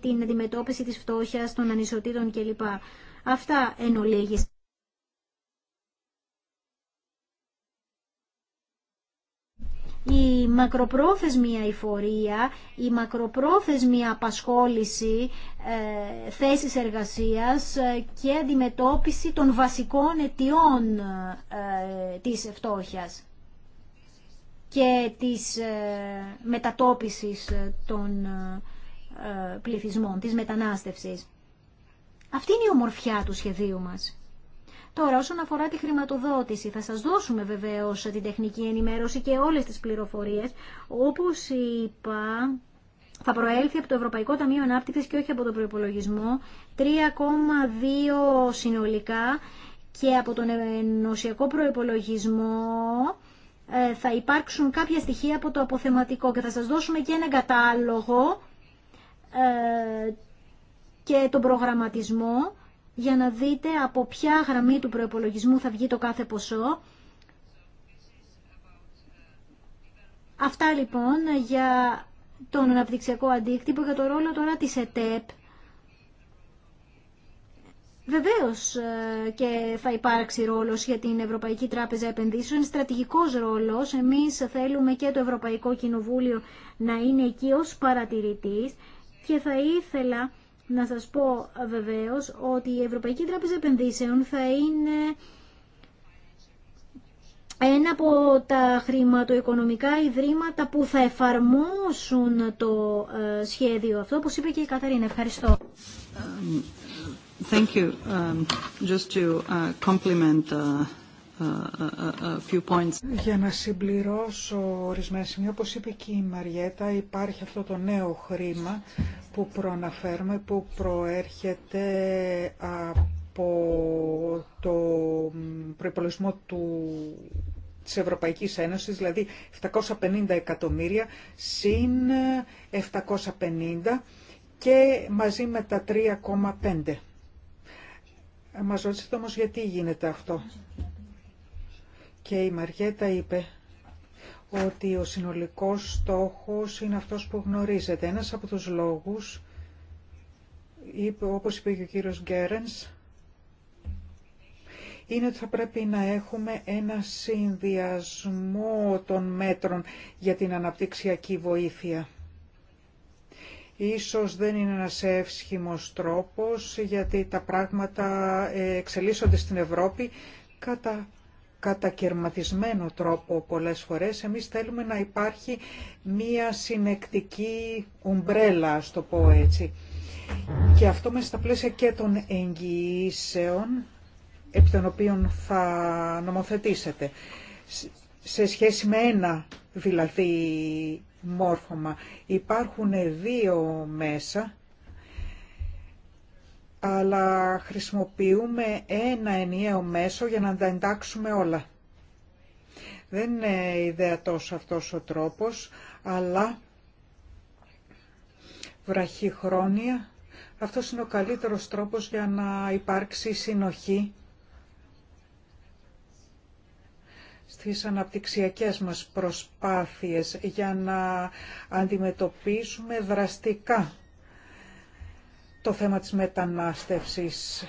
την αντιμετώπιση της φτώχειας, των ανισοτήτων κλπ. Αυτά εν η μακροπρόθεσμη αηφορία, η μακροπρόθεσμη απασχόληση ε, θέσεις εργασίας ε, και αντιμετώπιση των βασικών αιτιών ε, της φτώχειας και της ε, μετατόπισης των ε, πληθυσμών, της μετανάστευσης. Αυτή είναι η ομορφιά του σχεδίου μας. Τώρα, όσον αφορά τη χρηματοδότηση, θα σας δώσουμε βεβαίως την τεχνική ενημέρωση και όλες τις πληροφορίες. Όπως είπα, θα προέλθει από το Ευρωπαϊκό Ταμείο Ανάπτυξης και όχι από τον προϋπολογισμό 3,2 συνολικά και από τον ενωσιακό προϋπολογισμό ε, θα υπάρξουν κάποια στοιχεία από το αποθεματικό και θα σας δώσουμε και έναν κατάλογο ε, και τον προγραμματισμό για να δείτε από ποια γραμμή του προϋπολογισμού θα βγει το κάθε ποσό. Αυτά λοιπόν για τον αναπτυξιακό αντίκτυπο, για το ρόλο τώρα της ΕΤΕΠ. Βεβαίως ε, και θα υπάρξει ρόλος για την Ευρωπαϊκή Τράπεζα Επενδύσεων, στρατηγικός ρόλος. Εμείς θέλουμε και το Ευρωπαϊκό Κοινοβούλιο να είναι εκεί ως παρατηρητής και θα ήθελα να σας πω ε, βεβαίως ότι η Ευρωπαϊκή Τράπεζα Επενδύσεων θα είναι ένα από τα χρηματοοικονομικά ιδρύματα που θα εφαρμόσουν το ε, σχέδιο αυτό, όπως είπε και η Καταρίνα. Ευχαριστώ. Um, thank you. Um, just to uh, compliment uh, για να συμπληρώσω ορισμένα σημεία, όπως είπε και η Μαριέτα, υπάρχει αυτό το νέο χρήμα που προαναφέρουμε, που προέρχεται από το προϋπολογισμό του της Ευρωπαϊκής Ένωσης, δηλαδή 750 εκατομμύρια συν 750 και μαζί με τα 3,5. Μας ρωτήσετε όμως γιατί γίνεται αυτό. Και η Μαριέτα είπε ότι ο συνολικός στόχος είναι αυτός που γνωρίζετε. Ένας από τους λόγους, είπε, όπως είπε και ο κύριος Γκέρενς, είναι ότι θα πρέπει να έχουμε ένα συνδυασμό των μέτρων για την αναπτυξιακή βοήθεια. Ίσως δεν είναι ένας εύσχημος τρόπος γιατί τα πράγματα ε, εξελίσσονται στην Ευρώπη κατά κατακαιρματισμένο τρόπο πολλές φορές. Εμείς θέλουμε να υπάρχει μία συνεκτική ομπρέλα, στο το πω έτσι. Και αυτό μέσα στα πλαίσια και των εγγυήσεων, επί των οποίων θα νομοθετήσετε, σε σχέση με ένα δηλαδή μόρφωμα. Υπάρχουν δύο μέσα αλλά χρησιμοποιούμε ένα ενιαίο μέσο για να τα εντάξουμε όλα. Δεν είναι ιδεατός αυτός ο τρόπος, αλλά βραχυχρόνια αυτός είναι ο καλύτερος τρόπος για να υπάρξει συνοχή στις αναπτυξιακές μας προσπάθειες για να αντιμετωπίσουμε δραστικά το θέμα της μετανάστευσης.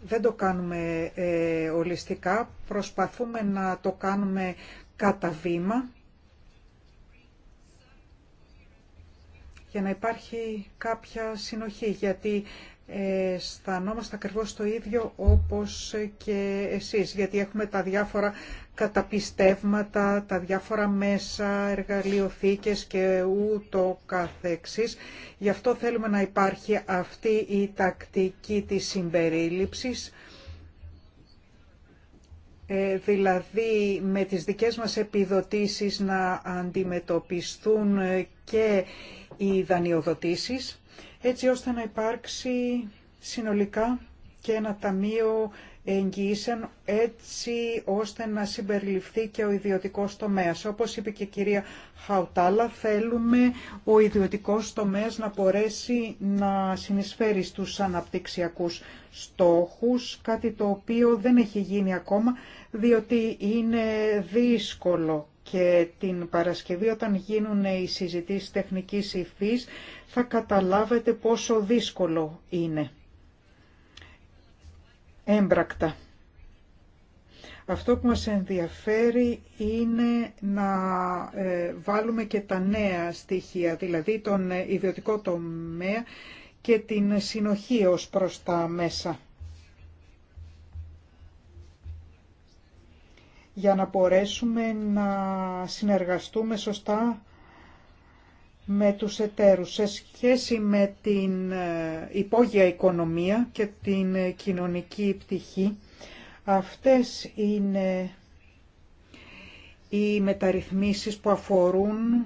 Δεν το κάνουμε ε, ολιστικά, προσπαθούμε να το κάνουμε κατά βήμα για να υπάρχει κάποια συνοχή, γιατί ε, αισθανόμαστε ακριβώς το ίδιο όπως και εσείς, γιατί έχουμε τα διάφορα τα καταπιστεύματα, τα διάφορα μέσα, εργαλειοθήκες και ούτω καθεξής. Γι' αυτό θέλουμε να υπάρχει αυτή η τακτική της συμπερίληψης, ε, δηλαδή με τις δικές μας επιδοτήσεις να αντιμετωπιστούν και οι δανειοδοτήσεις, έτσι ώστε να υπάρξει συνολικά και ένα ταμείο εγγύησαν έτσι ώστε να συμπεριληφθεί και ο ιδιωτικός τομέας. Όπως είπε και η κυρία Χαουτάλα, θέλουμε ο ιδιωτικός τομέας να μπορέσει να συνεισφέρει στους αναπτυξιακούς στόχους, κάτι το οποίο δεν έχει γίνει ακόμα, διότι είναι δύσκολο και την Παρασκευή όταν γίνουν οι συζητήσεις τεχνικής υφής θα καταλάβετε πόσο δύσκολο είναι έμπρακτα. Αυτό που μας ενδιαφέρει είναι να ε, βάλουμε και τα νέα στοιχεία, δηλαδή τον ε, ιδιωτικό τομέα και την συνοχή ως προς τα μέσα. Για να μπορέσουμε να συνεργαστούμε σωστά με τους εταίρους σε σχέση με την ε, υπόγεια οικονομία και την ε, κοινωνική πτυχή. Αυτές είναι οι μεταρρυθμίσεις που αφορούν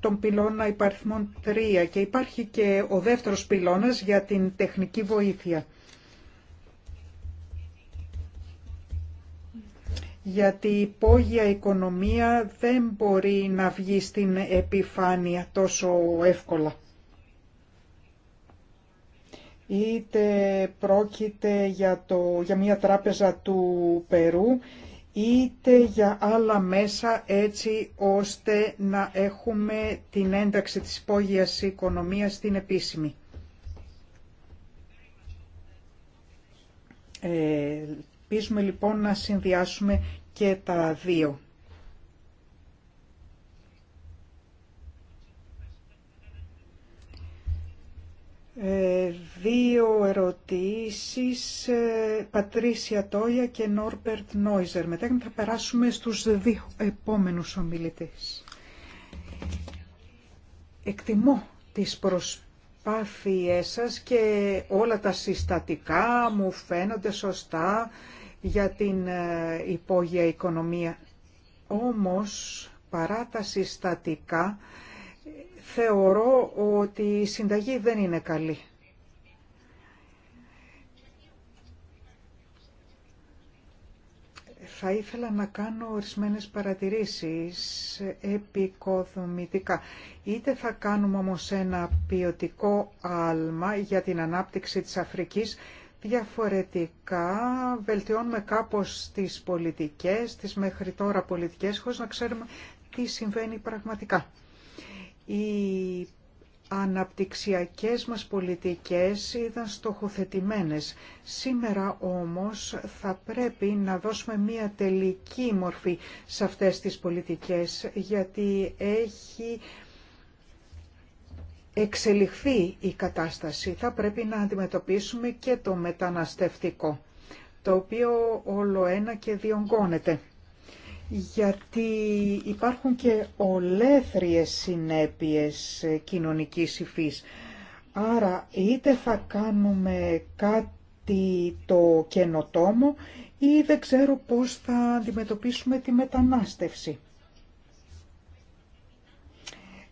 τον πυλώνα υπαριθμών 3 και υπάρχει και ο δεύτερος πυλώνας για την τεχνική βοήθεια. γιατί η υπόγεια οικονομία δεν μπορεί να βγει στην επιφάνεια τόσο εύκολα. Είτε πρόκειται για, το, για μια τράπεζα του Περού, είτε για άλλα μέσα έτσι ώστε να έχουμε την ένταξη της υπόγειας οικονομίας στην επίσημη. Ε, Ελπίζουμε λοιπόν να συνδυάσουμε και τα δύο. Ε, δύο ερωτήσεις, ε, Πατρίσια Τόια και Νόρπερτ Νόιζερ. Μετά θα περάσουμε στους δύο επόμενους ομιλητές. Εκτιμώ τις προσπάθειές σας και όλα τα συστατικά μου φαίνονται σωστά για την ε, υπόγεια οικονομία. Όμως, παρά τα συστατικά, θεωρώ ότι η συνταγή δεν είναι καλή. Θα ήθελα να κάνω ορισμένες παρατηρήσεις επικοδομητικά. Είτε θα κάνουμε όμως ένα ποιοτικό άλμα για την ανάπτυξη της Αφρικής, Διαφορετικά βελτιώνουμε κάπως τις πολιτικές, τις μέχρι τώρα πολιτικές, χωρίς να ξέρουμε τι συμβαίνει πραγματικά. Οι αναπτυξιακές μας πολιτικές ήταν στοχοθετημένες. Σήμερα όμως θα πρέπει να δώσουμε μία τελική μορφή σε αυτές τις πολιτικές, γιατί έχει εξελιχθεί η κατάσταση. Θα πρέπει να αντιμετωπίσουμε και το μεταναστευτικό, το οποίο όλο ένα και διονγκώνεται. Γιατί υπάρχουν και ολέθριες συνέπειες κοινωνικής υφής. Άρα είτε θα κάνουμε κάτι το καινοτόμο ή δεν ξέρω πώς θα αντιμετωπίσουμε τη μετανάστευση.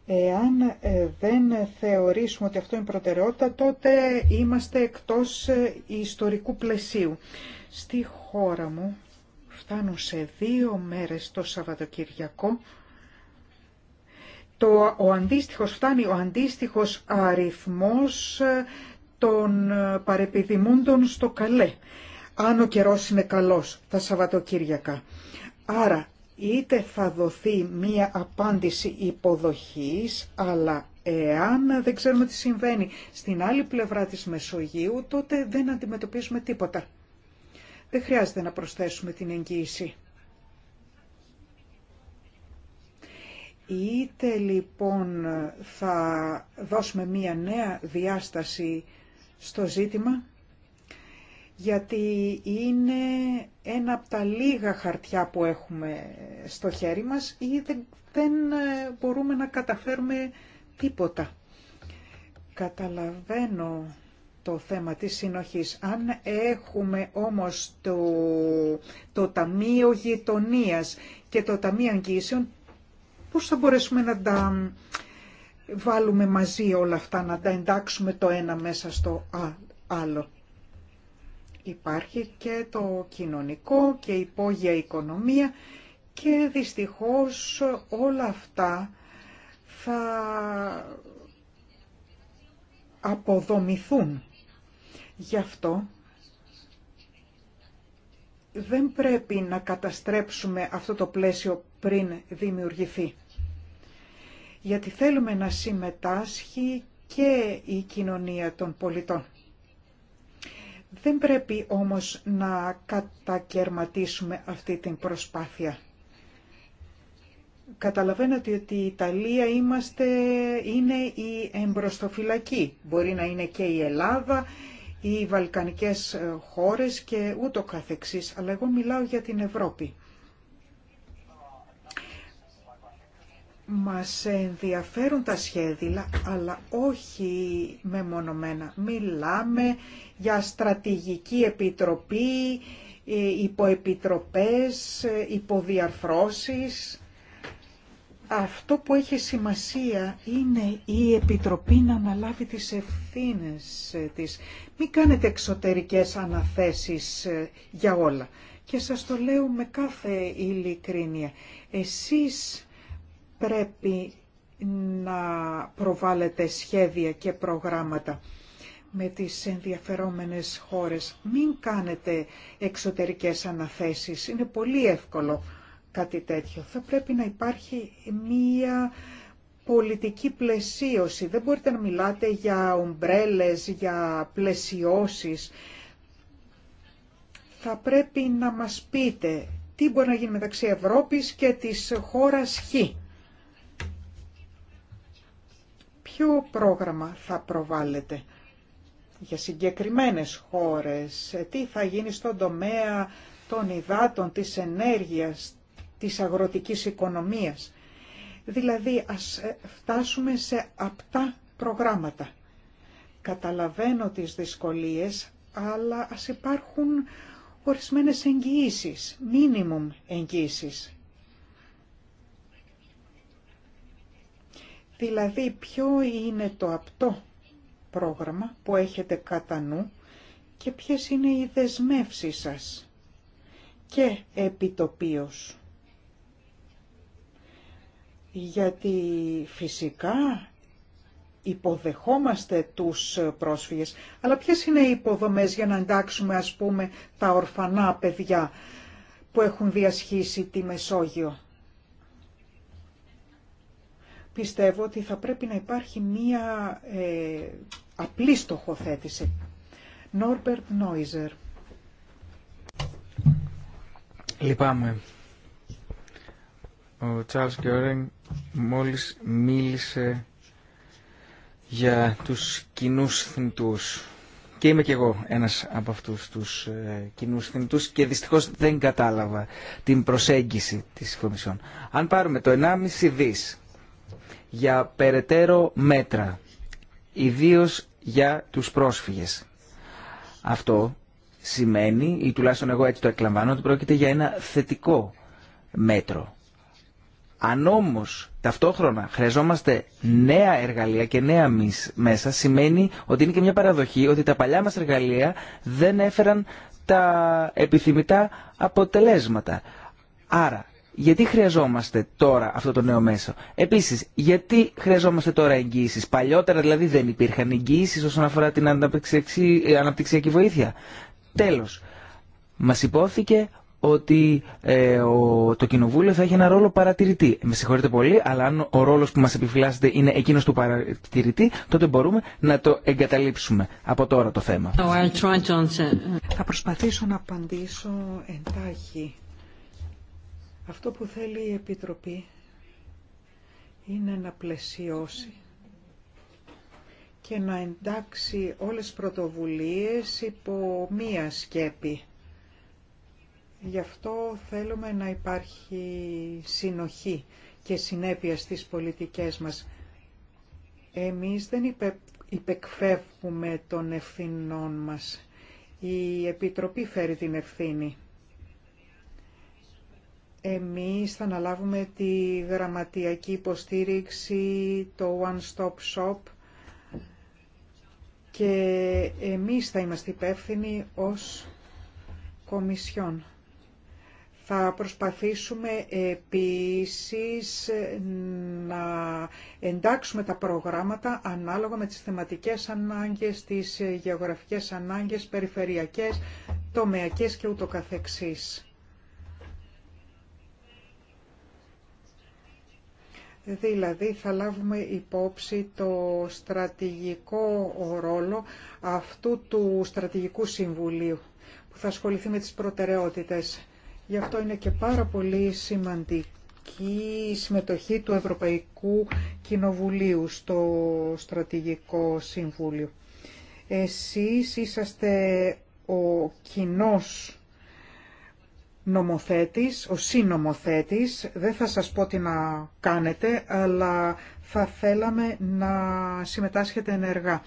Εάν ε, δεν θεωρήσουμε ότι αυτό είναι προτεραιότητα, τότε είμαστε εκτός ε, ιστορικού πλαισίου. Στη χώρα μου φτάνουν σε δύο μέρες το Σαββατοκυριακό. Το, ο αντίστοιχος φτάνει ο αντίστοιχος αριθμός ε, των παρεπιδημούντων στο καλέ. Αν ο καιρός είναι καλός τα Σαββατοκύριακα. Άρα είτε θα δοθεί μία απάντηση υποδοχής, αλλά εάν δεν ξέρουμε τι συμβαίνει στην άλλη πλευρά της Μεσογείου, τότε δεν αντιμετωπίζουμε τίποτα. Δεν χρειάζεται να προσθέσουμε την εγγύηση. Είτε λοιπόν θα δώσουμε μία νέα διάσταση στο ζήτημα, γιατί είναι ένα από τα λίγα χαρτιά που έχουμε στο χέρι μας ή δεν, ε, μπορούμε να καταφέρουμε τίποτα. Καταλαβαίνω το θέμα της συνοχής. Αν έχουμε όμως το, το Ταμείο γειτονία και το Ταμείο Αγγίσεων, πώς θα μπορέσουμε να τα βάλουμε μαζί όλα αυτά, να τα εντάξουμε το ένα μέσα στο άλλο. Υπάρχει και το κοινωνικό και η υπόγεια οικονομία και δυστυχώς όλα αυτά θα αποδομηθούν. Γι' αυτό δεν πρέπει να καταστρέψουμε αυτό το πλαίσιο πριν δημιουργηθεί. Γιατί θέλουμε να συμμετάσχει και η κοινωνία των πολιτών. Δεν πρέπει όμως να κατακαιρματίσουμε αυτή την προσπάθεια. Καταλαβαίνετε ότι η Ιταλία είμαστε, είναι η εμπροστοφυλακή. Μπορεί να είναι και η Ελλάδα, οι βαλκανικές ε, χώρες και ούτω καθεξής. Αλλά εγώ μιλάω για την Ευρώπη. Μας ενδιαφέρουν τα σχέδια, αλλά όχι μεμονωμένα. Μιλάμε για στρατηγική επιτροπή, ε, υποεπιτροπές, ε, υποδιαρθρώσεις. Αυτό που έχει σημασία είναι η Επιτροπή να αναλάβει τις ευθύνες ε, της. Μην κάνετε εξωτερικές αναθέσεις για όλα. Και σας το λέω με κάθε ειλικρίνεια. Εσείς πρέπει να προβάλλετε σχέδια και προγράμματα με τις ενδιαφερόμενες χώρες. Μην κάνετε εξωτερικές αναθέσεις. Είναι πολύ εύκολο κάτι τέτοιο. Θα πρέπει να υπάρχει μία πολιτική πλαισίωση. Δεν μπορείτε να μιλάτε για ομπρέλες, για πλαισιώσεις. Θα πρέπει να μας πείτε τι μπορεί να γίνει μεταξύ Ευρώπης και της χώρας Χ. ποιο πρόγραμμα θα προβάλλεται για συγκεκριμένες χώρες, ε, τι θα γίνει στον τομέα των υδάτων, της ενέργειας, της αγροτικής οικονομίας. Δηλαδή, ας ε, φτάσουμε σε απτά προγράμματα. Καταλαβαίνω τις δυσκολίες, αλλά ας υπάρχουν ορισμένες εγγυήσεις, μίνιμουμ εγγυήσεις. Δηλαδή, ποιο είναι το απτό πρόγραμμα που έχετε κατά νου και ποιες είναι οι δεσμεύσει σας και επιτοπίως. Γιατί φυσικά υποδεχόμαστε τους πρόσφυγες, αλλά ποιες είναι οι υποδομές για να εντάξουμε ας πούμε τα ορφανά παιδιά που έχουν διασχίσει τη Μεσόγειο πιστεύω ότι θα πρέπει να υπάρχει μία ε, απλή στοχοθέτηση. Νόρμπερτ Νόιζερ. Λυπάμαι. Ο Τσάρλς Κιόρεν μόλις μίλησε για τους κοινού θνητούς. Και είμαι κι εγώ ένας από αυτούς τους ε, κοινού και δυστυχώς δεν κατάλαβα την προσέγγιση της Κομισιόν. Αν πάρουμε το 1,5 δις για περαιτέρω μέτρα, ιδίως για τους πρόσφυγες. Αυτό σημαίνει, ή τουλάχιστον εγώ έτσι το εκλαμβάνω, ότι πρόκειται για ένα θετικό μέτρο. Αν όμω ταυτόχρονα χρειαζόμαστε νέα εργαλεία και νέα μέσα, σημαίνει ότι είναι και μια παραδοχή ότι τα παλιά μας εργαλεία δεν έφεραν τα επιθυμητά αποτελέσματα. Άρα γιατί χρειαζόμαστε τώρα αυτό το νέο μέσο. Επίση, γιατί χρειαζόμαστε τώρα εγγύησει. Παλιότερα δηλαδή δεν υπήρχαν εγγύησει όσον αφορά την αναπτυξιακή ε, βοήθεια. Τέλο, μα υπόθηκε ότι ε, ο, το κοινοβούλιο θα έχει ένα ρόλο παρατηρητή. Με συγχωρείτε πολύ, αλλά αν ο ρόλος που μα επιφυλάσσεται είναι εκείνο του παρατηρητή, τότε μπορούμε να το εγκαταλείψουμε από τώρα το θέμα. Θα προσπαθήσω να απαντήσω εντάχει αυτό που θέλει η Επιτροπή είναι να πλαισιώσει και να εντάξει όλες τις πρωτοβουλίες υπό μία σκέπη. Γι' αυτό θέλουμε να υπάρχει συνοχή και συνέπεια στις πολιτικές μας. Εμείς δεν υπε... υπεκφεύγουμε των ευθυνών μας. Η Επιτροπή φέρει την ευθύνη. Εμείς θα αναλάβουμε τη γραμματιακή υποστήριξη, το One Stop Shop και εμείς θα είμαστε υπεύθυνοι ως Κομισιόν. Θα προσπαθήσουμε επίσης να εντάξουμε τα προγράμματα ανάλογα με τις θεματικές ανάγκες, τις γεωγραφικές ανάγκες, περιφερειακές, τομεακές και ούτω καθεξής. Δηλαδή θα λάβουμε υπόψη το στρατηγικό ρόλο αυτού του στρατηγικού συμβουλίου που θα ασχοληθεί με τις προτεραιότητες. Γι' αυτό είναι και πάρα πολύ σημαντική η συμμετοχή του Ευρωπαϊκού Κοινοβουλίου στο Στρατηγικό Συμβούλιο. Εσείς είσαστε ο κοινός νομοθέτης, ο συνομοθέτης, δεν θα σας πω τι να κάνετε, αλλά θα θέλαμε να συμμετάσχετε ενεργά.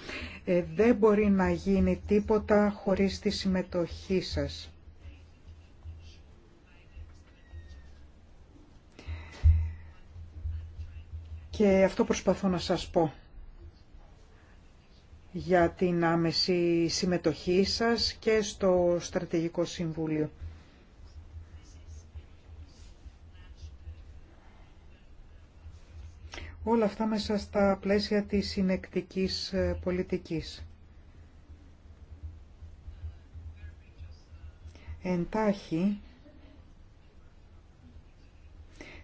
Ε, δεν μπορεί να γίνει τίποτα χωρίς τη συμμετοχή σας. Και αυτό προσπαθώ να σας πω για την άμεση συμμετοχή σας και στο Στρατηγικό Συμβούλιο. όλα αυτά μέσα στα πλαίσια της συνεκτικής ε, πολιτικής. Εντάχει,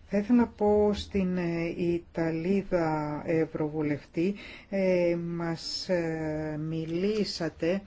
θα ήθελα να πω στην ε, Ιταλίδα Ευρωβουλευτή, ε, μας ε, μιλήσατε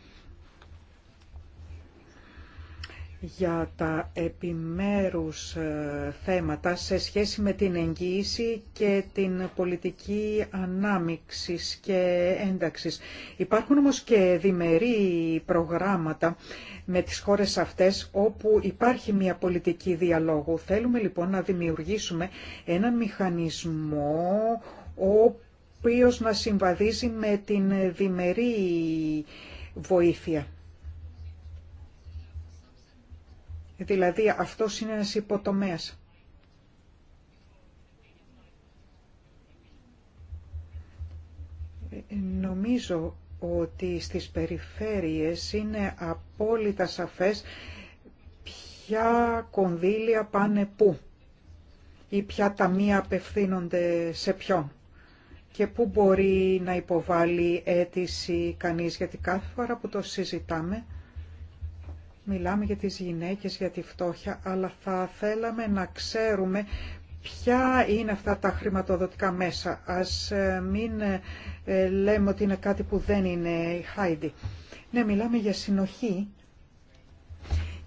για τα επιμέρους ε, θέματα σε σχέση με την εγγύηση και την πολιτική ανάμιξης και ένταξης. Υπάρχουν όμως και διμερεί προγράμματα με τις χώρες αυτές όπου υπάρχει μια πολιτική διαλόγου. Θέλουμε λοιπόν να δημιουργήσουμε ένα μηχανισμό ο οποίος να συμβαδίζει με την διμερεί βοήθεια Δηλαδή αυτό είναι ένας υποτομέας. Νομίζω ότι στις περιφέρειες είναι απόλυτα σαφές ποια κονδύλια πάνε πού ή ποια ταμεία απευθύνονται σε ποιον και πού μπορεί να υποβάλει αίτηση κανείς, γιατί κάθε φορά που το συζητάμε Μιλάμε για τις γυναίκες, για τη φτώχεια, αλλά θα θέλαμε να ξέρουμε ποια είναι αυτά τα χρηματοδοτικά μέσα. Ας ε, μην ε, ε, λέμε ότι είναι κάτι που δεν είναι η χάιντι. Ναι, μιλάμε για συνοχή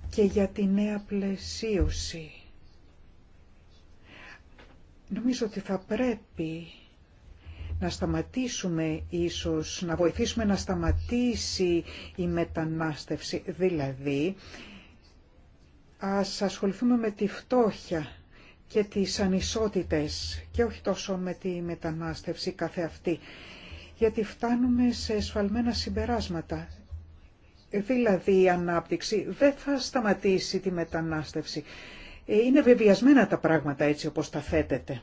και για τη νέα πλαισίωση. Νομίζω ότι θα πρέπει να σταματήσουμε ίσως, να βοηθήσουμε να σταματήσει η μετανάστευση. Δηλαδή, ας ασχοληθούμε με τη φτώχεια και τις ανισότητες και όχι τόσο με τη μετανάστευση καθεαυτή. Γιατί φτάνουμε σε εσφαλμένα συμπεράσματα. Δηλαδή η ανάπτυξη δεν θα σταματήσει τη μετανάστευση. Ε, είναι βεβαιασμένα τα πράγματα έτσι όπως τα θέτεται.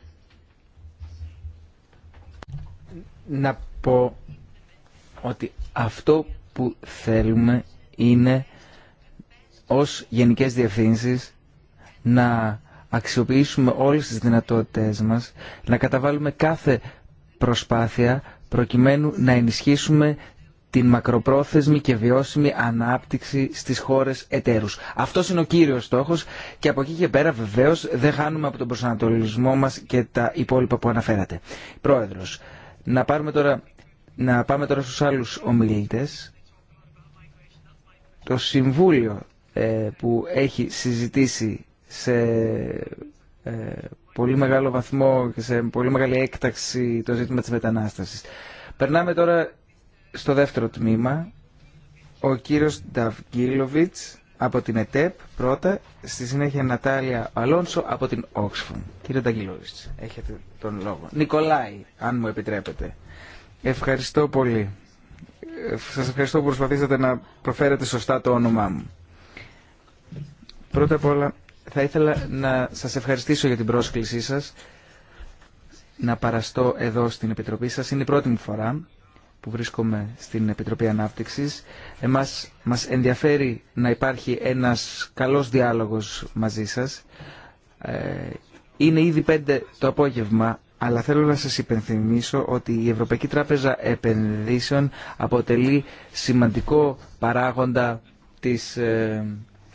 να πω ότι αυτό που θέλουμε είναι ως γενικές διευθύνσεις να αξιοποιήσουμε όλες τις δυνατότητές μας, να καταβάλουμε κάθε προσπάθεια προκειμένου να ενισχύσουμε την μακροπρόθεσμη και βιώσιμη ανάπτυξη στις χώρες εταίρους. Αυτό είναι ο κύριος στόχος και από εκεί και πέρα βεβαίως δεν χάνουμε από τον προσανατολισμό μας και τα υπόλοιπα που αναφέρατε. Πρόεδρος, να, πάρουμε τώρα, να πάμε τώρα στους άλλους ομιλητές. Το Συμβούλιο ε, που έχει συζητήσει σε ε, πολύ μεγάλο βαθμό και σε πολύ μεγάλη έκταξη το ζήτημα της μετανάστασης. Περνάμε τώρα στο δεύτερο τμήμα. Ο κύριος Νταυγκίλοβιτς από την ΕΤΕΠ πρώτα, στη συνέχεια Νατάλια Αλόνσο από την Oxfam. Κύριε Νταγκυλόβιτ, έχετε τον λόγο. Νικολάη, αν μου επιτρέπετε. Ευχαριστώ πολύ. Σας ευχαριστώ που προσπαθήσατε να προφέρετε σωστά το όνομά μου. Πρώτα απ' όλα θα ήθελα να σας ευχαριστήσω για την πρόσκλησή σας να παραστώ εδώ στην Επιτροπή σας. Είναι η πρώτη μου φορά που βρίσκομαι στην Επιτροπή Ανάπτυξης. Εμάς μας ενδιαφέρει να υπάρχει ένας καλός διάλογος μαζί σας. Ε, είναι ήδη πέντε το απόγευμα, αλλά θέλω να σας υπενθυμίσω ότι η Ευρωπαϊκή Τράπεζα Επενδύσεων αποτελεί σημαντικό παράγοντα της ε,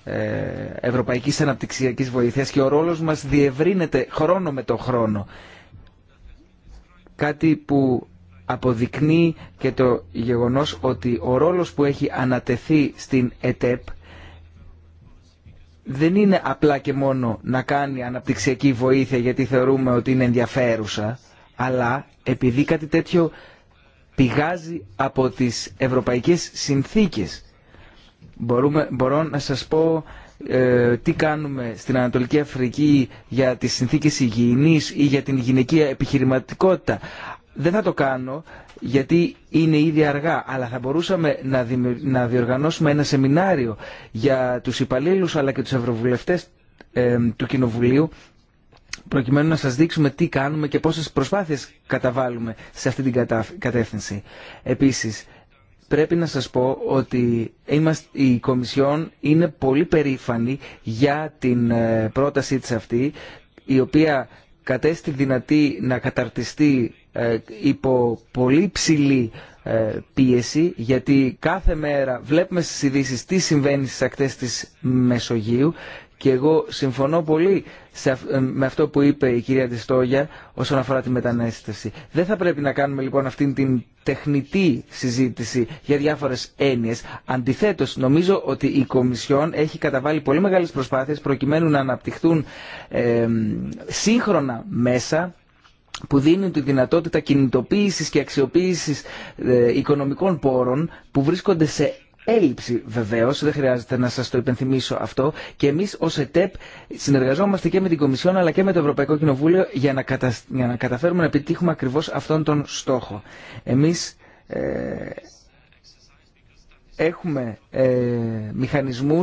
ε, Ευρωπαϊκής Αναπτυξιακής Βοήθειας και ο ρόλος μας διευρύνεται χρόνο με το χρόνο. Κάτι που αποδεικνύει και το γεγονός ότι ο ρόλος που έχει ανατεθεί στην ΕΤΕΠ δεν είναι απλά και μόνο να κάνει αναπτυξιακή βοήθεια γιατί θεωρούμε ότι είναι ενδιαφέρουσα, αλλά επειδή κάτι τέτοιο πηγάζει από τις ευρωπαϊκές συνθήκες. Μπορούμε, μπορώ να σας πω ε, τι κάνουμε στην Ανατολική Αφρική για τις συνθήκες υγιεινής ή για την γυναικεία επιχειρηματικότητα δεν θα το κάνω γιατί είναι ήδη αργά, αλλά θα μπορούσαμε να, διοργανώσουμε ένα σεμινάριο για τους υπαλλήλου αλλά και τους ευρωβουλευτές του Κοινοβουλίου προκειμένου να σας δείξουμε τι κάνουμε και πόσες προσπάθειες καταβάλουμε σε αυτή την κατεύθυνση. Επίσης, πρέπει να σας πω ότι είμαστε, η Κομισιόν είναι πολύ περήφανη για την ε, πρότασή της αυτή, η οποία κατέστη δυνατή να καταρτιστεί ε, υπό πολύ ψηλή ε, πίεση γιατί κάθε μέρα βλέπουμε στις ειδήσει τι συμβαίνει στις ακτές της Μεσογείου και εγώ συμφωνώ πολύ ε, με αυτό που είπε η κυρία Τιστόγια όσον αφορά τη μετανάστευση. Δεν θα πρέπει να κάνουμε λοιπόν αυτήν την τεχνητή συζήτηση για διάφορες έννοιες. Αντιθέτως, νομίζω ότι η Κομισιόν έχει καταβάλει πολύ μεγάλες προσπάθειες προκειμένου να αναπτυχθούν σύγχρονα μέσα που δίνουν τη δυνατότητα κινητοποίησης και αξιοποίησης ε, οικονομικών πόρων που βρίσκονται σε έλλειψη βεβαίω, δεν χρειάζεται να σα το υπενθυμίσω αυτό. Και εμεί ω ΕΤΕΠ συνεργαζόμαστε και με την Κομισιόν αλλά και με το Ευρωπαϊκό Κοινοβούλιο για να, καταφέρουμε να επιτύχουμε ακριβώ αυτόν τον στόχο. Εμεί ε, έχουμε ε... μηχανισμού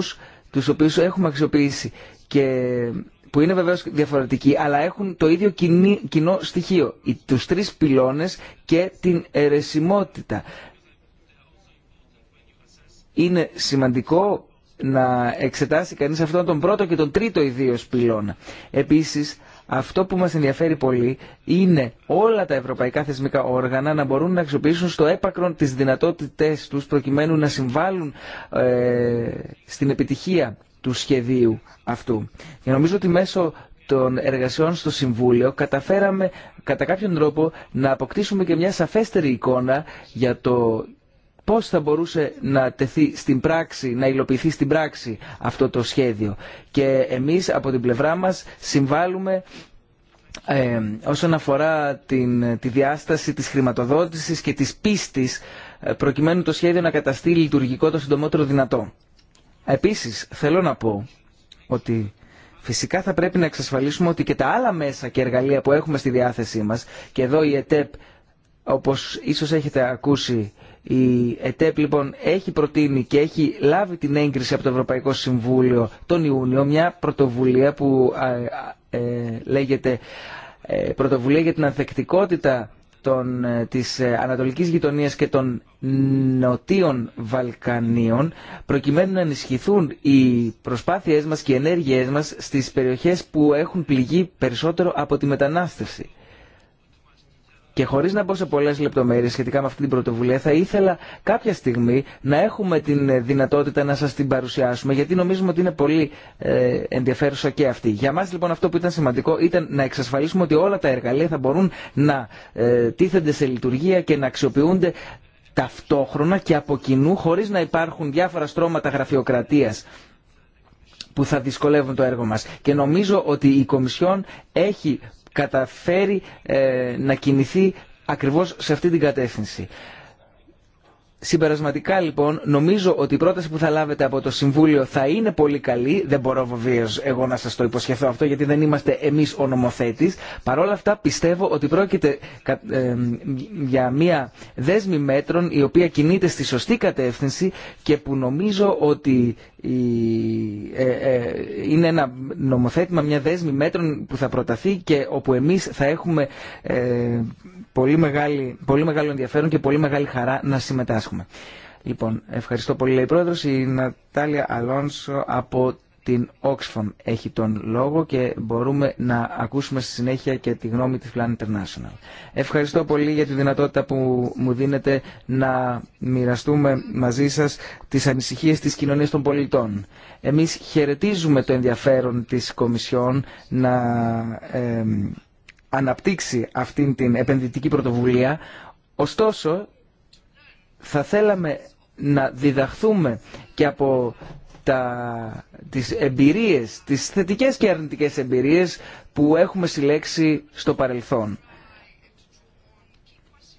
του οποίου έχουμε αξιοποιήσει και που είναι βεβαίως διαφορετικοί, αλλά έχουν το ίδιο κοινό στοιχείο. Τους τρεις πυλώνες και την αιρεσιμότητα. Είναι σημαντικό να εξετάσει κανείς αυτόν τον πρώτο και τον τρίτο ιδίω πυλώνα. Επίσης, αυτό που μας ενδιαφέρει πολύ είναι όλα τα ευρωπαϊκά θεσμικά όργανα να μπορούν να αξιοποιήσουν στο έπακρον τις δυνατότητές τους προκειμένου να συμβάλλουν ε, στην επιτυχία του σχεδίου αυτού. Και νομίζω ότι μέσω των εργασιών στο Συμβούλιο καταφέραμε κατά κάποιον τρόπο να αποκτήσουμε και μια σαφέστερη εικόνα για το πώς θα μπορούσε να τεθεί στην πράξη, να υλοποιηθεί στην πράξη αυτό το σχέδιο. Και εμείς από την πλευρά μας συμβάλλουμε ε, όσον αφορά την, τη διάσταση της χρηματοδότησης και της πίστης ε, προκειμένου το σχέδιο να καταστεί λειτουργικό το συντομότερο δυνατό. Επίσης, θέλω να πω ότι φυσικά θα πρέπει να εξασφαλίσουμε ότι και τα άλλα μέσα και εργαλεία που έχουμε στη διάθεσή μας, και εδώ η ΕΤΕΠ, όπως ίσως έχετε ακούσει, η ΕΤΕΠ λοιπόν έχει προτείνει και έχει λάβει την έγκριση από το Ευρωπαϊκό Συμβούλιο τον Ιούνιο μια πρωτοβουλία που ε, λέγεται ε, «Πρωτοβουλία για την ανθεκτικότητα των, ε, της ε, Ανατολικής Γειτονίας και των Νοτίων Βαλκανίων προκειμένου να ενισχυθούν οι προσπάθειές μας και οι ενέργειές μας στις περιοχές που έχουν πληγεί περισσότερο από τη μετανάστευση. Και χωρί να μπω σε πολλέ λεπτομέρειε σχετικά με αυτή την πρωτοβουλία, θα ήθελα κάποια στιγμή να έχουμε την ε, δυνατότητα να σα την παρουσιάσουμε, γιατί νομίζουμε ότι είναι πολύ ε, ενδιαφέρουσα και αυτή. Για μα λοιπόν αυτό που ήταν σημαντικό ήταν να εξασφαλίσουμε ότι όλα τα εργαλεία θα μπορούν να ε, τίθενται σε λειτουργία και να αξιοποιούνται ταυτόχρονα και από κοινού, χωρί να υπάρχουν διάφορα στρώματα γραφειοκρατία που θα δυσκολεύουν το έργο μας. Και νομίζω ότι η Κομισιόν έχει καταφέρει ε, να κινηθεί ακριβώς σε αυτή την κατεύθυνση. Συμπερασματικά λοιπόν, νομίζω ότι η πρόταση που θα λάβετε από το Συμβούλιο θα είναι πολύ καλή. Δεν μπορώ βεβαίω εγώ να σα το υποσχεθώ αυτό, γιατί δεν είμαστε εμεί ο νομοθέτη. Παρ' όλα αυτά, πιστεύω ότι πρόκειται για μία δέσμη μέτρων η οποία κινείται στη σωστή κατεύθυνση και που νομίζω ότι ε, ε, είναι ένα νομοθέτημα, μια δέσμη μέτρων που θα προταθεί και όπου εμεί θα έχουμε ε, πολύ, μεγάλη, πολύ μεγάλο ενδιαφέρον και πολύ μεγάλη χαρά να συμμετάσχουμε. Λοιπόν, ευχαριστώ πολύ, λέει πρόεδρος. Η Νατάλια Αλόνσο από την Oxfam έχει τον λόγο και μπορούμε να ακούσουμε στη συνέχεια και τη γνώμη της Plan International. Ευχαριστώ πολύ για τη δυνατότητα που μου δίνετε να μοιραστούμε μαζί σας τις ανησυχίες της κοινωνίας των πολιτών. Εμείς χαιρετίζουμε το ενδιαφέρον της Κομισιόν να ε, αναπτύξει αυτήν την επενδυτική πρωτοβουλία, ωστόσο θα θέλαμε να διδαχθούμε και από τα, τις εμπειρίες, τις θετικές και αρνητικές εμπειρίες που έχουμε συλλέξει στο παρελθόν.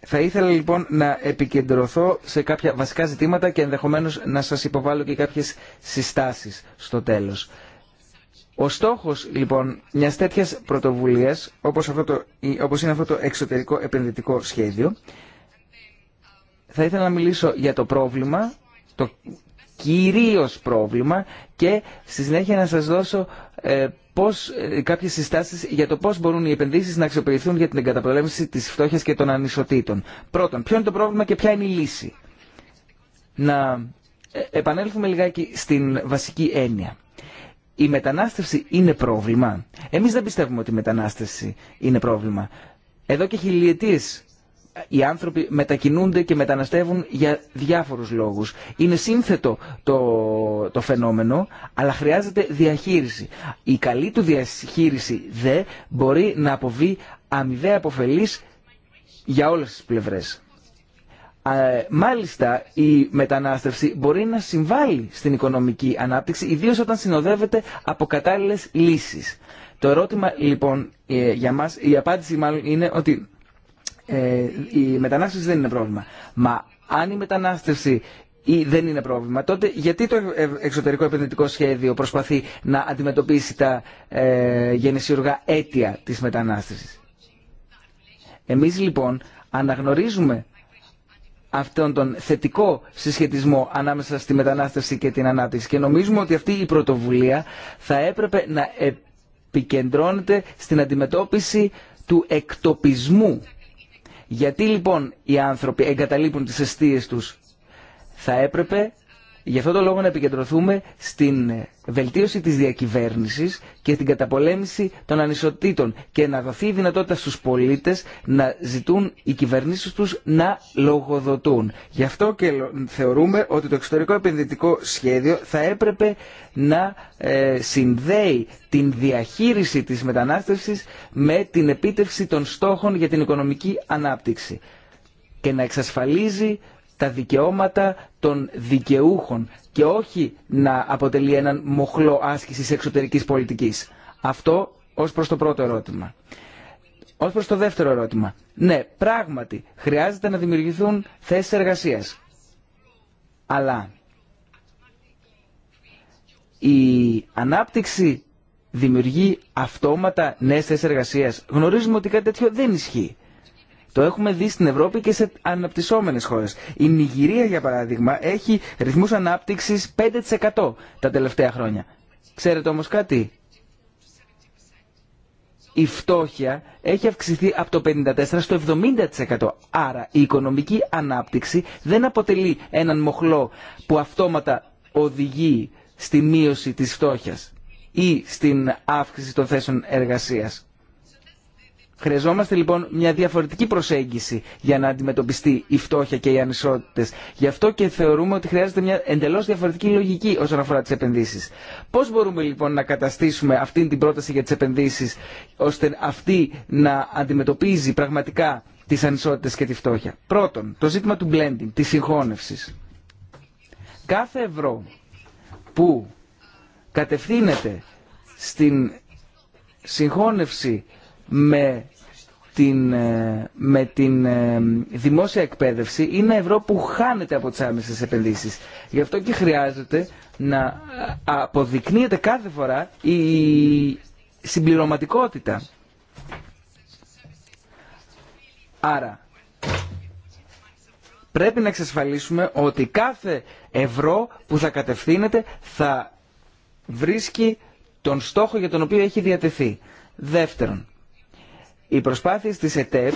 Θα ήθελα λοιπόν να επικεντρωθώ σε κάποια βασικά ζητήματα και ενδεχομένως να σας υποβάλω και κάποιες συστάσεις στο τέλος. Ο στόχος λοιπόν μιας τέτοιας πρωτοβουλίας όπως, αυτό το, όπως είναι αυτό το εξωτερικό επενδυτικό σχέδιο θα ήθελα να μιλήσω για το πρόβλημα, το κυρίως πρόβλημα και στη συνέχεια να σας δώσω ε, πώς, ε, κάποιες συστάσεις για το πώς μπορούν οι επενδύσεις να αξιοποιηθούν για την εγκαταπολέμηση της φτώχειας και των ανισοτήτων. Πρώτον, ποιο είναι το πρόβλημα και ποια είναι η λύση. Να ε, επανέλθουμε λιγάκι στην βασική έννοια. Η μετανάστευση είναι πρόβλημα. Εμείς δεν πιστεύουμε ότι η μετανάστευση είναι πρόβλημα. Εδώ και χιλιετίες οι άνθρωποι μετακινούνται και μεταναστεύουν για διάφορους λόγους. Είναι σύνθετο το, το φαινόμενο, αλλά χρειάζεται διαχείριση. Η καλή του διαχείριση δε μπορεί να αποβεί αμοιβαία αποφελής για όλες τις πλευρές. Μάλιστα η μετανάστευση μπορεί να συμβάλλει στην οικονομική ανάπτυξη, ιδίως όταν συνοδεύεται από κατάλληλες λύσεις. Το ερώτημα λοιπόν ε, για μας, η απάντηση μάλλον είναι ότι ε, η μετανάστευση δεν είναι πρόβλημα. Μα αν η μετανάστευση ή δεν είναι πρόβλημα, τότε γιατί το εξωτερικό επενδυτικό σχέδιο προσπαθεί να αντιμετωπίσει τα ε, γενεσιουργά αίτια της μετανάστευσης. Εμείς λοιπόν αναγνωρίζουμε αυτόν τον θετικό συσχετισμό ανάμεσα στη μετανάστευση και την ανάπτυξη και νομίζουμε ότι αυτή η πρωτοβουλία θα έπρεπε να επικεντρώνεται στην αντιμετώπιση του εκτοπισμού γιατί λοιπόν οι άνθρωποι εγκαταλείπουν τις αιστείες τους. Θα έπρεπε Γι' αυτό το λόγο να επικεντρωθούμε στην ε, βελτίωση της διακυβέρνησης και στην καταπολέμηση των ανισοτήτων και να δοθεί η δυνατότητα στους πολίτες να ζητούν οι κυβερνήσεις τους να λογοδοτούν. Γι' αυτό και θεωρούμε ότι το εξωτερικό επενδυτικό σχέδιο θα έπρεπε να ε, συνδέει την διαχείριση της μετανάστευσης με την επίτευξη των στόχων για την οικονομική ανάπτυξη και να εξασφαλίζει τα δικαιώματα των δικαιούχων και όχι να αποτελεί έναν μοχλό άσκησης εξωτερικής πολιτικής. Αυτό ως προς το πρώτο ερώτημα. Ως προς το δεύτερο ερώτημα. Ναι, πράγματι, χρειάζεται να δημιουργηθούν θέσεις εργασίας. Αλλά η ανάπτυξη δημιουργεί αυτόματα νέες θέσεις εργασίας. Γνωρίζουμε ότι κάτι τέτοιο δεν ισχύει. Το έχουμε δει στην Ευρώπη και σε αναπτυσσόμενες χώρες. Η Νιγηρία, για παράδειγμα, έχει ρυθμούς ανάπτυξης 5% τα τελευταία χρόνια. Ξέρετε όμως κάτι. Η φτώχεια έχει αυξηθεί από το 54% στο 70%. Άρα η οικονομική ανάπτυξη δεν αποτελεί έναν μοχλό που αυτόματα οδηγεί στη μείωση της φτώχειας ή στην αύξηση των θέσεων εργασίας. Χρειαζόμαστε λοιπόν μια διαφορετική προσέγγιση για να αντιμετωπιστεί η φτώχεια και οι ανισότητε. Γι' αυτό και θεωρούμε ότι χρειάζεται μια εντελώ διαφορετική λογική όσον αφορά τι επενδύσει. Πώ μπορούμε λοιπόν να καταστήσουμε αυτή την πρόταση για τι επενδύσει ώστε αυτή να αντιμετωπίζει πραγματικά τι ανισότητε και τη φτώχεια. Πρώτον, το ζήτημα του blending, τη συγχώνευση. Κάθε ευρώ που κατευθύνεται στην συγχώνευση με την, ε, με την ε, δημόσια εκπαίδευση είναι ευρώ που χάνεται από τις άμεσες επενδύσεις. Γι' αυτό και χρειάζεται να ε, αποδεικνύεται κάθε φορά η συμπληρωματικότητα. Άρα, πρέπει να εξασφαλίσουμε ότι κάθε ευρώ που θα κατευθύνεται θα βρίσκει τον στόχο για τον οποίο έχει διατεθεί. Δεύτερον, οι προσπάθειες της ΕΤΕΠ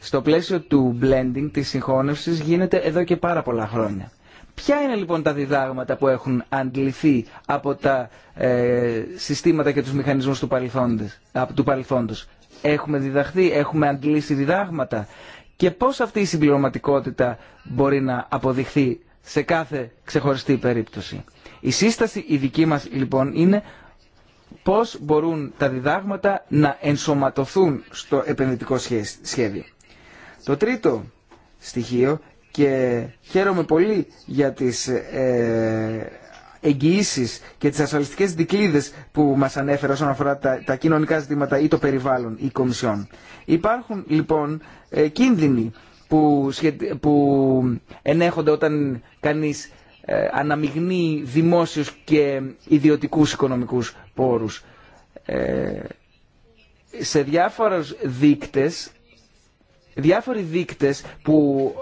στο πλαίσιο του blending, της συγχώνευσης, γίνεται εδώ και πάρα πολλά χρόνια. Ποια είναι λοιπόν τα διδάγματα που έχουν αντληθεί από τα ε, συστήματα και τους μηχανισμούς του, του Έχουμε διδαχθεί, έχουμε αντλήσει διδάγματα και πώς αυτή η συμπληρωματικότητα μπορεί να αποδειχθεί σε κάθε ξεχωριστή περίπτωση. Η σύσταση η δική μας λοιπόν είναι πώς μπορούν τα διδάγματα να ενσωματωθούν στο επενδυτικό σχέδιο. Το τρίτο στοιχείο και χαίρομαι πολύ για τις ε, εγγυήσεις και τις ασφαλιστικές δικλίδες που μας ανέφεραν όσον αφορά τα, τα κοινωνικά ζητήματα ή το περιβάλλον ή κομισιόν. Υπάρχουν λοιπόν ε, κίνδυνοι που, που ενέχονται όταν κανείς ε, αναμειγνύει δημόσιους και ιδιωτικούς οικονομικούς πόρους. Ε, σε διάφορους δείκτες, διάφοροι δείκτες που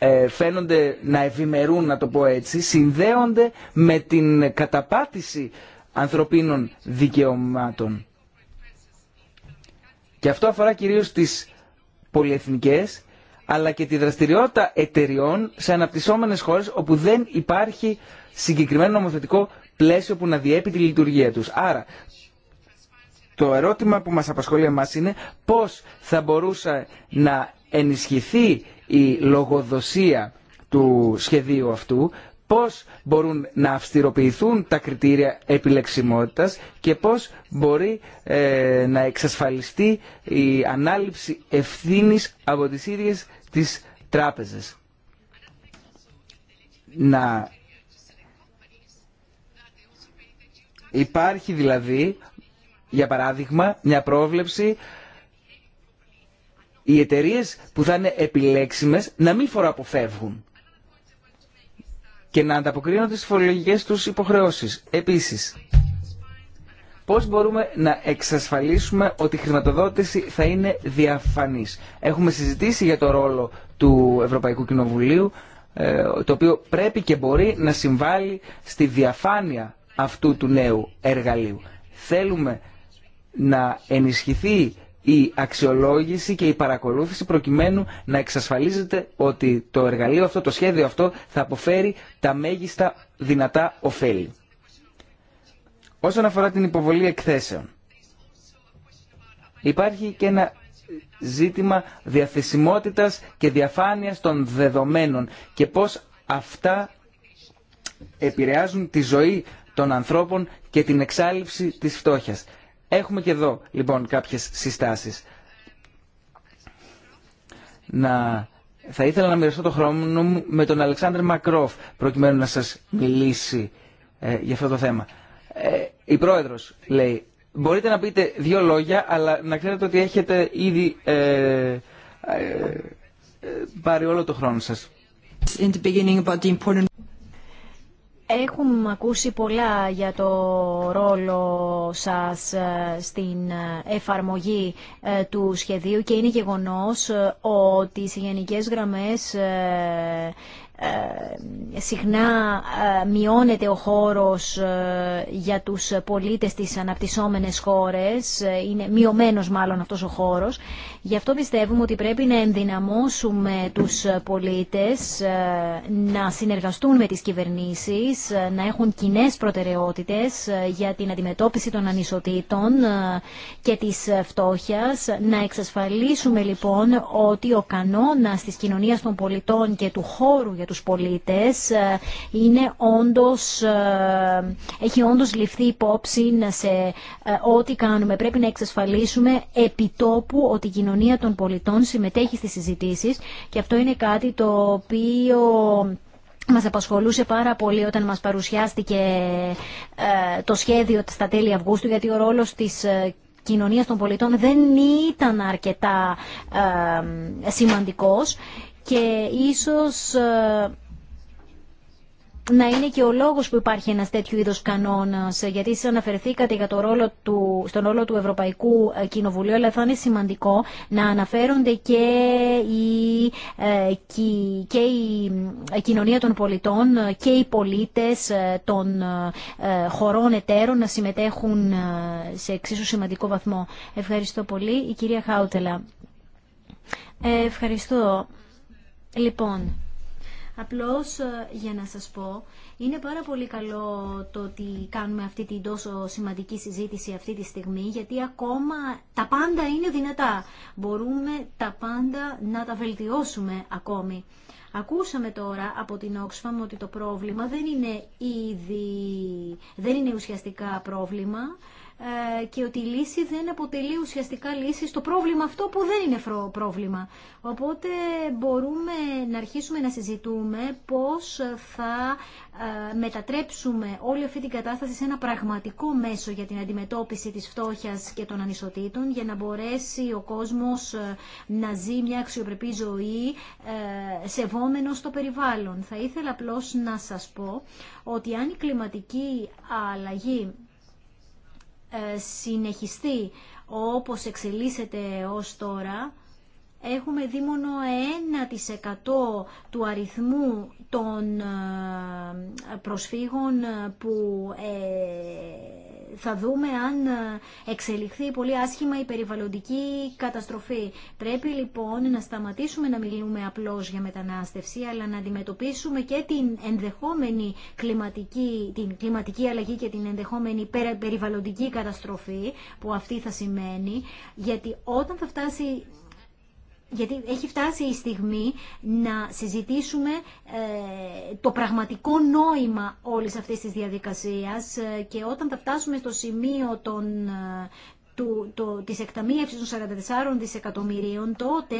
ε, φαίνονται να ευημερούν, να το πω έτσι, συνδέονται με την καταπάτηση ανθρωπίνων δικαιωμάτων. Και αυτό αφορά κυρίως τις πολυεθνικές αλλά και τη δραστηριότητα εταιριών σε αναπτυσσόμενες χώρες όπου δεν υπάρχει συγκεκριμένο νομοθετικό πλαίσιο που να διέπει τη λειτουργία τους. Άρα, το ερώτημα που μας απασχολεί εμάς είναι πώς θα μπορούσε να ενισχυθεί η λογοδοσία του σχεδίου αυτού, πώς μπορούν να αυστηροποιηθούν τα κριτήρια επιλεξιμότητας και πώς μπορεί ε, να εξασφαλιστεί η ανάληψη ευθύνης από τις ίδιες τις τράπεζες. Να υπάρχει δηλαδή, για παράδειγμα, μια πρόβλεψη οι εταιρείε που θα είναι επιλέξιμες να μην φοροαποφεύγουν και να ανταποκρίνονται στις φορολογικές τους υποχρεώσεις. Επίσης, πώς μπορούμε να εξασφαλίσουμε ότι η χρηματοδότηση θα είναι διαφανής. Έχουμε συζητήσει για το ρόλο του Ευρωπαϊκού Κοινοβουλίου, ε, το οποίο πρέπει και μπορεί να συμβάλλει στη διαφάνεια αυτού του νέου εργαλείου. Θέλουμε να ενισχυθεί η αξιολόγηση και η παρακολούθηση προκειμένου να εξασφαλίζεται ότι το εργαλείο αυτό, το σχέδιο αυτό θα αποφέρει τα μέγιστα δυνατά ωφέλη. Όσον αφορά την υποβολή εκθέσεων, υπάρχει και ένα ζήτημα διαθεσιμότητας και διαφάνειας των δεδομένων και πώς αυτά επηρεάζουν τη ζωή των ανθρώπων και την εξάλληψη της φτώχειας. Έχουμε και εδώ λοιπόν κάποιες συστάσεις. Να... Θα ήθελα να μοιραστώ το χρόνο μου με τον Αλεξάνδρ Μακρόφ προκειμένου να σας μιλήσει ε, για αυτό το θέμα. Ε, η πρόεδρος λέει, μπορείτε να πείτε δύο λόγια αλλά να ξέρετε ότι έχετε ήδη ε, ε, ε πάρει όλο το χρόνο σας. Έχουμε ακούσει πολλά για το ρόλο σας ε, στην ε, εφαρμογή ε, του σχεδίου και είναι γεγονός ότι οι γενικές γραμμές ε, συχνά ε, μειώνεται ο χώρος ε, για τους πολίτες της αναπτυσσόμενες χώρες, είναι μειωμένος μάλλον αυτός ο χώρος. Γι' αυτό πιστεύουμε ότι πρέπει να ενδυναμώσουμε τους πολίτες, να συνεργαστούν με τις κυβερνήσεις, να έχουν κοινέ προτεραιότητες για την αντιμετώπιση των ανισοτήτων και της φτώχειας, να εξασφαλίσουμε λοιπόν ότι ο κανόνας της κοινωνίας των πολιτών και του χώρου για τους πολίτες ε, είναι όντως, ε, έχει όντως ληφθεί υπόψη σε ε, ό,τι κάνουμε. Πρέπει να εξασφαλίσουμε επιτόπου ότι η κοινωνία των πολιτών συμμετέχει στις συζητήσεις και αυτό είναι κάτι το οποίο μας απασχολούσε πάρα πολύ όταν μας παρουσιάστηκε το σχέδιο στα τέλη Αυγούστου γιατί ο ρόλος της κοινωνίας των πολιτών δεν ήταν αρκετά σημαντικός και ίσως ε, να είναι και ο λόγος που υπάρχει ένας τέτοιου είδος κανόνας, ε, γιατί σας αναφερθήκατε για το ρόλο του, στον ρόλο του Ευρωπαϊκού ε, Κοινοβουλίου, αλλά θα είναι σημαντικό να αναφέρονται και η, και η κοινωνία των πολιτών και οι πολίτες των χωρών εταίρων να συμμετέχουν σε εξίσου σημαντικό βαθμό. Ευχαριστώ πολύ. Η κυρία Χάουτελα. Ευχαριστώ. Λοιπόν, απλώς ε, για να σας πω, είναι πάρα πολύ καλό το ότι κάνουμε αυτή την τόσο σημαντική συζήτηση αυτή τη στιγμή, γιατί ακόμα τα πάντα είναι δυνατά. Μπορούμε τα πάντα να τα βελτιώσουμε ακόμη. Ακούσαμε τώρα από την Oxfam ότι το πρόβλημα δεν είναι ήδη, δεν είναι ουσιαστικά πρόβλημα, ε, και ότι η λύση δεν αποτελεί ουσιαστικά λύση στο πρόβλημα αυτό που δεν είναι πρόβλημα. Οπότε μπορούμε να αρχίσουμε να συζητούμε πώς θα ε, μετατρέψουμε όλη αυτή την κατάσταση σε ένα πραγματικό μέσο για την αντιμετώπιση της φτώχειας και των ανισοτήτων για να μπορέσει ο κόσμος ε, να ζει μια αξιοπρεπή ζωή σεβόμενος στο περιβάλλον. Θα ήθελα απλώς να σας πω ότι αν η κλιματική αλλαγή ε, συνεχιστεί όπως εξελίσσεται ως τώρα, έχουμε δει μόνο 1% του αριθμού των ε, προσφύγων που ε, θα δούμε αν ε, εξελιχθεί πολύ άσχημα η περιβαλλοντική καταστροφή. Πρέπει λοιπόν να σταματήσουμε να μιλούμε απλώς για μετανάστευση, αλλά να αντιμετωπίσουμε και την ενδεχόμενη κλιματική, την κλιματική αλλαγή και την ενδεχόμενη περιβαλλοντική καταστροφή που αυτή θα σημαίνει, γιατί όταν θα φτάσει γιατί έχει φτάσει η στιγμή να συζητήσουμε ε, το πραγματικό νόημα όλης αυτής της διαδικασίας ε, και όταν θα φτάσουμε στο σημείο των, ε, του, το, της εκταμίευσης των 44 δισεκατομμυρίων, τότε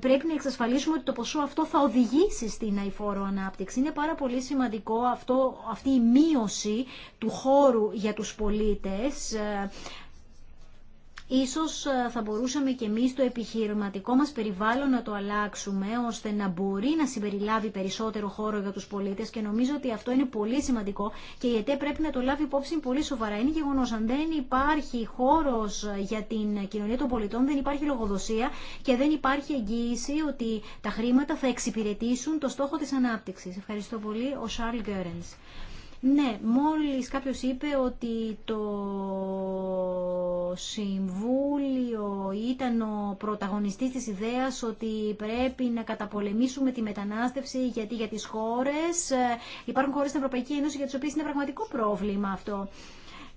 πρέπει να εξασφαλίσουμε ότι το ποσό αυτό θα οδηγήσει στην αηφόρο ανάπτυξη. Είναι πάρα πολύ σημαντικό αυτό, αυτή η μείωση του χώρου για τους πολίτες. Ίσως ε, θα μπορούσαμε και εμείς το επιχειρηματικό μας περιβάλλον να το αλλάξουμε ώστε να μπορεί να συμπεριλάβει περισσότερο χώρο για τους πολίτες και νομίζω ότι αυτό είναι πολύ σημαντικό και η ΕΤΕ πρέπει να το λάβει υπόψη πολύ σοβαρά. Είναι γεγονός αν δεν υπάρχει χώρος ε, για την κοινωνία των πολιτών, δεν υπάρχει λογοδοσία και δεν υπάρχει εγγύηση ότι τα χρήματα θα εξυπηρετήσουν το στόχο της ανάπτυξης. Ευχαριστώ πολύ. Ο Σάρλ Γκέρενς. Ναι, μόλις κάποιος είπε ότι το Συμβούλιο ήταν ο πρωταγωνιστής της ιδέας ότι πρέπει να καταπολεμήσουμε τη μετανάστευση γιατί για τις χώρες ε, υπάρχουν χώρες στην Ευρωπαϊκή Ένωση για τις οποίες είναι πραγματικό πρόβλημα αυτό.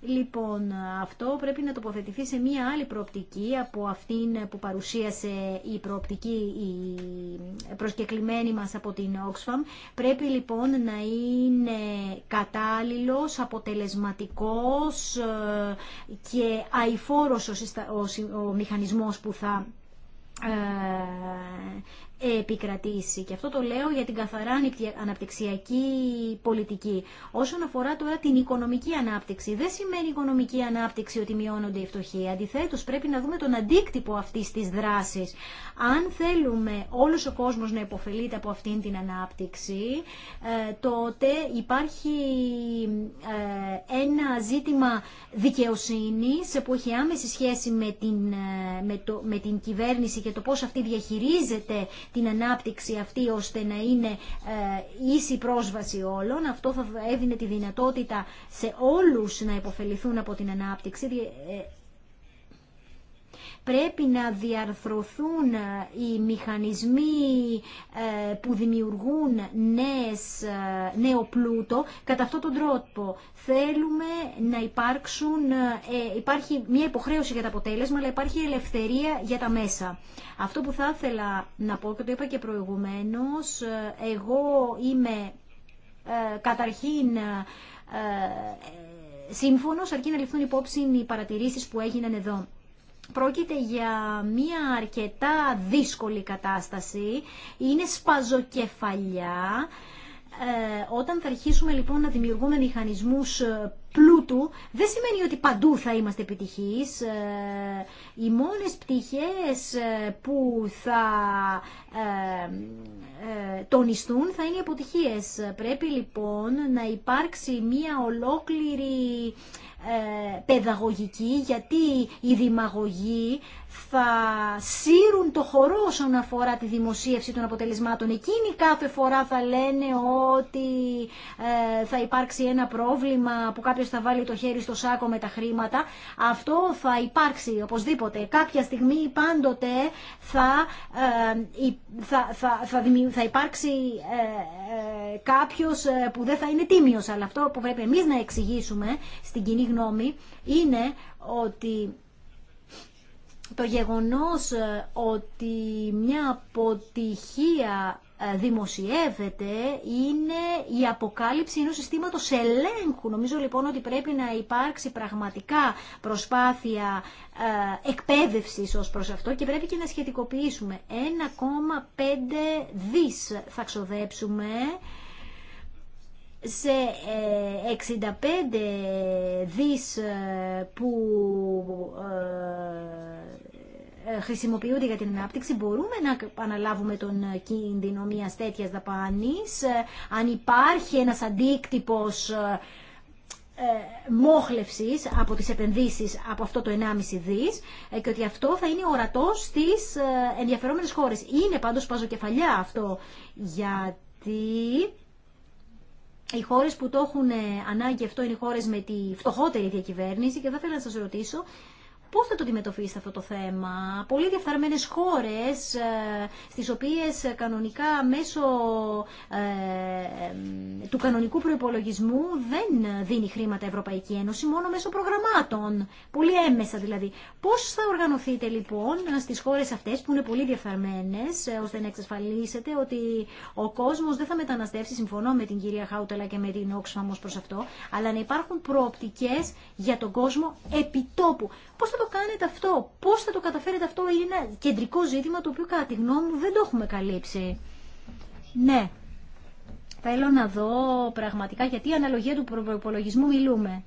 Λοιπόν, αυτό πρέπει να τοποθετηθεί σε μία άλλη προοπτική από αυτήν που παρουσίασε η προοπτική η προσκεκλημένη μας από την Oxfam. Πρέπει λοιπόν να είναι κατάλληλος, αποτελεσματικός ε, και αηφόρος ο μηχανισμός που θα ε, επικρατήσει. Και αυτό το λέω για την καθαρά αναπτυξιακή πολιτική. Όσον αφορά τώρα την οικονομική ανάπτυξη, δεν σημαίνει οικονομική ανάπτυξη ότι μειώνονται οι φτωχοί. Αντιθέτω, πρέπει να δούμε τον αντίκτυπο αυτή τη δράση. Αν θέλουμε όλος ο κόσμος να υποφελείται από αυτήν την ανάπτυξη, ε, τότε υπάρχει ε, ένα ζήτημα δικαιοσύνης που έχει άμεση σχέση με την, ε, την κυβέρνηση και το πώς αυτή διαχειρίζεται την ανάπτυξη αυτή ώστε να είναι ίση πρόσβαση όλων. Αυτό θα έδινε τη δυνατότητα σε όλους να υποφεληθούν από την ανάπτυξη Πρέπει να διαρθρωθούν ε, οι μηχανισμοί ε, που δημιουργούν νέες, ε, νέο πλούτο κατά αυτόν τον τρόπο. Θέλουμε να υπάρξουν, υπάρχει μια υποχρέωση για τα αποτέλεσμα, αλλά υπάρχει ελευθερία για τα μέσα. Αυτό που θα ήθελα να πω και το είπα και προηγουμένως, εγώ είμαι καταρχήν σύμφωνος αρκεί να ληφθούν υπόψη οι παρατηρήσεις που έγιναν εδώ. Πρόκειται για μια αρκετά δύσκολη κατάσταση, είναι σπαζοκεφαλιά. Ε, όταν θα αρχίσουμε λοιπόν να δημιουργούμε μηχανισμούς πλούτου δεν σημαίνει ότι παντού θα είμαστε επιτυχείς. Ε, οι μόνες πτυχές ε, που θα ε, τονιστούν θα είναι οι αποτυχίες. Πρέπει λοιπόν να υπάρξει μια ολόκληρη παιδαγωγική γιατί οι δημαγωγοί θα σύρουν το χορό όσον αφορά τη δημοσίευση των αποτελεσμάτων. Εκείνοι κάθε φορά θα λένε ότι θα υπάρξει ένα πρόβλημα που κάποιο θα βάλει το χέρι στο σάκο με τα χρήματα. Αυτό θα υπάρξει οπωσδήποτε. Κάποια στιγμή πάντοτε θα, ε, θα, θα, θα, θα υπάρξει ε, ε, κάποιος που δεν θα είναι τίμιος. Αλλά αυτό που πρέπει εμείς να εξηγήσουμε στην κοινή γνώμη είναι ότι το γεγονός ότι μια αποτυχία ε, δημοσιεύεται είναι η αποκάλυψη ενός συστήματος ελέγχου. Νομίζω λοιπόν ότι πρέπει να υπάρξει πραγματικά προσπάθεια ε, εκπαίδευσης ως προς αυτό και πρέπει και να σχετικοποιήσουμε 1,5 δις θα ξοδέψουμε σε 65 ε, δις που ε, χρησιμοποιούνται για την ανάπτυξη, μπορούμε να αναλάβουμε τον ε, κίνδυνο μία τέτοια δαπάνη. Ε, αν υπάρχει ένας αντίκτυπος μόχλευσης από τις επενδύσεις από αυτό το 1,5 δις και ότι αυτό θα είναι ορατό στι ενδιαφερόμενε χώρες. Είναι πάντως παζοκεφαλιά αυτό, γιατί... Οι χώρες που το έχουν ανάγκη αυτό είναι οι χώρες με τη φτωχότερη διακυβέρνηση και θα ήθελα να σας ρωτήσω Πώ θα το αντιμετωπίσετε αυτό το θέμα. Πολύ διαφθαρμένε χώρε, ε, στις οποίες ε, κανονικά μέσω ε, ε του κανονικού προπολογισμού δεν δίνει χρήματα Ευρωπαϊκή Ένωση, μόνο μέσω προγραμμάτων. Πολύ έμεσα δηλαδή. Πώ θα οργανωθείτε λοιπόν στι χώρε αυτέ που είναι πολύ διαφθαρμένες, ε, ώστε να εξασφαλίσετε ότι ο κόσμο δεν θα μεταναστεύσει, συμφωνώ με την κυρία Χάουτελα και με την Όξφαμ ω προς αυτό, αλλά να υπάρχουν προοπτικές για τον κόσμο επιτόπου. Πώς κάνετε αυτό, πώς θα το καταφέρετε αυτό, είναι ένα κεντρικό ζήτημα το οποίο κατά τη γνώμη μου δεν το έχουμε καλύψει. Ναι, θέλω να δω πραγματικά γιατί η αναλογία του προπολογισμού μιλούμε.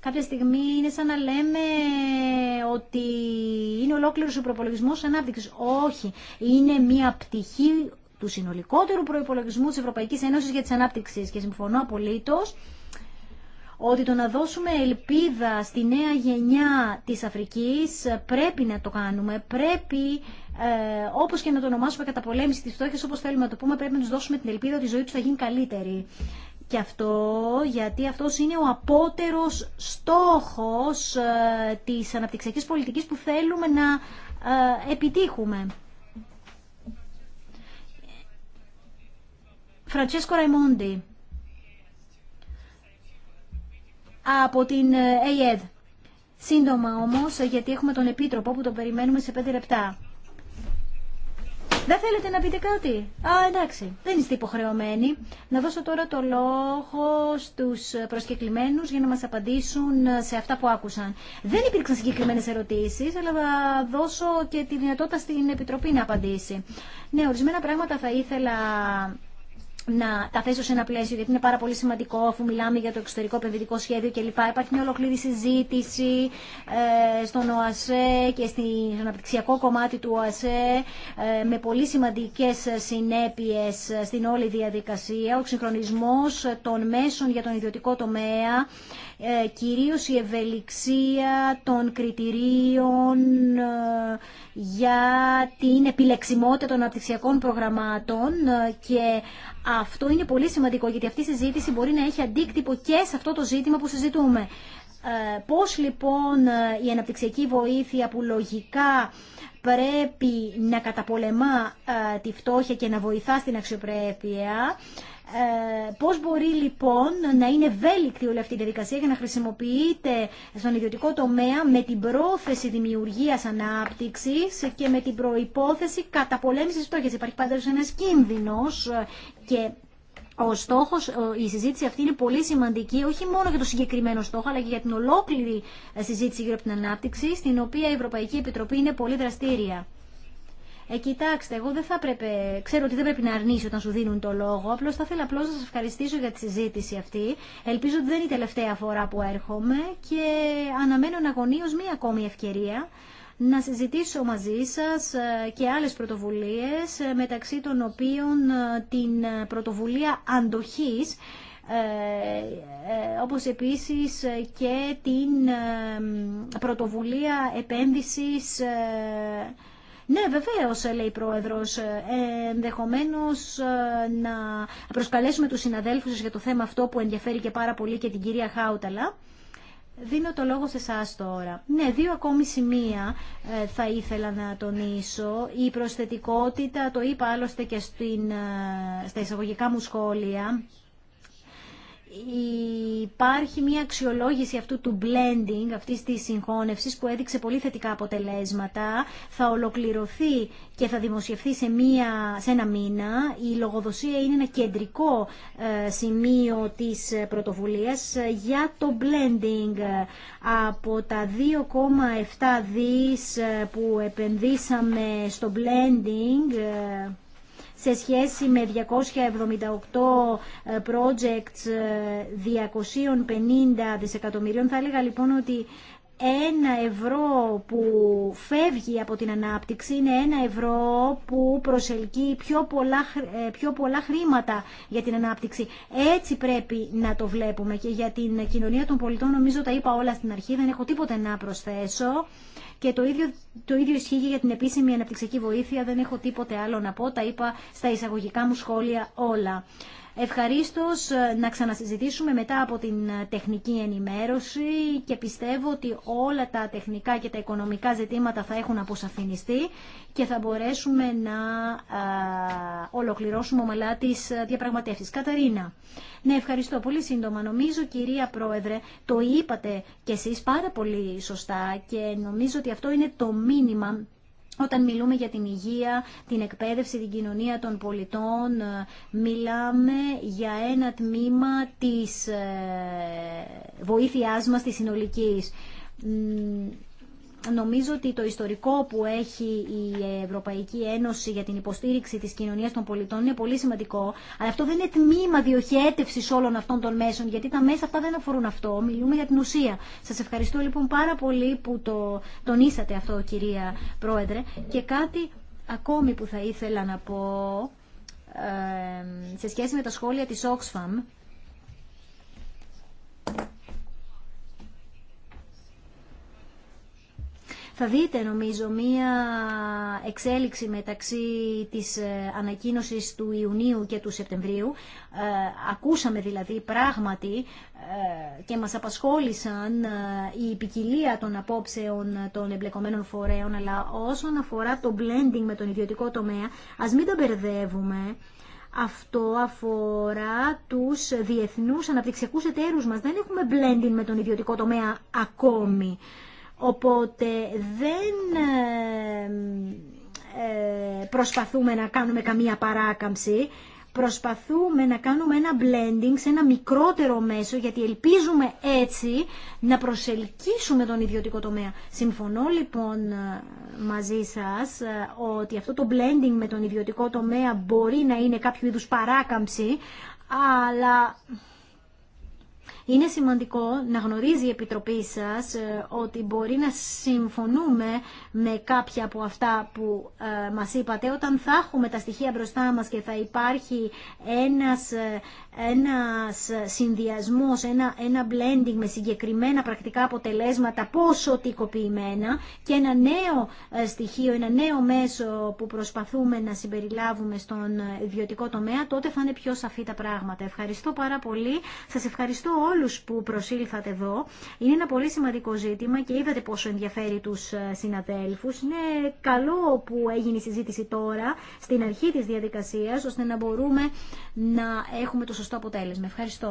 Κάποια στιγμή είναι σαν να λέμε ότι είναι ολόκληρο ο προπολογισμό ανάπτυξη. Όχι. Είναι μια πτυχή του συνολικότερου προπολογισμού τη Ευρωπαϊκή Ένωση για τι Ανάπτυξη. Και συμφωνώ απολύτω ότι το να δώσουμε ελπίδα στη νέα γενιά της Αφρικής πρέπει να το κάνουμε, πρέπει ε, όπως και να το ονομάσουμε καταπολέμηση της φτώχειας, όπως θέλουμε να το πούμε, πρέπει να τους δώσουμε την ελπίδα ότι η ζωή τους θα γίνει καλύτερη. Και αυτό γιατί αυτός είναι ο απότερος στόχος ε, της αναπτυξιακής πολιτικής που θέλουμε να ε, επιτύχουμε. Φραντσέσκο Ραϊμόντι από την ΕΙΕΔ. Σύντομα όμως, γιατί έχουμε τον Επίτροπο που τον περιμένουμε σε πέντε λεπτά. Δεν θέλετε να πείτε κάτι. Α, εντάξει. Δεν είστε υποχρεωμένοι. Να δώσω τώρα το λόγο στους προσκεκλημένους για να μας απαντήσουν σε αυτά που άκουσαν. Δεν υπήρξαν συγκεκριμένες ερωτήσεις, αλλά θα δώσω και τη δυνατότητα στην Επιτροπή να απαντήσει. Ναι, ορισμένα πράγματα θα ήθελα να τα θέσω σε ένα πλαίσιο, γιατί είναι πάρα πολύ σημαντικό αφού μιλάμε για το εξωτερικό παιδίτικό σχέδιο κλπ. Υπάρχει μια ολοκλήρη συζήτηση ε, στον ΟΑΣΕ και στην αναπτυξιακό κομμάτι του ΟΑΣΕ ε, με πολύ σημαντικέ συνέπειε στην όλη διαδικασία. Ο συγχρονισμό των μέσων για τον ιδιωτικό τομέα ε, κυρίως η ευελιξία των κριτηρίων ε, για την επιλεξιμότητα των αναπτυξιακών προγραμμάτων ε, και αυτό είναι πολύ σημαντικό γιατί αυτή η συζήτηση μπορεί να έχει αντίκτυπο και σε αυτό το ζήτημα που συζητούμε. Πώς λοιπόν η αναπτυξιακή βοήθεια που λογικά πρέπει να καταπολεμά τη φτώχεια και να βοηθά στην αξιοπρέπεια ε, πώς μπορεί λοιπόν να είναι ευέλικτη όλη αυτή η διαδικασία για να χρησιμοποιείται στον ιδιωτικό τομέα με την πρόθεση δημιουργίας ανάπτυξης και με την προϋπόθεση καταπολέμησης στόχες. Υπάρχει πάντα ένα κίνδυνο. και ο στόχος, η συζήτηση αυτή είναι πολύ σημαντική, όχι μόνο για το συγκεκριμένο στόχο, αλλά και για την ολόκληρη συζήτηση γύρω από την ανάπτυξη, στην οποία η Ευρωπαϊκή Επιτροπή είναι πολύ δραστήρια. Ε, κοιτάξτε, εγώ δεν θα πρέπει, ξέρω ότι δεν πρέπει να αρνήσει όταν σου δίνουν το λόγο. Απλώ θα ήθελα απλώ να σα ευχαριστήσω για τη συζήτηση αυτή. Ελπίζω ότι δεν είναι η τελευταία φορά που έρχομαι και αναμένω αγωνίω μία ακόμη ευκαιρία να συζητήσω μαζί σας ε, και άλλες πρωτοβουλίες, ε, μεταξύ των οποίων ε, την πρωτοβουλία αντοχής, όπως επίσης και την πρωτοβουλία επένδυσης ναι, βεβαίω, λέει η Πρόεδρο, ε, ενδεχομένω ε, να προσκαλέσουμε του συναδέλφου για το θέμα αυτό που ενδιαφέρει και πάρα πολύ και την κυρία Χάουταλα. Δίνω το λόγο σε εσά τώρα. Ναι, δύο ακόμη σημεία ε, θα ήθελα να τονίσω. Η προσθετικότητα, το είπα άλλωστε και στην, στα εισαγωγικά μου σχόλια, υπάρχει μια αξιολόγηση αυτού του blending, αυτή της συγχώνευσης που έδειξε πολύ θετικά αποτελέσματα. Θα ολοκληρωθεί και θα δημοσιευθεί σε, μια, σε ένα μήνα. Η λογοδοσία είναι ένα κεντρικό ε, σημείο της πρωτοβουλίας ε, για το blending. Από τα 2,7 δις ε, που επενδύσαμε στο blending σε σχέση με 278 ε, projects 250 ε, δισεκατομμυρίων. Θα έλεγα λοιπόν ότι ένα ευρώ που φεύγει από την ανάπτυξη είναι ένα ευρώ που προσελκύει πιο πολλά, ε, πιο πολλά χρήματα για την ανάπτυξη. Έτσι πρέπει να το βλέπουμε και για την κοινωνία των πολιτών νομίζω τα είπα όλα στην αρχή, δεν έχω τίποτε να προσθέσω και το ίδιο, το ίδιο ισχύει για την επίσημη αναπτυξιακή βοήθεια, δεν έχω τίποτε άλλο να πω, τα είπα στα εισαγωγικά μου σχόλια όλα. Ευχαριστώ ε, να ξανασυζητήσουμε μετά από την ε, τεχνική ενημέρωση και πιστεύω ότι όλα τα τεχνικά και τα οικονομικά ζητήματα θα έχουν αποσαφινιστεί και θα μπορέσουμε να ε, ολοκληρώσουμε ομαλά τις διαπραγματεύσεις. Καταρίνα, ναι ευχαριστώ πολύ σύντομα. Νομίζω κυρία Πρόεδρε, το είπατε κι εσείς πάρα πολύ σωστά και νομίζω ότι αυτό είναι το μήνυμα όταν μιλούμε για την υγεία, την εκπαίδευση, την κοινωνία των πολιτών, ε, μιλάμε για ένα τμήμα της ε, βοήθειάς μας, της συνολικής Νομίζω ότι το ιστορικό που έχει η Ευρωπαϊκή Ένωση για την υποστήριξη της κοινωνίας των πολιτών είναι πολύ σημαντικό, αλλά αυτό δεν είναι τμήμα διοχέτευσης όλων αυτών των μέσων, γιατί τα μέσα αυτά δεν αφορούν αυτό, μιλούμε για την ουσία. Σας ευχαριστώ λοιπόν πάρα πολύ που το τονίσατε αυτό κυρία Πρόεδρε και κάτι ακόμη που θα ήθελα να πω ε, σε σχέση με τα σχόλια της Oxfam Θα δείτε νομίζω μία εξέλιξη μεταξύ της ε, ανακοίνωσης του Ιουνίου και του Σεπτεμβρίου. Ε, ακούσαμε δηλαδή πράγματι ε, και μας απασχόλησαν η ποικιλία των απόψεων των εμπλεκομένων φορέων, αλλά όσον αφορά το blending με τον ιδιωτικό τομέα, ας μην τα μπερδεύουμε. Αυτό αφορά τους διεθνούς αναπτυξιακούς εταίρους μας. Δεν έχουμε blending με τον ιδιωτικό τομέα ακόμη. Οπότε δεν ε, ε, προσπαθούμε να κάνουμε καμία παράκαμψη, προσπαθούμε να κάνουμε ένα blending σε ένα μικρότερο μέσο, γιατί ελπίζουμε έτσι να προσελκύσουμε τον ιδιωτικό τομέα. Συμφωνώ λοιπόν ε, μαζί σας ότι αυτό το blending με τον ιδιωτικό τομέα μπορεί να είναι κάποιο είδους παράκαμψη, αλλά είναι σημαντικό να γνωρίζει η Επιτροπή σας ε, ότι μπορεί να συμφωνούμε με κάποια από αυτά που ε, μας είπατε όταν θα έχουμε τα στοιχεία μπροστά μας και θα υπάρχει ένας ε, ένα συνδυασμός, ένα, ένα blending με συγκεκριμένα πρακτικά αποτελέσματα πόσο τυκοποιημένα και ένα νέο ε, στοιχείο, ένα νέο μέσο που προσπαθούμε να συμπεριλάβουμε στον ιδιωτικό τομέα, τότε θα είναι πιο σαφή τα πράγματα. Ευχαριστώ πάρα πολύ. Σας ευχαριστώ όλους που προσήλθατε εδώ. Είναι ένα πολύ σημαντικό ζήτημα και είδατε πόσο ενδιαφέρει τους ε, συναδέλφους. Είναι καλό που έγινε η συζήτηση τώρα, στην αρχή της διαδικασίας, ώστε να μπορούμε να έχουμε το σωστό σωστό αποτέλεσμα. Ευχαριστώ.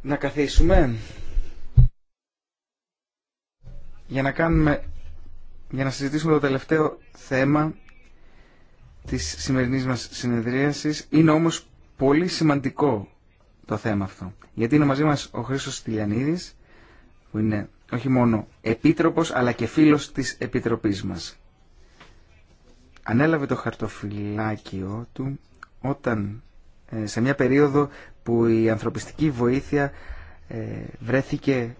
Να καθίσουμε για να κάνουμε για να συζητήσουμε το τελευταίο θέμα της σημερινής μας συνεδρίασης. Είναι όμως πολύ σημαντικό το θέμα αυτό. Γιατί είναι μαζί μας ο Χρήστος Τηλιανίδης, που είναι όχι μόνο επίτροπος, αλλά και φίλος της επιτροπής μας. Ανέλαβε το χαρτοφυλάκιο του όταν σε μια περίοδο που η ανθρωπιστική βοήθεια ε, βρέθηκε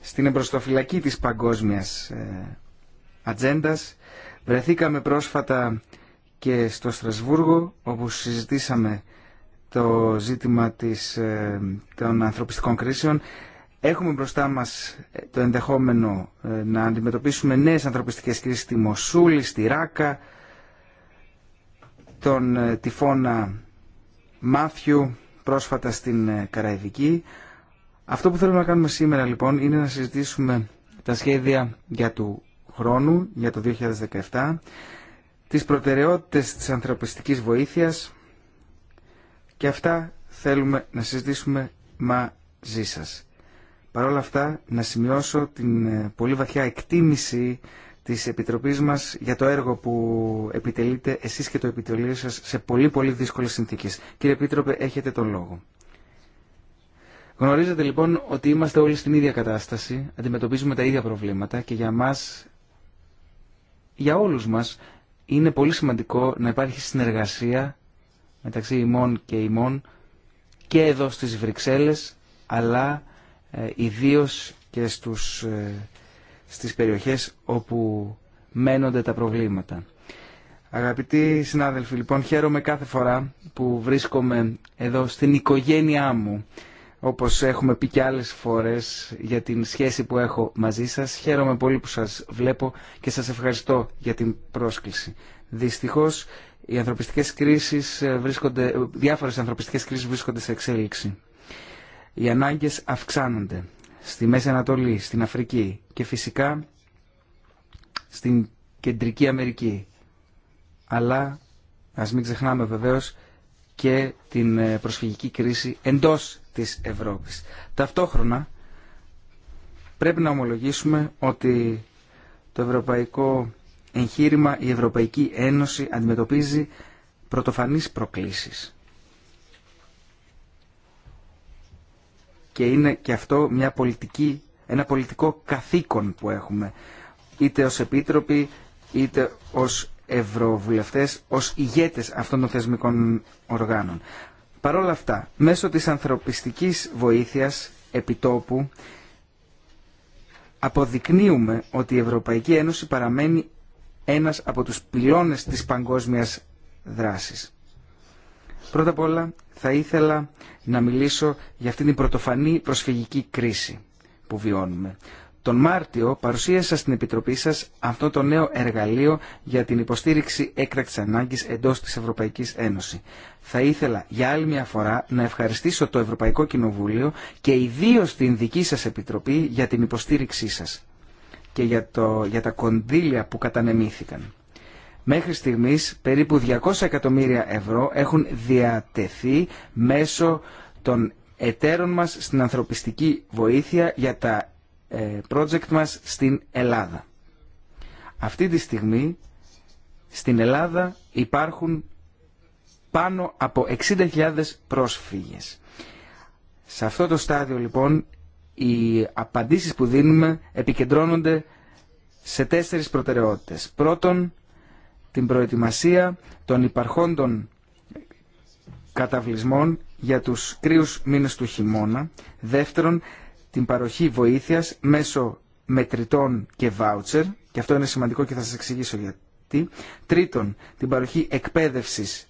στην εμπροστοφυλακή της παγκόσμιας ε, ατζέντα. Βρεθήκαμε πρόσφατα και στο Στρασβούργο όπου συζητήσαμε το ζήτημα της, ε, των ανθρωπιστικών κρίσεων. Έχουμε μπροστά μας το ενδεχόμενο να αντιμετωπίσουμε νέες ανθρωπιστικές κρίσεις στη Μοσούλη, στη Ράκα, τον ε, τυφώνα Μάθιου πρόσφατα στην ε, Καραϊβική. Αυτό που θέλουμε να κάνουμε σήμερα λοιπόν είναι να συζητήσουμε τα σχέδια για του χρόνου, για το 2017, τις προτεραιότητες της ανθρωπιστικής βοήθειας και αυτά θέλουμε να συζητήσουμε μαζί σας. Παρ' όλα αυτά να σημειώσω την ε, πολύ βαθιά εκτίμηση Τη Επιτροπής μας για το έργο που επιτελείτε εσείς και το επιτελείο σα σε πολύ πολύ δύσκολες συνθήκες. Κύριε Επίτροπε, έχετε τον λόγο. Γνωρίζετε λοιπόν ότι είμαστε όλοι στην ίδια κατάσταση, αντιμετωπίζουμε τα ίδια προβλήματα και για μας, για όλους μας, είναι πολύ σημαντικό να υπάρχει συνεργασία μεταξύ ημών και ημών και εδώ στις Βρυξέλλες, αλλά ε, ιδίως και στους ε, στις περιοχές όπου μένονται τα προβλήματα. Αγαπητοί συνάδελφοι, λοιπόν, χαίρομαι κάθε φορά που βρίσκομαι εδώ στην οικογένειά μου, όπως έχουμε πει και άλλες φορές για την σχέση που έχω μαζί σας. Χαίρομαι πολύ που σας βλέπω και σας ευχαριστώ για την πρόσκληση. Δυστυχώς, οι ανθρωπιστικές κρίσεις ε, βρίσκονται, ε, διάφορες ανθρωπιστικές κρίσεις βρίσκονται σε εξέλιξη. Οι ανάγκες αυξάνονται στη Μέση Ανατολή, στην Αφρική και φυσικά στην Κεντρική Αμερική. Αλλά ας μην ξεχνάμε βεβαίως και την ε, προσφυγική κρίση εντός της Ευρώπης. Ταυτόχρονα πρέπει να ομολογήσουμε ότι το ευρωπαϊκό εγχείρημα, η Ευρωπαϊκή Ένωση αντιμετωπίζει πρωτοφανείς προκλήσεις. και είναι και αυτό μια πολιτική, ένα πολιτικό καθήκον που έχουμε είτε ως επίτροποι είτε ως ευρωβουλευτές, ως ηγέτες αυτών των θεσμικών οργάνων. Παρόλα αυτά, μέσω της ανθρωπιστικής βοήθειας επιτόπου αποδεικνύουμε ότι η Ευρωπαϊκή Ένωση παραμένει ένας από τους πυλώνες της παγκόσμιας δράσης. Πρώτα απ' όλα θα ήθελα να μιλήσω για αυτή την πρωτοφανή προσφυγική κρίση που βιώνουμε. Τον Μάρτιο παρουσίασα στην Επιτροπή σας αυτό το νέο εργαλείο για την υποστήριξη έκτακτης ανάγκης εντός της Ευρωπαϊκής Ένωσης. Θα ήθελα για άλλη μια φορά να ευχαριστήσω το Ευρωπαϊκό Κοινοβούλιο και ιδίως την δική σας Επιτροπή για την υποστήριξή σας και για, το, για τα κονδύλια που κατανεμήθηκαν. Μέχρι στιγμής περίπου 200 εκατομμύρια ευρώ έχουν διατεθεί μέσω των εταίρων μας στην ανθρωπιστική βοήθεια για τα ε, project μας στην Ελλάδα. Αυτή τη στιγμή στην Ελλάδα υπάρχουν πάνω από 60.000 πρόσφυγες. Σε αυτό το στάδιο λοιπόν οι απαντήσεις που δίνουμε επικεντρώνονται σε τέσσερις προτεραιότητες. Πρώτον, την προετοιμασία των υπαρχόντων καταβλισμών για τους κρύους μήνες του χειμώνα. Δεύτερον, την παροχή βοήθειας μέσω μετρητών και βάουτσερ, και αυτό είναι σημαντικό και θα σας εξηγήσω γιατί. Τρίτον, την παροχή εκπαίδευσης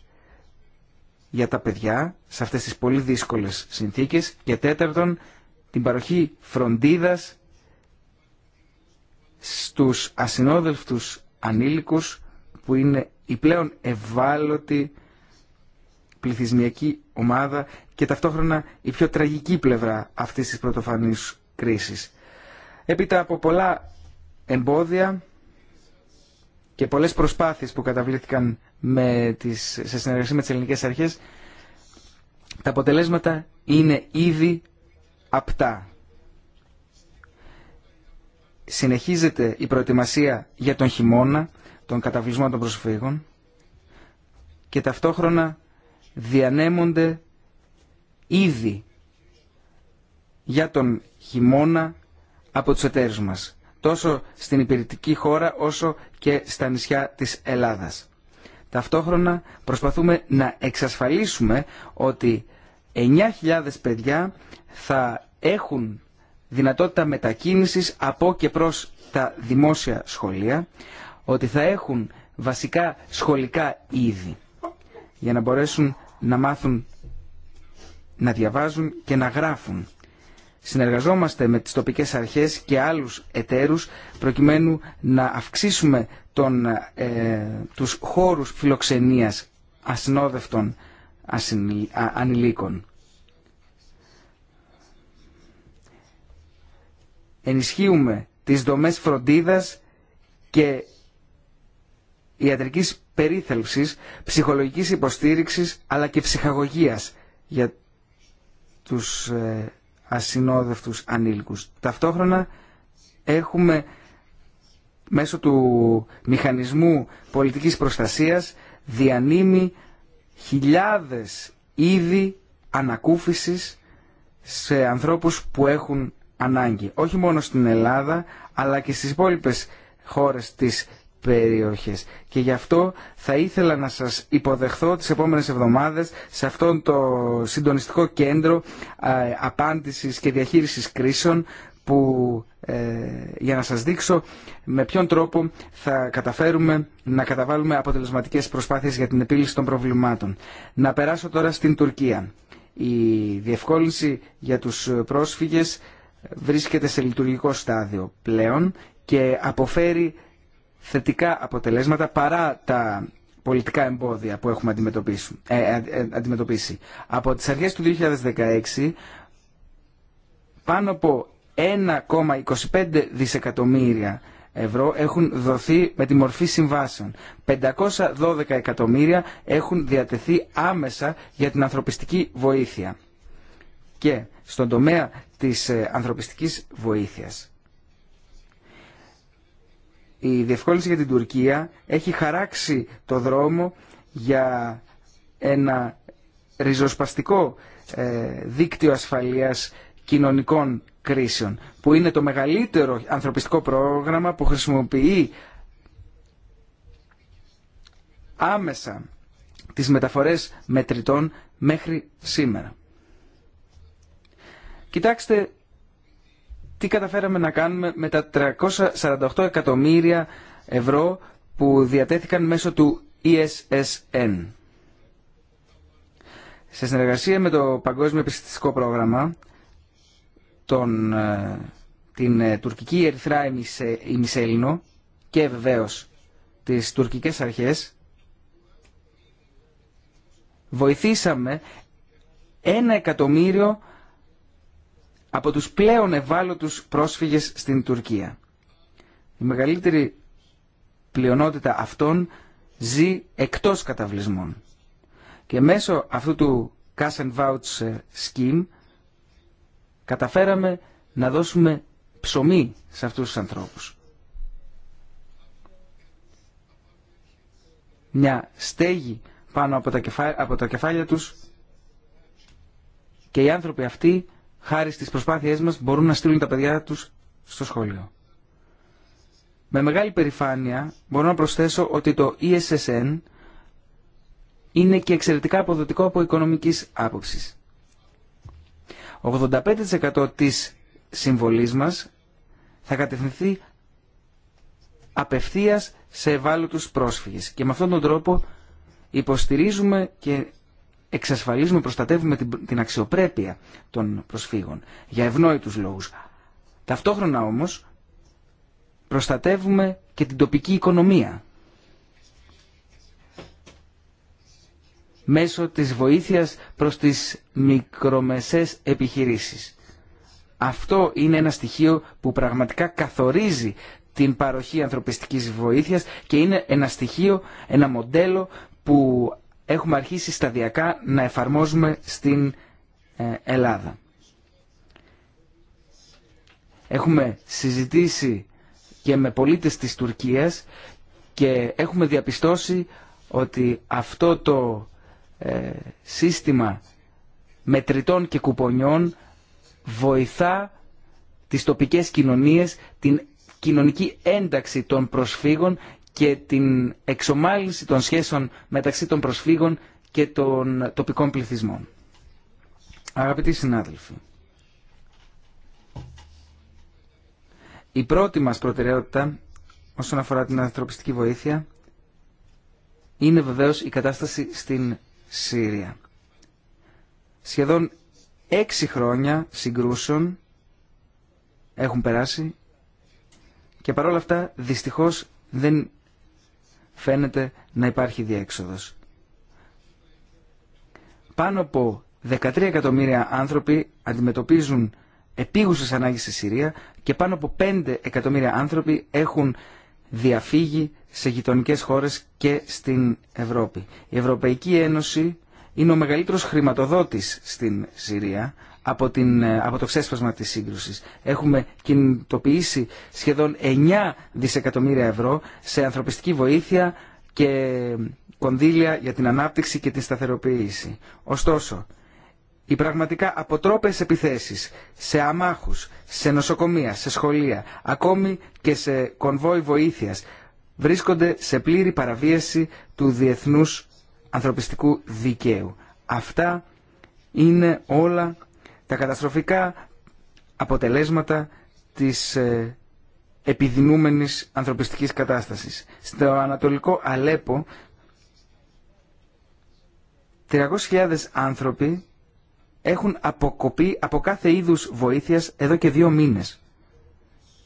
για τα παιδιά σε αυτές τις πολύ δύσκολες συνθήκες. Και τέταρτον, την παροχή φροντίδας στους ασυνόδευτού ανήλικους που είναι η πλέον ευάλωτη πληθυσμιακή ομάδα και ταυτόχρονα η πιο τραγική πλευρά αυτής της πρωτοφανής κρίσης. Έπειτα από πολλά εμπόδια και πολλές προσπάθειες που καταβλήθηκαν με τις, σε συνεργασία με τις ελληνικές αρχές, τα αποτελέσματα είναι ήδη απτά. Συνεχίζεται η προετοιμασία για τον χειμώνα, τον καταβλισμό των προσφύγων και ταυτόχρονα διανέμονται ήδη για τον χειμώνα από τους εταίρους μας, τόσο στην υπηρετική χώρα όσο και στα νησιά της Ελλάδας. Ταυτόχρονα προσπαθούμε να εξασφαλίσουμε ότι 9.000 παιδιά θα έχουν δυνατότητα μετακίνησης από και προς τα δημόσια σχολεία, ότι θα έχουν βασικά σχολικά είδη για να μπορέσουν να μάθουν να διαβάζουν και να γράφουν. Συνεργαζόμαστε με τις τοπικές αρχές και άλλους εταίρους προκειμένου να αυξήσουμε τον, ε, τους χώρους φιλοξενίας ασυνόδευτων ανηλίκων. Ενισχύουμε τις δομές φροντίδας και ιατρικής περίθαλψης, ψυχολογικής υποστήριξης αλλά και ψυχαγωγίας για τους ε, ασυνόδευτους ανήλικους. Ταυτόχρονα έχουμε μέσω του μηχανισμού πολιτικής προστασίας διανύμει χιλιάδες είδη ανακούφισης σε ανθρώπους που έχουν ανάγκη. Όχι μόνο στην Ελλάδα αλλά και στις υπόλοιπες χώρες της περιοχές. Και γι' αυτό θα ήθελα να σας υποδεχθώ τις επόμενες εβδομάδες σε αυτό το συντονιστικό κέντρο ε, απάντησης και διαχείρισης κρίσεων που ε, για να σας δείξω με ποιον τρόπο θα καταφέρουμε να καταβάλουμε αποτελεσματικές προσπάθειες για την επίλυση των προβλημάτων. Να περάσω τώρα στην Τουρκία. Η διευκόλυνση για τους πρόσφυγες βρίσκεται σε λειτουργικό στάδιο πλέον και αποφέρει θετικά αποτελέσματα παρά τα πολιτικά εμπόδια που έχουμε αντιμετωπίσει. Ε, ε, ε, από τις αρχές του 2016 πάνω από 1,25 δισεκατομμύρια ευρώ έχουν δοθεί με τη μορφή συμβάσεων. 512 εκατομμύρια έχουν διατεθεί άμεσα για την ανθρωπιστική βοήθεια. Και στον τομέα της ανθρωπιστικής βοήθειας η διευκόλυνση για την Τουρκία έχει χαράξει το δρόμο για ένα ριζοσπαστικό ε, δίκτυο ασφαλείας κοινωνικών κρίσεων, που είναι το μεγαλύτερο ανθρωπιστικό πρόγραμμα που χρησιμοποιεί άμεσα τις μεταφορές μετρητών μέχρι σήμερα. Κοιτάξτε τι καταφέραμε να κάνουμε με τα 348 εκατομμύρια ευρώ που διατέθηκαν μέσω του ESSN. Σε συνεργασία με το Παγκόσμιο Επιστημιστικό Πρόγραμμα, τον, ε, την ε, τουρκική Ερυθρά ημισέλινο και βεβαίως τις τουρκικές αρχές, βοηθήσαμε ένα εκατομμύριο από τους πλέον ευάλωτους πρόσφυγες στην Τουρκία. Η μεγαλύτερη πλειονότητα αυτών ζει εκτός καταβλισμών. Και μέσω αυτού του Cash and Vouch ε, Scheme καταφέραμε να δώσουμε ψωμί σε αυτούς τους ανθρώπους. Μια στέγη πάνω από τα, κεφάλια, από τα κεφάλια τους και οι άνθρωποι αυτοί χάρη στις προσπάθειές μας, μπορούν να στείλουν τα παιδιά τους στο σχολείο. Με μεγάλη περηφάνεια μπορώ να προσθέσω ότι το ESSN είναι και εξαιρετικά αποδοτικό από οικονομικής άποψης. 85% της συμβολής μας θα κατευθυνθεί απευθείας σε ευάλωτους πρόσφυγες και με αυτόν τον τρόπο υποστηρίζουμε και εξασφαλίζουμε, προστατεύουμε την, την αξιοπρέπεια των προσφύγων για ευνόητους λόγους. Ταυτόχρονα όμως προστατεύουμε και την τοπική οικονομία μέσω της βοήθειας προς τις μικρομεσές επιχειρήσεις. Αυτό είναι ένα στοιχείο που πραγματικά καθορίζει την παροχή ανθρωπιστικής βοήθειας και είναι ένα στοιχείο, ένα μοντέλο που έχουμε αρχίσει σταδιακά να εφαρμόζουμε στην ε, Ελλάδα. Έχουμε συζητήσει και με πολίτες της Τουρκίας και έχουμε διαπιστώσει ότι αυτό το ε, σύστημα μετρητών και κουπονιών βοηθά τις τοπικές κοινωνίες, την κοινωνική ένταξη των προσφύγων και την εξομάλυνση των σχέσεων μεταξύ των προσφύγων και των τοπικών πληθυσμών. Αγαπητοί συνάδελφοι, η πρώτη μας προτεραιότητα όσον αφορά την ανθρωπιστική βοήθεια είναι βεβαίως η κατάσταση στην Σύρια. Σχεδόν έξι χρόνια συγκρούσεων έχουν περάσει και παρόλα αυτά δυστυχώς δεν φαίνεται να υπάρχει διέξοδος. Πάνω από 13 εκατομμύρια άνθρωποι αντιμετωπίζουν επίγουσες ανάγκες στη Συρία και πάνω από 5 εκατομμύρια άνθρωποι έχουν διαφύγει σε γειτονικές χώρες και στην Ευρώπη. Η Ευρωπαϊκή Ένωση είναι ο μεγαλύτερος χρηματοδότης στην Συρία από, την, ε, από το ξέσπασμα της σύγκρουσης. Έχουμε κινητοποιήσει σχεδόν 9 δισεκατομμύρια ευρώ σε ανθρωπιστική βοήθεια και κονδύλια για την ανάπτυξη και την σταθεροποίηση. Ωστόσο, οι πραγματικά αποτρόπες επιθέσεις σε αμάχους, σε νοσοκομεία, σε σχολεία, ακόμη και σε κονβόι βοήθειας, βρίσκονται σε πλήρη παραβίαση του διεθνούς ανθρωπιστικού δικαίου. Αυτά είναι όλα τα καταστροφικά αποτελέσματα της ε, επιδεινούμενης ανθρωπιστικής κατάστασης. Στο Ανατολικό Αλέπο 300.000 άνθρωποι έχουν αποκοπεί από κάθε είδους βοήθειας εδώ και δύο μήνες.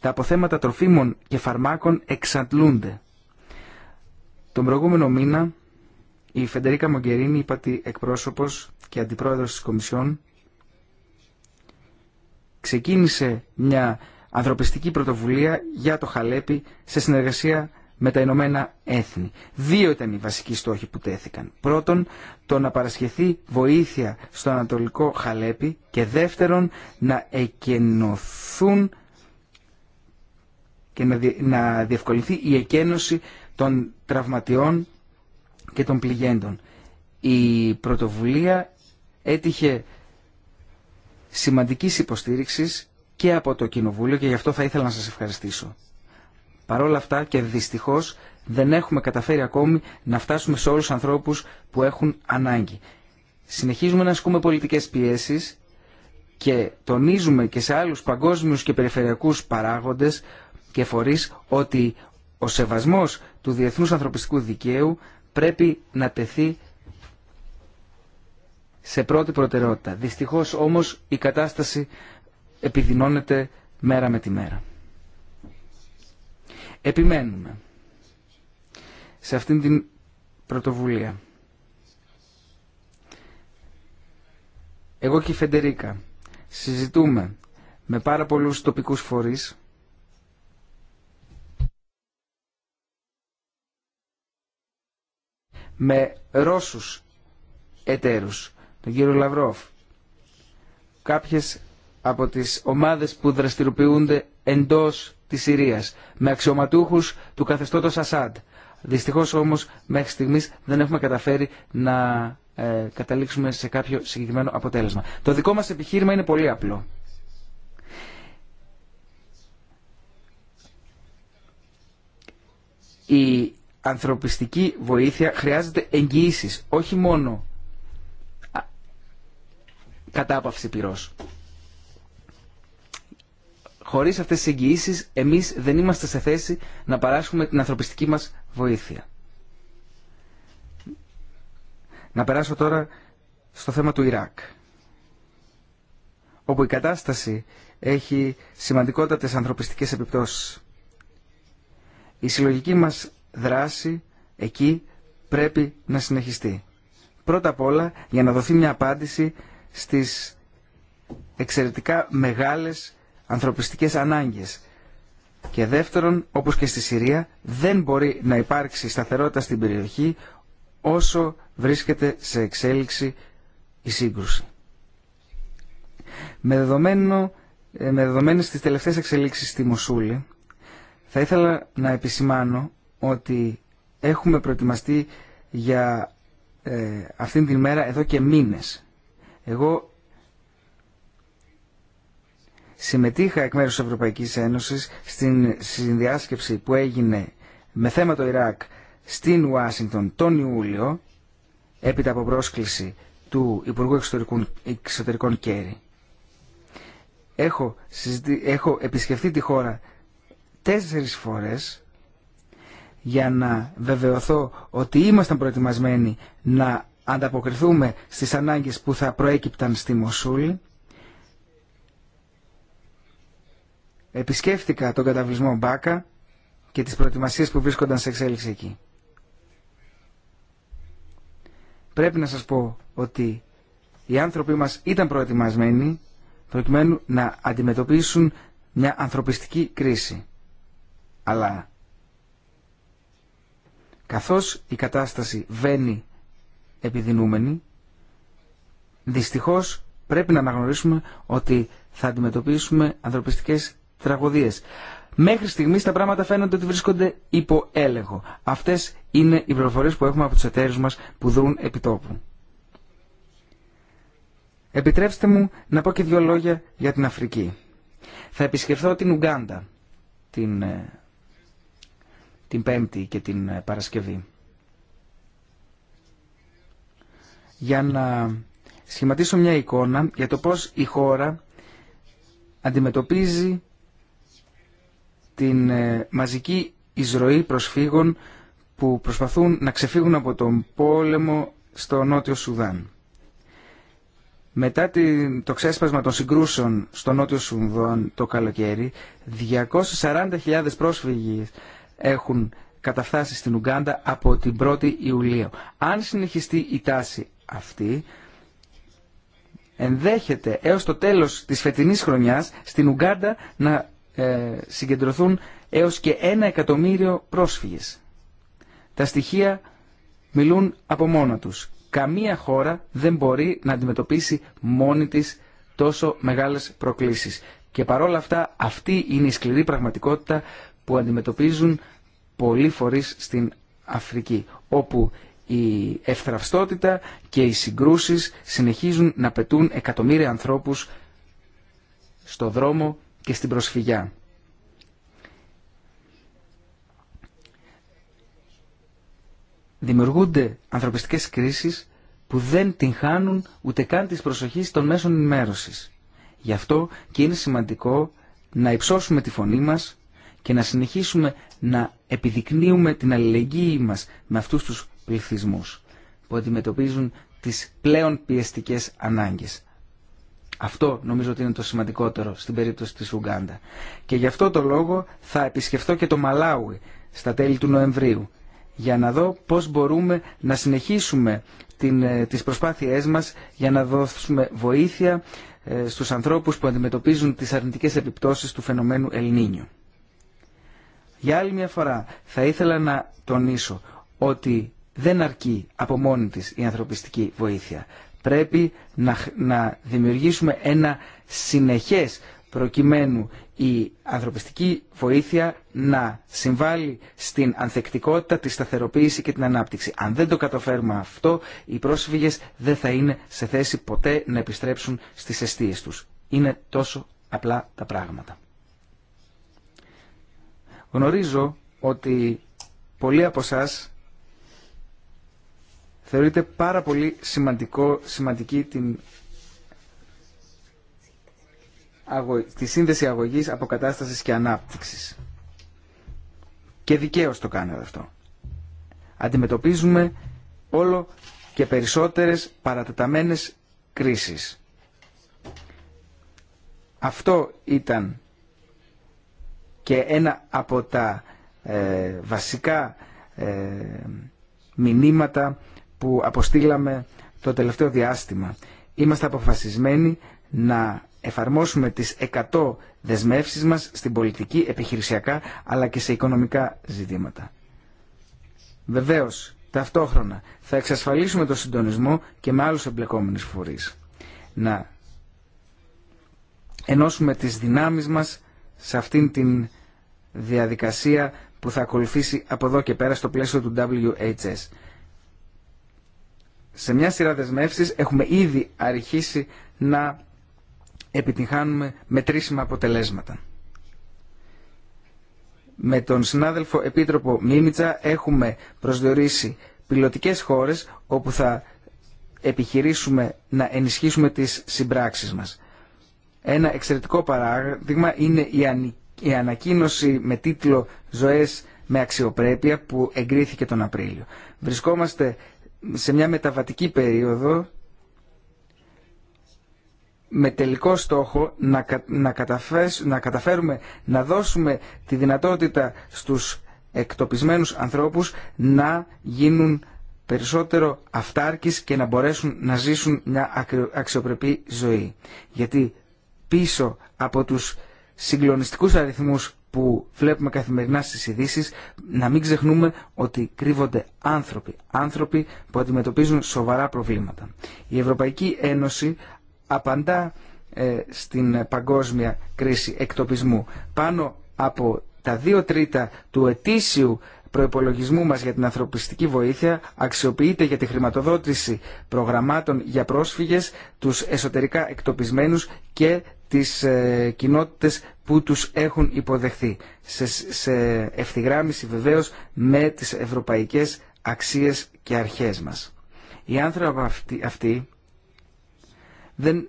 Τα αποθέματα τροφίμων και φαρμάκων εξαντλούνται. Τον προηγούμενο μήνα η Φεντερίκα Μογκερίνη, είπατη εκπρόσωπος και αντιπρόεδρος της Κομισιόν, ξεκίνησε μια ανθρωπιστική πρωτοβουλία για το Χαλέπι σε συνεργασία με τα Ηνωμένα Έθνη. Δύο ήταν οι βασικοί στόχοι που τέθηκαν. Πρώτον, το να παρασχεθεί βοήθεια στο Ανατολικό Χαλέπι και δεύτερον, να εκενωθούν και να διευκολυνθεί η εκένωση των τραυματιών και των πληγέντων. Η πρωτοβουλία έτυχε σημαντικής υποστήριξης και από το Κοινοβούλιο και γι' αυτό θα ήθελα να σας ευχαριστήσω. Παρ' όλα αυτά και δυστυχώς δεν έχουμε καταφέρει ακόμη να φτάσουμε σε όλους τους ανθρώπους που έχουν ανάγκη. Συνεχίζουμε να ασκούμε πολιτικές πιέσεις και τονίζουμε και σε άλλους παγκόσμιους και περιφερειακούς παράγοντες και φορείς ότι ο σεβασμός του διεθνούς ανθρωπιστικού δικαίου πρέπει να τεθεί σε πρώτη προτεραιότητα. Δυστυχώς όμως η κατάσταση επιδεινώνεται μέρα με τη μέρα. Επιμένουμε σε αυτήν την πρωτοβουλία. Εγώ και η Φεντερίκα συζητούμε με πάρα πολλούς τοπικούς φορείς με Ρώσους εταίρους τον κύριο Λαυρόφ. Κάποιες από τις ομάδες που δραστηριοποιούνται εντός της Συρίας με αξιωματούχους του καθεστώτος Ασάντ. Δυστυχώς όμως μέχρι στιγμής δεν έχουμε καταφέρει να ε, καταλήξουμε σε κάποιο συγκεκριμένο αποτέλεσμα. Το δικό μας επιχείρημα είναι πολύ απλό. Η ανθρωπιστική βοήθεια χρειάζεται εγγυήσεις, όχι μόνο κατάπαυση πυρός. Χωρίς αυτές τις εγγυήσεις εμείς δεν είμαστε σε θέση να παράσχουμε την ανθρωπιστική μας βοήθεια. Να περάσω τώρα στο θέμα του Ιράκ όπου η κατάσταση έχει σημαντικότατες ανθρωπιστικές επιπτώσεις. Η συλλογική μας δράση εκεί πρέπει να συνεχιστεί. Πρώτα απ' όλα για να δοθεί μια απάντηση στις εξαιρετικά μεγάλες ανθρωπιστικές ανάγκες. Και δεύτερον, όπως και στη Συρία, δεν μπορεί να υπάρξει σταθερότητα στην περιοχή όσο βρίσκεται σε εξέλιξη η σύγκρουση. Με, δεδομένο, ε, με δεδομένες τις τελευταίες εξελίξεις στη Μοσούλη, θα ήθελα να επισημάνω ότι έχουμε προετοιμαστεί για ε, αυτήν την μέρα εδώ και μήνες. Εγώ συμμετείχα εκ μέρους της Ευρωπαϊκής Ένωσης στην συνδιάσκεψη που έγινε με θέμα το Ιράκ στην Ουάσιγκτον τον Ιούλιο έπειτα από πρόσκληση του Υπουργού Εξωτερικών, Κέρι. Έχω, συζητή, έχω επισκεφτεί τη χώρα τέσσερις φορές για να βεβαιωθώ ότι ήμασταν προετοιμασμένοι να ανταποκριθούμε στις ανάγκες που θα προέκυπταν στη Μοσούλη. Επισκέφτηκα τον καταβλισμό Μπάκα και τις προετοιμασίες που βρίσκονταν σε εξέλιξη εκεί. Πρέπει να σας πω ότι οι άνθρωποι μας ήταν προετοιμασμένοι προκειμένου να αντιμετωπίσουν μια ανθρωπιστική κρίση. Αλλά καθώς η κατάσταση βαίνει επιδεινούμενη, δυστυχώς πρέπει να αναγνωρίσουμε ότι θα αντιμετωπίσουμε ανθρωπιστικές τραγωδίες. Μέχρι στιγμής τα πράγματα φαίνονται ότι βρίσκονται υπό έλεγχο. Αυτές είναι οι πληροφορίες που έχουμε από τους εταίρους μας που δρούν επιτόπου. Επιτρέψτε μου να πω και δύο λόγια για την Αφρική. Θα επισκεφθώ την Ουγκάντα την, ε, την Πέμπτη και την ε, Παρασκευή. για να σχηματίσω μια εικόνα για το πώς η χώρα αντιμετωπίζει την ε, μαζική εισρωή προσφύγων που προσπαθούν να ξεφύγουν από τον πόλεμο στο Νότιο Σουδάν. Μετά το ξέσπασμα των συγκρούσεων στο Νότιο Σουδάν το καλοκαίρι, 240.000 πρόσφυγες έχουν καταφτάσει στην Ουγκάντα από την 1η Ιουλίου. Αν συνεχιστεί η τάση αυτή ενδέχεται έως το τέλος της φετινής χρονιάς στην Ουγκάντα να ε, συγκεντρωθούν έως και ένα εκατομμύριο πρόσφυγες. Τα στοιχεία μιλούν από μόνα τους. Καμία χώρα δεν μπορεί να αντιμετωπίσει μόνη της τόσο μεγάλες προκλήσεις. Και παρόλα αυτά αυτή είναι η σκληρή πραγματικότητα που αντιμετωπίζουν πολλοί φορείς στην Αφρική, όπου η ευθραυστότητα και οι συγκρούσεις συνεχίζουν να πετούν εκατομμύρια ανθρώπους στο δρόμο και στην προσφυγιά. Δημιουργούνται ανθρωπιστικές κρίσεις που δεν την χάνουν ούτε καν της προσοχής των μέσων ενημέρωσης. Γι' αυτό και είναι σημαντικό να υψώσουμε τη φωνή μας και να συνεχίσουμε να επιδεικνύουμε την αλληλεγγύη μας με αυτούς τους πληθυσμούς που αντιμετωπίζουν τις πλέον πιεστικές ανάγκες. Αυτό νομίζω ότι είναι το σημαντικότερο στην περίπτωση της Ουγγάντα. Και γι' αυτό το λόγο θα επισκεφτώ και το Μαλάουι στα τέλη του Νοεμβρίου για να δω πώς μπορούμε να συνεχίσουμε την, ε, τις προσπάθειές μας για να δώσουμε βοήθεια ε, στους ανθρώπους που αντιμετωπίζουν τις αρνητικές επιπτώσεις του φαινομένου ελληνίνιου. Για άλλη μια φορά θα ήθελα να τονίσω ότι δεν αρκεί από μόνη της η ανθρωπιστική βοήθεια. Πρέπει να, να δημιουργήσουμε ένα συνεχές προκειμένου η ανθρωπιστική βοήθεια να συμβάλλει στην ανθεκτικότητα, τη σταθεροποίηση και την ανάπτυξη. Αν δεν το καταφέρουμε αυτό, οι πρόσφυγες δεν θα είναι σε θέση ποτέ να επιστρέψουν στις αιστείες τους. Είναι τόσο απλά τα πράγματα. Γνωρίζω ότι πολλοί από εσά θεωρείται πάρα πολύ σημαντικό, σημαντική την τη σύνδεση αγωγής, αποκατάστασης και ανάπτυξης. Και δικαίως το κάνετε αυτό. Αντιμετωπίζουμε όλο και περισσότερες παρατεταμένες κρίσεις. Αυτό ήταν και ένα από τα ε, βασικά ε, μηνύματα που αποστήλαμε το τελευταίο διάστημα. Είμαστε αποφασισμένοι να εφαρμόσουμε τις 100 δεσμεύσεις μας στην πολιτική, επιχειρησιακά, αλλά και σε οικονομικά ζητήματα. Βεβαίως, ταυτόχρονα θα εξασφαλίσουμε το συντονισμό και με άλλους εμπλεκόμενους φορείς. Να ενώσουμε τις δυνάμεις μας σε αυτήν την διαδικασία που θα ακολουθήσει από εδώ και πέρα στο πλαίσιο του WHS σε μια σειρά δεσμεύσεις έχουμε ήδη αρχίσει να επιτυχάνουμε μετρήσιμα αποτελέσματα. Με τον συνάδελφο Επίτροπο Μίμητσα έχουμε προσδιορίσει πιλωτικές χώρες όπου θα επιχειρήσουμε να ενισχύσουμε τις συμπράξεις μας. Ένα εξαιρετικό παράδειγμα είναι η ανακοίνωση με τίτλο «Ζωές με αξιοπρέπεια» που εγκρίθηκε τον Απρίλιο. Βρισκόμαστε σε μια μεταβατική περίοδο με τελικό στόχο να, να, να καταφέρουμε να δώσουμε τη δυνατότητα στους εκτοπισμένους ανθρώπους να γίνουν περισσότερο αυτάρκης και να μπορέσουν να ζήσουν μια αξιοπρεπή ζωή. Γιατί πίσω από τους συγκλονιστικούς αριθμούς που βλέπουμε καθημερινά στις ειδήσει, να μην ξεχνούμε ότι κρύβονται άνθρωποι, άνθρωποι που αντιμετωπίζουν σοβαρά προβλήματα. Η Ευρωπαϊκή Ένωση απαντά ε, στην παγκόσμια κρίση εκτοπισμού. Πάνω από τα δύο τρίτα του ετήσιου προϋπολογισμού μας για την ανθρωπιστική βοήθεια αξιοποιείται για τη χρηματοδότηση προγραμμάτων για πρόσφυγες, τους εσωτερικά εκτοπισμένους και τις ε, κοινότητες που τους έχουν υποδεχθεί. Σε, σε ευθυγράμμιση βεβαίως με τις ευρωπαϊκές αξίες και αρχές μας. Οι άνθρωποι αυτοί, δεν,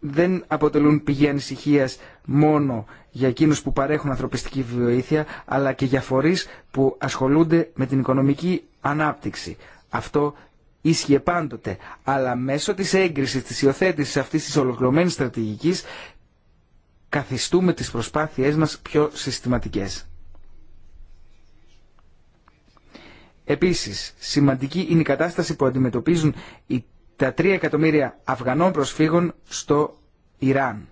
δεν αποτελούν πηγή ανησυχία μόνο για εκείνους που παρέχουν ανθρωπιστική βοήθεια, αλλά και για φορείς που ασχολούνται με την οικονομική ανάπτυξη. Αυτό ίσχυε πάντοτε, αλλά μέσω της έγκρισης, της υιοθέτησης αυτής της ολοκληρωμένης στρατηγικής καθιστούμε τις προσπάθειές μας πιο συστηματικές. Επίσης, σημαντική είναι η κατάσταση που αντιμετωπίζουν οι, τα τρία εκατομμύρια Αφγανών προσφύγων στο Ιράν,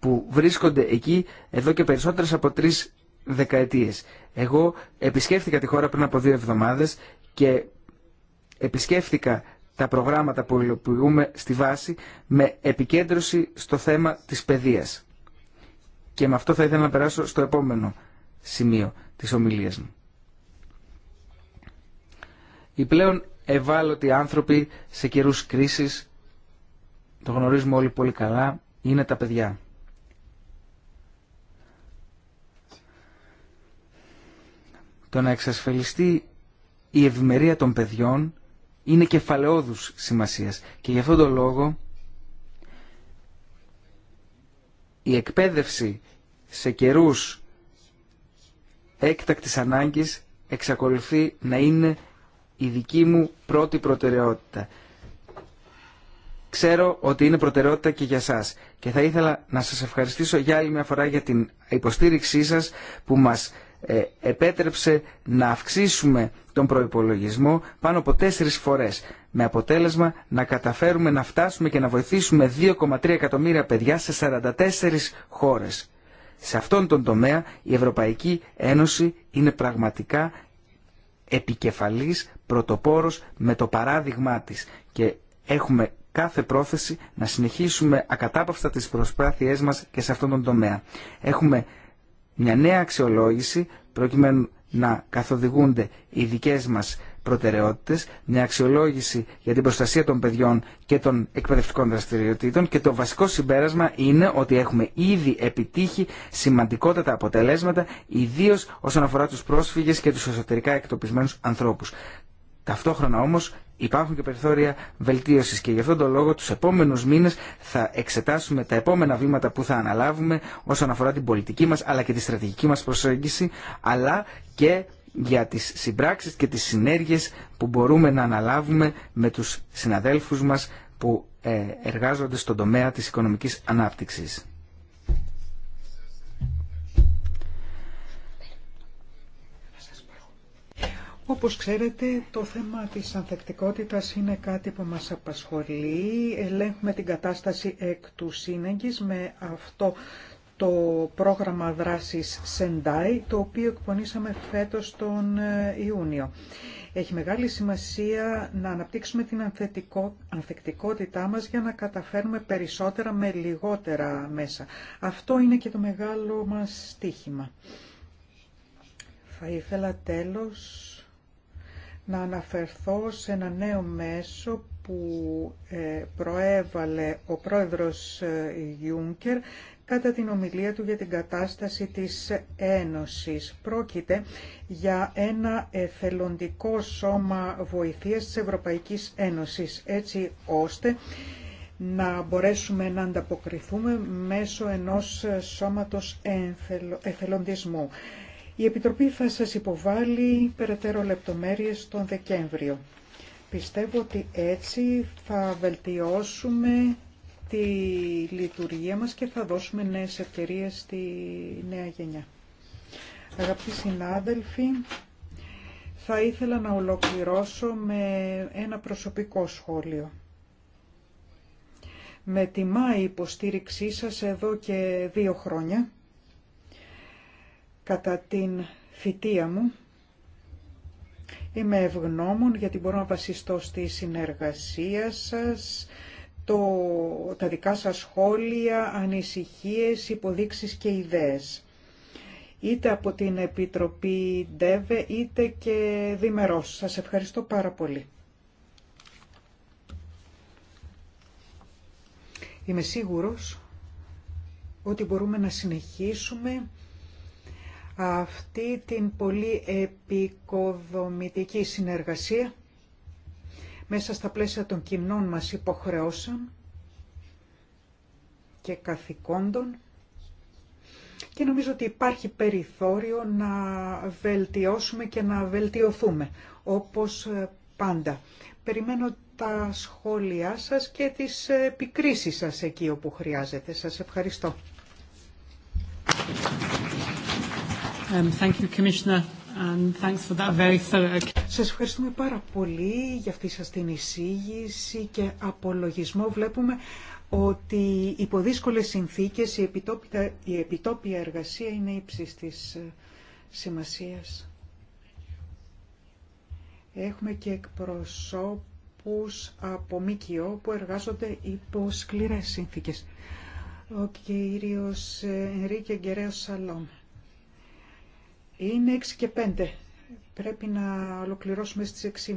που βρίσκονται εκεί εδώ και περισσότερες από τρεις δεκαετίες. Εγώ επισκέφθηκα τη χώρα πριν από δύο εβδομάδες και επισκέφθηκα τα προγράμματα που υλοποιούμε στη βάση με επικέντρωση στο θέμα της παιδείας. Και με αυτό θα ήθελα να περάσω στο επόμενο σημείο της ομιλίας μου. Οι πλέον ευάλωτοι άνθρωποι σε καιρούς κρίσης, το γνωρίζουμε όλοι πολύ καλά, είναι τα παιδιά. Το να εξασφαλιστεί η ευημερία των παιδιών είναι κεφαλαιόδους σημασίας και γι' αυτόν τον λόγο η εκπαίδευση σε καιρούς έκτακτης ανάγκης εξακολουθεί να είναι η δική μου πρώτη προτεραιότητα. Ξέρω ότι είναι προτεραιότητα και για σας και θα ήθελα να σας ευχαριστήσω για άλλη μια φορά για την υποστήριξή σας που μας ε, επέτρεψε να αυξήσουμε τον προϋπολογισμό πάνω από τέσσερις φορές με αποτέλεσμα να καταφέρουμε να φτάσουμε και να βοηθήσουμε 2,3 εκατομμύρια παιδιά σε 44 χώρες. Σε αυτόν τον τομέα η Ευρωπαϊκή Ένωση είναι πραγματικά επικεφαλής, πρωτοπόρος με το παράδειγμά της και έχουμε κάθε πρόθεση να συνεχίσουμε ακατάπαυστα τις προσπάθειές μας και σε αυτόν τον τομέα. Έχουμε μια νέα αξιολόγηση προκειμένου να καθοδηγούνται οι δικές μας προτεραιότητες, μια αξιολόγηση για την προστασία των παιδιών και των εκπαιδευτικών δραστηριοτήτων και το βασικό συμπέρασμα είναι ότι έχουμε ήδη επιτύχει σημαντικότατα αποτελέσματα, ιδίω όσον αφορά τους πρόσφυγες και τους εσωτερικά εκτοπισμένους ανθρώπους. Ταυτόχρονα όμως υπάρχουν και περιθώρια βελτίωσης και γι' αυτόν τον λόγο του επόμενου μήνε θα εξετάσουμε τα επόμενα βήματα που θα αναλάβουμε όσον αφορά την πολιτική μας αλλά και τη στρατηγική μας προσέγγιση αλλά και για τις συμπράξεις και τις συνέργειες που μπορούμε να αναλάβουμε με τους συναδέλφους μας που ε, εργάζονται στον τομέα της οικονομικής ανάπτυξης. Όπως ξέρετε, το θέμα της ανθεκτικότητας είναι κάτι που μας απασχολεί. Ελέγχουμε την κατάσταση εκ του σύνεγγης με αυτό το πρόγραμμα δράσης Sendai, το οποίο εκπονήσαμε φέτος τον ε, Ιούνιο. Έχει μεγάλη σημασία να αναπτύξουμε την ανθεκτικότητά μας για να καταφέρουμε περισσότερα με λιγότερα μέσα. Αυτό είναι και το μεγάλο μας στίχημα. Θα ήθελα τέλος να αναφερθώ σε ένα νέο μέσο που ε, προέβαλε ο πρόεδρος ε, Γιούνκερ κατά την ομιλία του για την κατάσταση της Ένωσης. Πρόκειται για ένα εθελοντικό σώμα βοηθείας της Ευρωπαϊκής Ένωσης, έτσι ώστε να μπορέσουμε να ανταποκριθούμε μέσω ενός ε, σώματος εθελοντισμού. Η Επιτροπή θα σας υποβάλει περαιτέρω λεπτομέρειες τον Δεκέμβριο. Πιστεύω ότι έτσι θα βελτιώσουμε τη λειτουργία μας και θα δώσουμε νέες ευκαιρίες στη νέα γενιά. Αγαπητοί συνάδελφοι, θα ήθελα να ολοκληρώσω με ένα προσωπικό σχόλιο. Με τιμά η υποστήριξή σας εδώ και δύο χρόνια κατά την φιτία μου. Είμαι ευγνώμων γιατί μπορώ να βασιστώ στη συνεργασία σας, το, τα δικά σας σχόλια, ανησυχίες, υποδείξεις και ιδέες. Είτε από την Επιτροπή ΔΕΒΕ, είτε και διμερός. Σας ευχαριστώ πάρα πολύ. Είμαι σίγουρος ότι μπορούμε να συνεχίσουμε αυτή την πολύ επικοδομητική συνεργασία μέσα στα πλαίσια των κοινών μας υποχρεώσεων και καθηκόντων και νομίζω ότι υπάρχει περιθώριο να βελτιώσουμε και να βελτιωθούμε, όπως ε, πάντα. Περιμένω τα σχόλιά σας και τις ε, επικρίσεις σας εκεί όπου χρειάζεται. Σας ευχαριστώ. Um, thank you, Commissioner. And thanks Σας ευχαριστούμε πάρα πολύ για αυτή σας την εισήγηση και απολογισμό. Βλέπουμε ότι υπό δύσκολες συνθήκες η επιτόπια, η εργασία είναι ύψης της ε, σημασίας. Έχουμε και εκπροσώπους από ΜΚΟ που εργάζονται υπό σκληρές συνθήκες. Ο κύριος Ενρίκε Γκερέος Σαλόμ. Είναι 6 και 5. Πρέπει να ολοκληρώσουμε στις 6.30.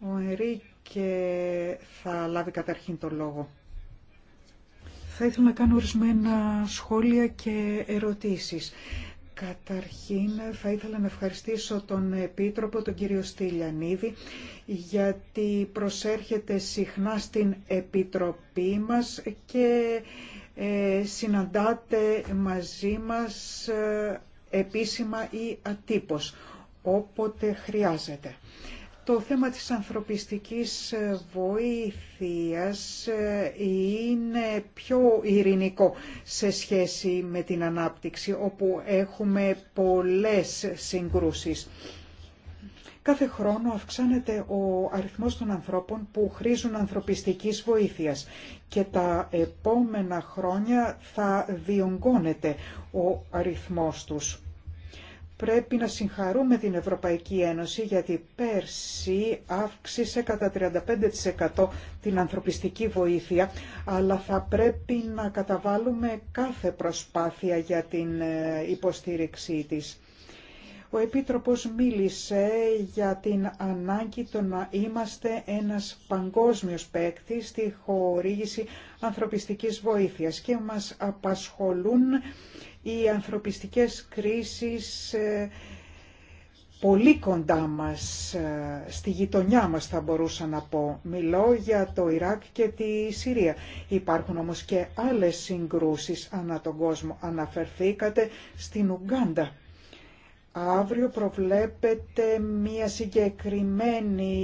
Ο και θα λάβει καταρχήν το λόγο. Θα ήθελα να κάνω ορισμένα σχόλια και ερωτήσεις. Καταρχήν θα ήθελα να ευχαριστήσω τον Επίτροπο, τον κύριο Στυλιανίδη, γιατί προσέρχεται συχνά στην Επιτροπή μας και ε, συναντάτε μαζί μας ε, επίσημα ή ατύπως, όποτε χρειάζεται. Το θέμα της ανθρωπιστικής βοήθειας ε, είναι πιο ειρηνικό σε σχέση με την ανάπτυξη, όπου έχουμε πολλές συγκρούσεις. Κάθε χρόνο αυξάνεται ο αριθμός των ανθρώπων που χρήζουν ανθρωπιστικής βοήθειας και τα επόμενα χρόνια θα διονγκώνεται ο αριθμός τους. Πρέπει να συγχαρούμε την Ευρωπαϊκή Ένωση γιατί πέρσι αύξησε κατά 35% την ανθρωπιστική βοήθεια, αλλά θα πρέπει να καταβάλουμε κάθε προσπάθεια για την ε, υποστήριξή της. Ο Επίτροπος μίλησε για την ανάγκη το να είμαστε ένας παγκόσμιος παίκτη στη χορήγηση ανθρωπιστικής βοήθειας και μας απασχολούν οι ανθρωπιστικές κρίσεις ε, πολύ κοντά μας, ε, στη γειτονιά μας θα μπορούσα να πω. Μιλώ για το Ιράκ και τη Συρία. Υπάρχουν όμως και άλλες συγκρούσεις ανά τον κόσμο. Αναφερθήκατε στην Ουγκάντα Αύριο προβλέπεται μία συγκεκριμένη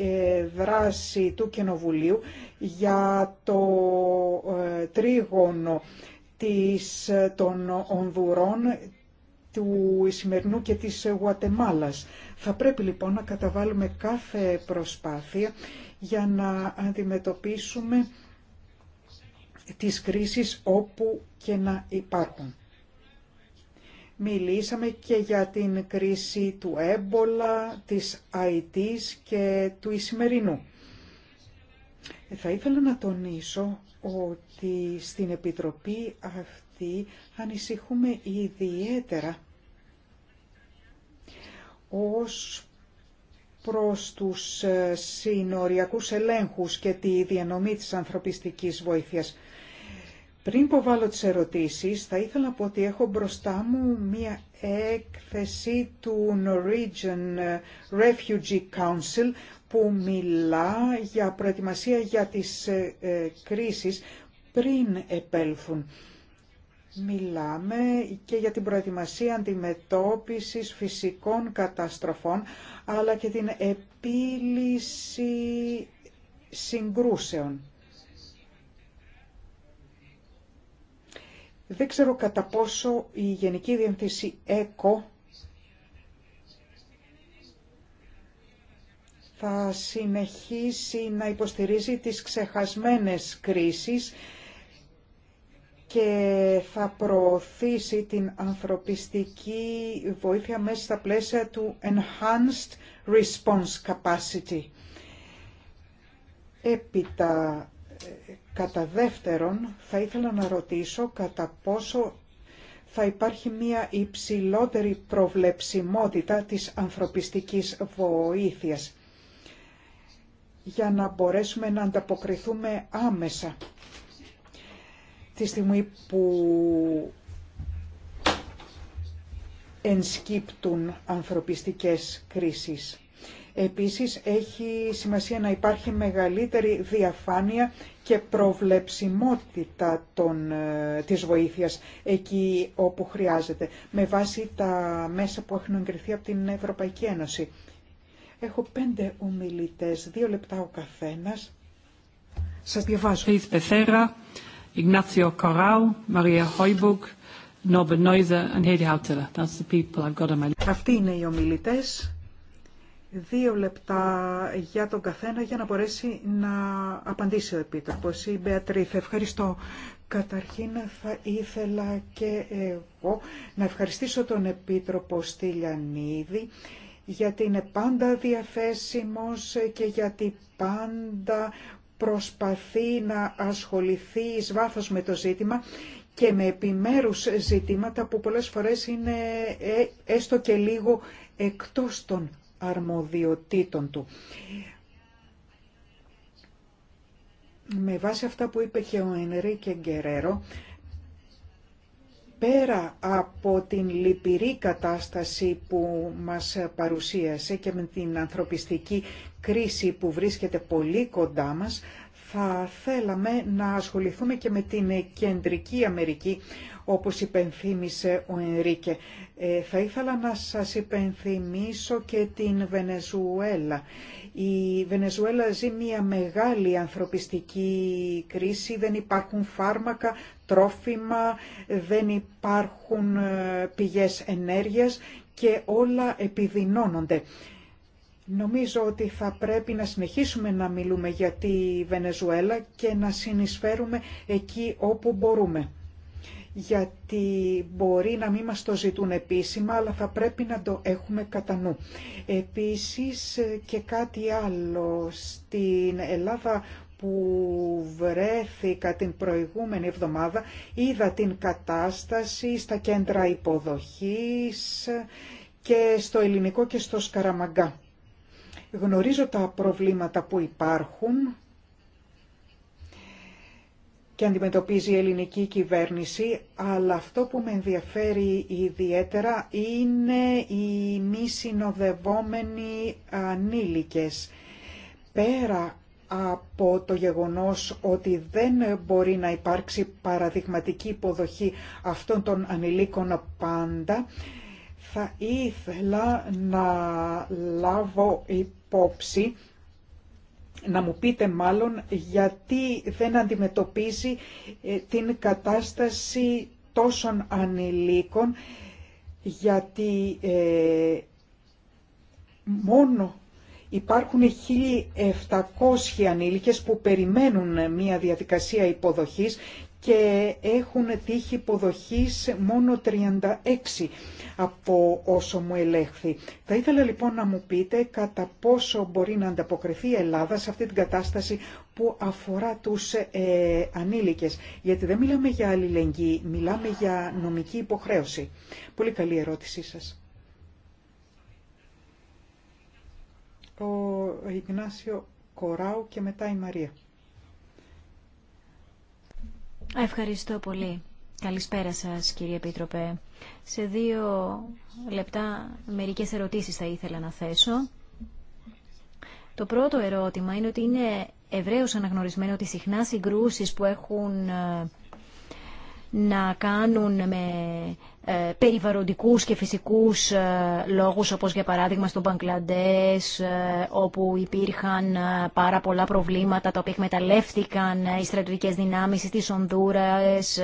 ε, δράση του Κοινοβουλίου για το ε, τρίγωνο της, ε, των Ονδουρών, του Ισημερινού και της Γουατεμάλας. Θα πρέπει λοιπόν να καταβάλουμε κάθε προσπάθεια για να αντιμετωπίσουμε τις κρίσεις όπου και να υπάρχουν. Μιλήσαμε και για την κρίση του έμπολα, της ΑΙΤΙΣ και του Ισημερινού. Θα ήθελα να τονίσω ότι στην Επιτροπή αυτή ανησυχούμε ιδιαίτερα ως προς τους ε, συνοριακούς ελέγχους και τη διανομή της ανθρωπιστικής βοήθειας. Πριν υποβάλω τις ερωτήσεις, θα ήθελα να πω ότι έχω μπροστά μου μία έκθεση του Norwegian Refugee Council που μιλά για προετοιμασία για τις ε, ε, κρίσεις πριν επέλθουν. Μιλάμε και για την προετοιμασία αντιμετώπισης φυσικών καταστροφών, αλλά και την επίλυση συγκρούσεων. Δεν ξέρω κατά πόσο η Γενική Διευθυνσή ΕΚΟ θα συνεχίσει να υποστηρίζει τις ξεχασμένες κρίσεις και θα προωθήσει την ανθρωπιστική βοήθεια μέσα στα πλαίσια του Enhanced Response Capacity. Έπειτα, Κατά δεύτερον, θα ήθελα να ρωτήσω κατά πόσο θα υπάρχει μια υψηλότερη προβλεψιμότητα της ανθρωπιστικής βοήθειας για να μπορέσουμε να ανταποκριθούμε άμεσα τη στιγμή που ενσκύπτουν ανθρωπιστικές κρίσεις. Επίσης, έχει σημασία να υπάρχει μεγαλύτερη διαφάνεια και προβλεψιμότητα των, ε, της βοήθειας εκεί όπου χρειάζεται, με βάση τα μέσα που έχουν εγκριθεί από την Ευρωπαϊκή Ένωση. Έχω πέντε ομιλητές, δύο λεπτά ο καθένας. Σας διαβάζω. Πεθέρα, Ignacio Maria Norbert Neuser and Αυτοί είναι οι ομιλητές. Δύο λεπτά για τον καθένα για να μπορέσει να απαντήσει ο Επίτροπος. Η Μπεατρίφ. ευχαριστώ. Καταρχήν θα ήθελα και εγώ να ευχαριστήσω τον Επίτροπο Στυλιανίδη γιατί είναι πάντα διαθέσιμος και γιατί πάντα προσπαθεί να ασχοληθεί εις βάθος με το ζήτημα και με επιμέρους ζητήματα που πολλές φορές είναι ε, έστω και λίγο εκτός των αρμοδιοτήτων του. Με βάση αυτά που είπε και ο και Γκερέρο, πέρα από την λυπηρή κατάσταση που μας παρουσίασε και με την ανθρωπιστική κρίση που βρίσκεται πολύ κοντά μας, θα θέλαμε να ασχοληθούμε και με την Κεντρική Αμερική, όπως υπενθύμησε ο Ενρίκε. Ε, θα ήθελα να σας υπενθυμίσω και την Βενεζουέλα. Η Βενεζουέλα ζει μια μεγάλη ανθρωπιστική κρίση, δεν υπάρχουν φάρμακα, τρόφιμα, δεν υπάρχουν ε, πηγές ενέργειας και όλα επιδεινώνονται. Νομίζω ότι θα πρέπει να συνεχίσουμε να μιλούμε για τη Βενεζουέλα και να συνεισφέρουμε εκεί όπου μπορούμε γιατί μπορεί να μην μας το ζητούν επίσημα, αλλά θα πρέπει να το έχουμε κατά νου. Επίσης ε, και κάτι άλλο, στην Ελλάδα που βρέθηκα την προηγούμενη εβδομάδα, είδα την κατάσταση στα κέντρα υποδοχής ε, και στο ελληνικό και στο Σκαραμαγκά. Γνωρίζω τα προβλήματα που υπάρχουν και αντιμετωπίζει η ελληνική κυβέρνηση, αλλά αυτό που με ενδιαφέρει ιδιαίτερα είναι οι μη συνοδευόμενοι ανήλικες. Πέρα από το γεγονός ότι δεν μπορεί να υπάρξει παραδειγματική υποδοχή αυτών των ανηλίκων πάντα, θα ήθελα να λάβω υπόψη να μου πείτε μάλλον γιατί δεν αντιμετωπίζει ε, την κατάσταση τόσων ανηλίκων γιατί ε, μόνο υπάρχουν 1.700 ανήλικες που περιμένουν μια διαδικασία υποδοχής και έχουν τύχει υποδοχής μόνο 36 από όσο μου ελέγχθη. Θα ήθελα λοιπόν να μου πείτε κατά πόσο μπορεί να ανταποκριθεί η Ελλάδα σε αυτή την κατάσταση που αφορά τους ε, ανήλικες. Γιατί δεν μιλάμε για αλληλεγγύη, μιλάμε για νομική υποχρέωση. Πολύ καλή ερώτησή σας. Ο Ιγνάσιο Κοράου και μετά η Μαρία. Ευχαριστώ πολύ. Καλησπέρα σας κύριε Επίτροπε. Σε δύο λεπτά μερικές ερωτήσεις θα ήθελα να θέσω. Το πρώτο ερώτημα είναι ότι είναι ευρέως αναγνωρισμένο ότι συχνά συγκρούσεις που έχουν ε, να κάνουν με ε, περιβαροντικούς και φυσικούς ε, λόγους, όπως για παράδειγμα στον Μπαγκλαντές, ε, όπου υπήρχαν πάρα πολλά προβλήματα τα οποία εκμεταλλεύτηκαν οι στρατιωτικές δυνάμεις της Ονδούρας,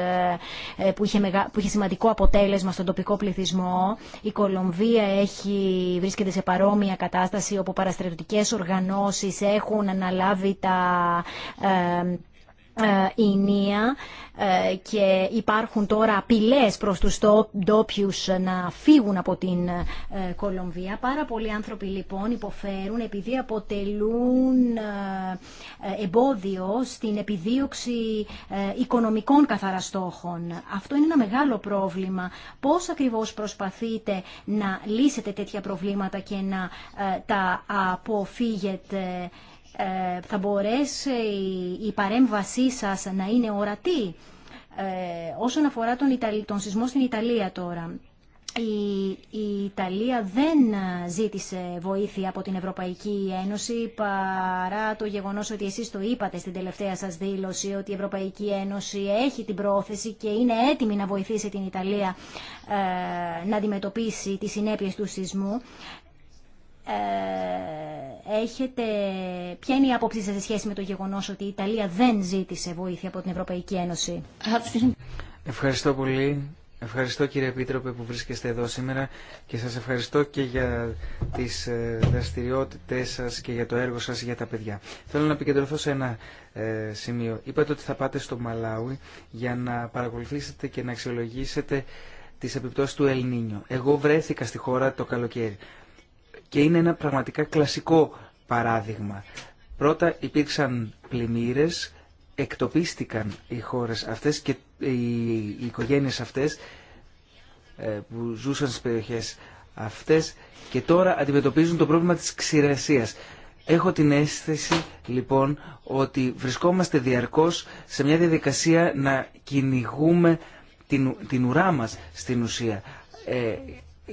που είχε, που είχε σημαντικό αποτέλεσμα στον τοπικό πληθυσμό. Η Κολομβία έχει... βρίσκεται σε παρόμοια κατάσταση, όπου παραστρατιωτικές οργανώσεις έχουν αναλάβει τα ε, η ε, και υπάρχουν τώρα απειλές προς τους ντόπιου να φύγουν από την ε, Κολομβία. Πάρα πολλοί άνθρωποι λοιπόν υποφέρουν επειδή αποτελούν εμπόδιο στην επιδίωξη οικονομικών καθαρά Αυτό είναι ένα μεγάλο πρόβλημα. Πώς ακριβώς προσπαθείτε να λύσετε τέτοια προβλήματα και να τα αποφύγετε ε, θα μπορέσει η παρέμβασή σας να είναι ορατή. Ε, όσον αφορά τον, Ιταλ... τον σεισμό στην Ιταλία τώρα, η Ιταλία δεν ζήτησε βοήθεια από την Ευρωπαϊκή Ένωση παρά το γεγονός ότι εσείς το είπατε στην τελευταία σας δήλωση ότι η Ευρωπαϊκή Ένωση έχει την πρόθεση και είναι έτοιμη να βοηθήσει την Ιταλία ε, να αντιμετωπίσει τις συνέπειες του σεισμού. Ε, έχετε, ποια είναι η άποψή σας σε σχέση με το γεγονός ότι η Ιταλία δεν ζήτησε βοήθεια από την Ευρωπαϊκή Ένωση. Ευχαριστώ πολύ. Ευχαριστώ κύριε Επίτροπε που βρίσκεστε εδώ σήμερα και σας ευχαριστώ και για τις ε, δραστηριότητες σας και για το έργο σας για τα παιδιά. Θέλω να επικεντρωθώ σε ένα ε, σημείο. Είπατε ότι θα πάτε στο Μαλάουι για να παρακολουθήσετε και να αξιολογήσετε τις επιπτώσεις του Ελληνίνιου Εγώ βρέθηκα στη χώρα το καλοκαίρι και είναι ένα πραγματικά κλασικό παράδειγμα. Πρώτα υπήρξαν πλημμύρες, εκτοπίστηκαν οι χώρες αυτές και οι οικογένειες αυτές ε, που ζούσαν στις περιοχές αυτές και τώρα αντιμετωπίζουν το πρόβλημα της ξηρασίας. Έχω την αίσθηση λοιπόν ότι βρισκόμαστε διαρκώς σε μια διαδικασία να κυνηγούμε την, την ουρά μας στην ουσία. Ε,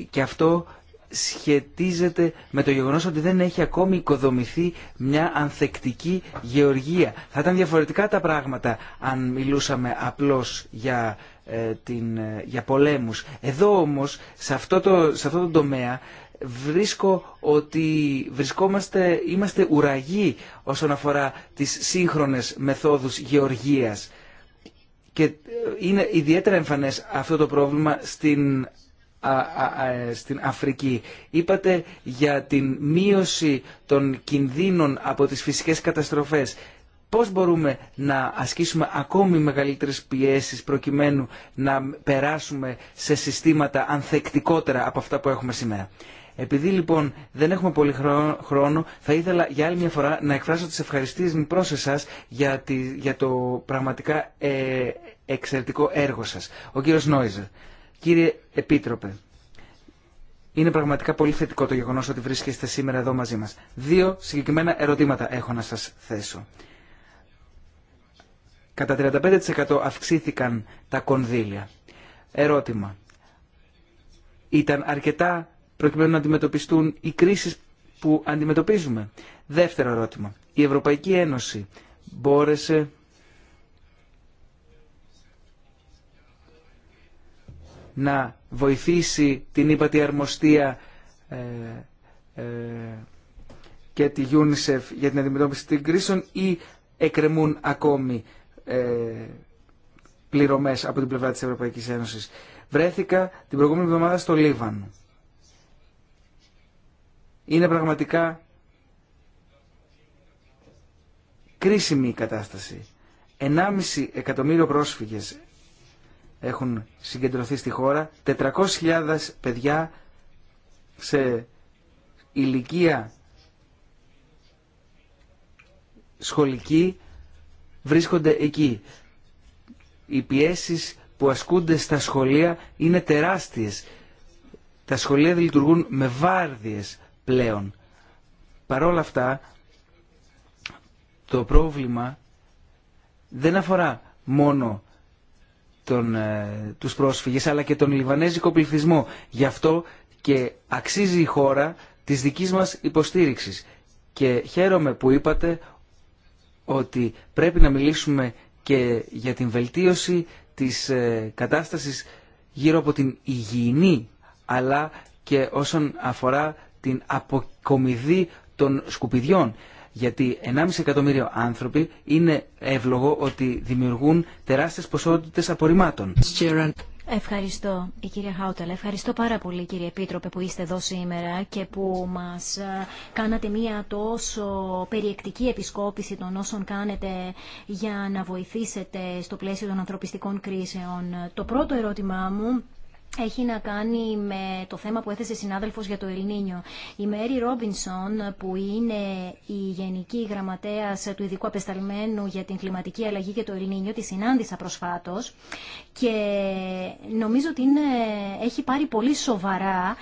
και αυτό σχετίζεται με το γεγονός ότι δεν έχει ακόμη οικοδομηθεί μια ανθεκτική γεωργία. Θα ήταν διαφορετικά τα πράγματα αν μιλούσαμε απλώς για, ε, την, ε, για πολέμους. Εδώ όμως, σε αυτό το, σε αυτό το τομέα, βρίσκω ότι βρισκόμαστε, είμαστε ουραγοί όσον αφορά τις σύγχρονες μεθόδους γεωργίας. Και ε, είναι ιδιαίτερα εμφανές αυτό το πρόβλημα στην στην Αφρική. Είπατε για την μείωση των κινδύνων από τις φυσικές καταστροφές. Πώς μπορούμε να ασκήσουμε ακόμη μεγαλύτερες πιέσεις προκειμένου να περάσουμε σε συστήματα ανθεκτικότερα από αυτά που έχουμε σήμερα. Επειδή λοιπόν δεν έχουμε πολύ χρόνο, θα ήθελα για άλλη μια φορά να εκφράσω τις ευχαριστίες μου προς εσάς για, το πραγματικά ε, εξαιρετικό έργο σας. Ο κύριος Νόιζερ. Κύριε Επίτροπε, είναι πραγματικά πολύ θετικό το γεγονός ότι βρίσκεστε σήμερα εδώ μαζί μας. Δύο συγκεκριμένα ερωτήματα έχω να σας θέσω. Κατά 35% αυξήθηκαν τα κονδύλια. Ερώτημα. Ήταν αρκετά προκειμένου να αντιμετωπιστούν οι κρίσεις που αντιμετωπίζουμε. Δεύτερο ερώτημα. Η Ευρωπαϊκή Ένωση μπόρεσε να βοηθήσει την ύπατη αρμοστία ε, ε, και τη UNICEF για την αντιμετώπιση των κρίσεων ή εκκρεμούν ακόμη ε, πληρωμές από την πλευρά της Ευρωπαϊκής Ένωσης. Βρέθηκα την προηγούμενη εβδομάδα στο Λίβανο. Είναι πραγματικά κρίσιμη η εκρεμουν ακομη ε πληρωμες απο την πλευρα της ευρωπαικης ενωσης βρεθηκα την προηγουμενη εβδομαδα στο λιβανο ειναι πραγματικα κρισιμη η κατασταση 1,5 εκατομμύριο πρόσφυγες έχουν συγκεντρωθεί στη χώρα, 400.000 παιδιά σε ηλικία σχολική βρίσκονται εκεί. Οι πιέσεις που ασκούνται στα σχολεία είναι τεράστιες. Τα σχολεία δεν λειτουργούν με βάρδιες πλέον. Παρόλα αυτά, το πρόβλημα δεν αφορά μόνο τον, ε, τους πρόσφυγες αλλά και τον λιβανέζικο πληθυσμό. Γι' αυτό και αξίζει η χώρα της δικής μας υποστήριξης. Και χαίρομαι που είπατε ότι πρέπει να μιλήσουμε και για την βελτίωση της ε, κατάστασης γύρω από την υγιεινή αλλά και όσον αφορά την αποκομιδή των σκουπιδιών γιατί 1,5 εκατομμύριο άνθρωποι είναι εύλογο ότι δημιουργούν τεράστιες ποσότητες απορριμμάτων. Ευχαριστώ η κυρία Χάουταλα. Ευχαριστώ πάρα πολύ κύριε Επίτροπε που είστε εδώ σήμερα και που μας ε, κάνατε μία τόσο περιεκτική επισκόπηση των όσων κάνετε για να βοηθήσετε στο πλαίσιο των ανθρωπιστικών κρίσεων. Το πρώτο ερώτημά μου έχει να κάνει με το θέμα που έθεσε η συνάδελφος για το Ελληνίνιο. Η Μέρι Ρόμπινσον, που είναι η Γενική Γραμματέας του Ειδικού Απεσταλμένου για την Κλιματική Αλλαγή και το Ελληνίνιο, τη συνάντησα προσφάτω. και νομίζω ότι έχει πάρει πολύ σοβαρά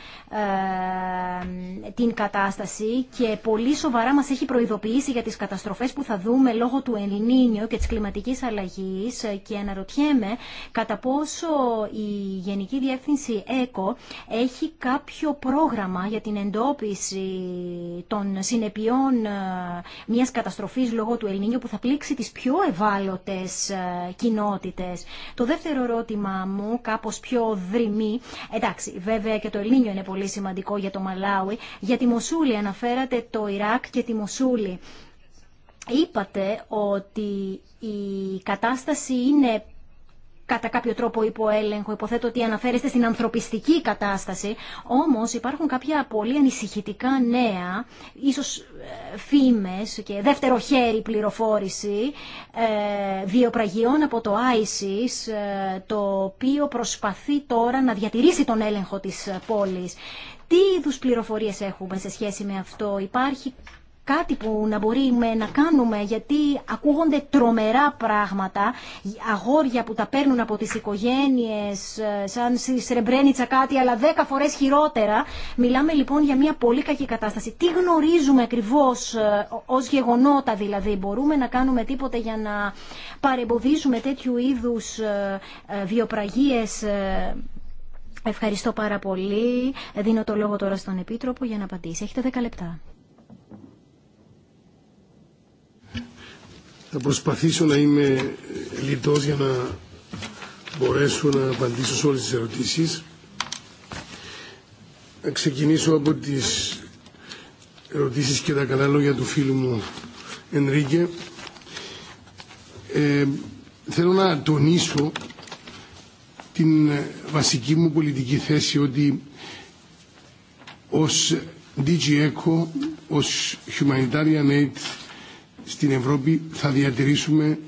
ε, την κατάσταση και πολύ σοβαρά μας έχει προειδοποιήσει για τι καταστροφέ που θα δούμε λόγω του Ελληνίνιο και τη κλιματική αλλαγή ε, και αναρωτιέμαι κατά πόσο η Γενική Διεύθυνση Διεύθυνση ΕΚΟ έχει κάποιο πρόγραμμα για την εντόπιση των συνεπειών ε, μιας καταστροφής λόγω του Ελληνίου που θα πλήξει τις πιο ευάλωτες ε, κοινότητες. Το δεύτερο ερώτημα μου, κάπως πιο δρυμή, εντάξει βέβαια και το Ελληνίο είναι πολύ σημαντικό για το Μαλάουι, για τη Μοσούλη αναφέρατε το Ιράκ και τη Μοσούλη. Είπατε ότι η κατάσταση είναι κατά κάποιο τρόπο υποέλεγχο Υποθέτω ότι αναφέρεστε στην ανθρωπιστική κατάσταση. Όμως υπάρχουν κάποια πολύ ανησυχητικά νέα, ίσως ε, φήμες και δεύτερο χέρι πληροφόρηση ε, βιοπραγιών από το ISIS, ε, το οποίο προσπαθεί τώρα να διατηρήσει τον έλεγχο της πόλης. Τι είδους πληροφορίες έχουμε σε σχέση με αυτό. Υπάρχει κάτι που να μπορούμε να κάνουμε γιατί ακούγονται τρομερά πράγματα, αγόρια που τα παίρνουν από τις οικογένειες ε, σαν στη Σρεμπρένιτσα κάτι αλλά δέκα φορές χειρότερα. Μιλάμε λοιπόν για μια πολύ κακή κατάσταση. Τι γνωρίζουμε ακριβώς ε, ως γεγονότα δηλαδή. Μπορούμε να κάνουμε τίποτε για να παρεμποδίσουμε τέτοιου είδους ε, βιοπραγίες Ευχαριστώ πάρα πολύ. Δίνω το λόγο τώρα στον Επίτροπο για να απαντήσει. Έχετε 10 λεπτά. Θα προσπαθήσω να είμαι λιτός για να μπορέσω να απαντήσω σε όλες τις ερωτήσεις. Να ξεκινήσω από τις ερωτήσεις και τα καλά λόγια του φίλου μου Ενρίκε. Ε, θέλω να τονίσω την βασική μου πολιτική θέση ότι ως DG ECHO, ως Humanitarian Aid στην Ευρώπη θα διατηρήσουμε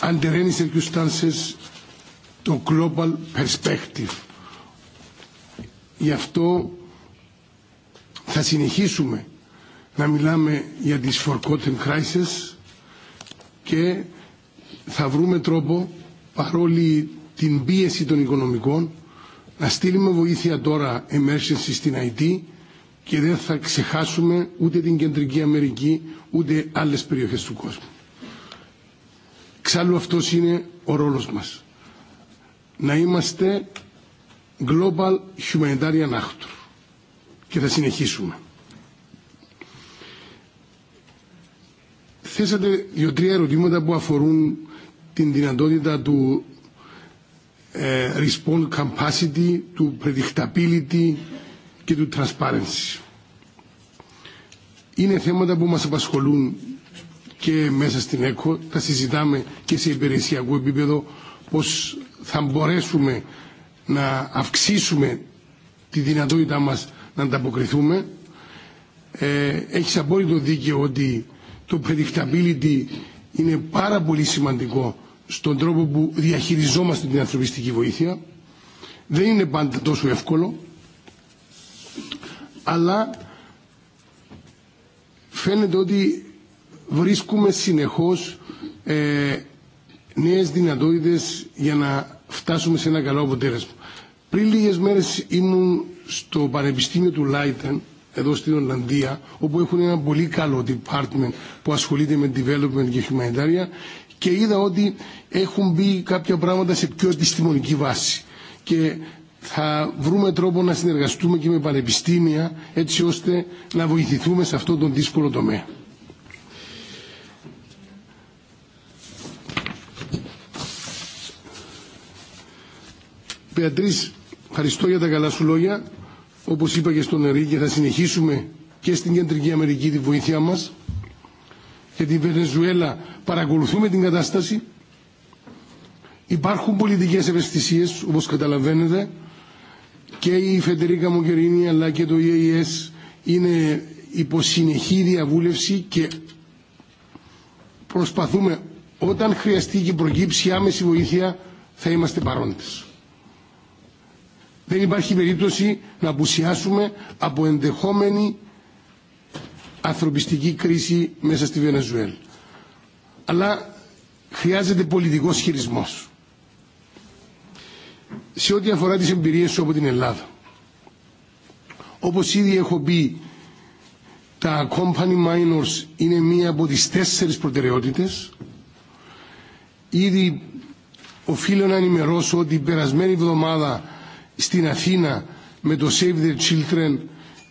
under any circumstances το global perspective. Γι' αυτό θα συνεχίσουμε να μιλάμε για τις forgotten crises και θα βρούμε τρόπο παρόλη την πίεση των οικονομικών να στείλουμε βοήθεια τώρα emergency στην IT και δεν θα ξεχάσουμε ούτε την Κεντρική Αμερική ούτε άλλες περιοχές του κόσμου. Ξάλλου αυτός είναι ο ρόλος μας. Να είμαστε global humanitarian actor και θα συνεχίσουμε. Θέσατε δύο-τρία ερωτήματα που αφορούν την δυνατότητα του ε, response capacity, του predictability, και του transparency. Είναι θέματα που μας απασχολούν και μέσα στην ΕΚΟ, τα συζητάμε και σε υπηρεσιακό επίπεδο πώς θα μπορέσουμε να αυξήσουμε τη δυνατότητά μας να ανταποκριθούμε. Ε, έχεις απόλυτο δίκαιο ότι το predictability είναι πάρα πολύ σημαντικό στον τρόπο που διαχειριζόμαστε την ανθρωπιστική βοήθεια. Δεν είναι πάντα τόσο εύκολο αλλά φαίνεται ότι βρίσκουμε συνεχώς ε, νέες δυνατότητες για να φτάσουμε σε ένα καλό αποτέλεσμα. Πριν λίγες μέρες ήμουν στο Πανεπιστήμιο του Λάιτεν, εδώ στην Ολλανδία, όπου έχουν ένα πολύ καλό department που ασχολείται με development και humanitarian και είδα ότι έχουν μπει κάποια πράγματα σε πιο επιστημονική βάση. Και θα βρούμε τρόπο να συνεργαστούμε και με πανεπιστήμια έτσι ώστε να βοηθηθούμε σε αυτόν τον δύσκολο τομέα. Πεατρής, ευχαριστώ για τα καλά σου λόγια. Όπως είπα και στον Ερή και θα συνεχίσουμε και στην Κεντρική Αμερική τη βοήθειά μας. Για την Βενεζουέλα παρακολουθούμε την κατάσταση. Υπάρχουν πολιτικές ευαισθησίες, όπως καταλαβαίνετε, και η Φεντερίκα Μογκερίνη αλλά και το EAS είναι υπό συνεχή διαβούλευση και προσπαθούμε όταν χρειαστεί και προκύψει άμεση βοήθεια θα είμαστε παρόντες. Δεν υπάρχει περίπτωση να απουσιάσουμε από ενδεχόμενη ανθρωπιστική κρίση μέσα στη Βενεζουέλα. Αλλά χρειάζεται πολιτικός χειρισμός σε ό,τι αφορά τις εμπειρίες σου από την Ελλάδα. Όπως ήδη έχω πει, τα company minors είναι μία από τις τέσσερις προτεραιότητες. Ήδη οφείλω να ενημερώσω ότι η περασμένη εβδομάδα στην Αθήνα με το Save the Children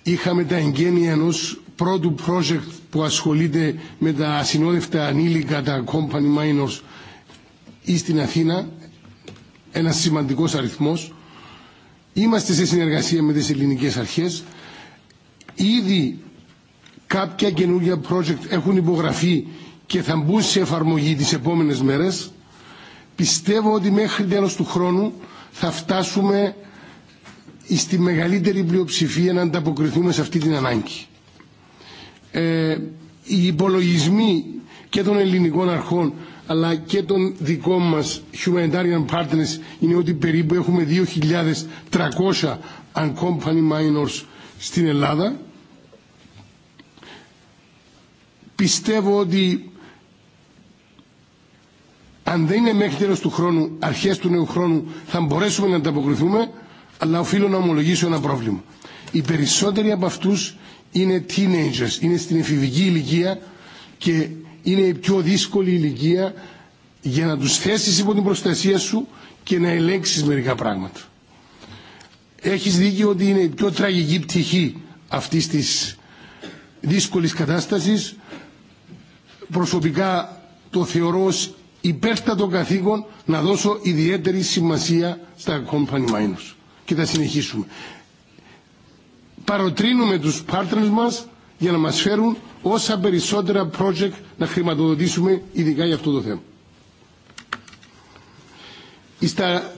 είχαμε τα εγγένεια ενός πρώτου project που ασχολείται με τα ασυνόδευτα ανήλικα, τα company minors, ή στην Αθήνα ένα σημαντικός αριθμό. Είμαστε σε συνεργασία με τις ελληνικές αρχές. Ήδη κάποια καινούργια project έχουν υπογραφεί και θα μπουν σε εφαρμογή τις επόμενες μέρες. Πιστεύω ότι μέχρι τέλος του χρόνου θα φτάσουμε στη μεγαλύτερη πλειοψηφία να ανταποκριθούμε σε αυτή την ανάγκη. Ε, οι υπολογισμοί και των ελληνικών αρχών αλλά και των δικών μας humanitarian partners είναι ότι περίπου έχουμε 2.300 uncompany minors στην Ελλάδα. Πιστεύω ότι αν δεν είναι μέχρι τέλος του χρόνου, αρχές του νέου χρόνου, θα μπορέσουμε να ανταποκριθούμε, αλλά οφείλω να ομολογήσω ένα πρόβλημα. Οι περισσότεροι από αυτούς είναι teenagers, είναι στην εφηβική ηλικία και είναι η πιο δύσκολη ηλικία για να τους θέσεις υπό την προστασία σου και να ελέγξεις μερικά πράγματα. Έχεις δίκιο ότι είναι η πιο τραγική πτυχή αυτής της δύσκολης κατάστασης. Προσωπικά το θεωρώ ως υπέρτατο καθήκον να δώσω ιδιαίτερη σημασία στα company minors. Και θα συνεχίσουμε. Παροτρύνουμε τους partners μας για να μας φέρουν όσα περισσότερα project να χρηματοδοτήσουμε ειδικά για αυτό το θέμα. Στα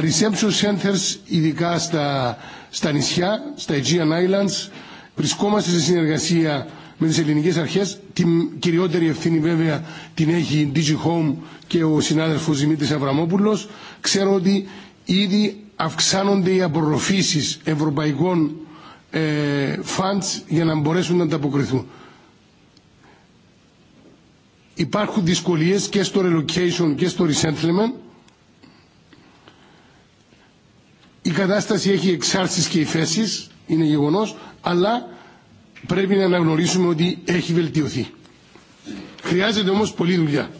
reception centers, ειδικά στα, στα νησιά, στα Aegean Islands, βρισκόμαστε σε συνεργασία με τις ελληνικές αρχές. Την κυριότερη ευθύνη βέβαια την έχει η home και ο συνάδελφος Δημήτρης Αβραμόπουλος. Ξέρω ότι ήδη αυξάνονται οι απορροφήσεις ευρωπαϊκών ε, funds για να μπορέσουν να ανταποκριθούν. Υπάρχουν δυσκολίες και στο relocation και στο resettlement. Η κατάσταση έχει εξάρσεις και οι είναι γεγονός, αλλά πρέπει να αναγνωρίσουμε ότι έχει βελτιωθεί. Χρειάζεται όμως πολλή δουλειά.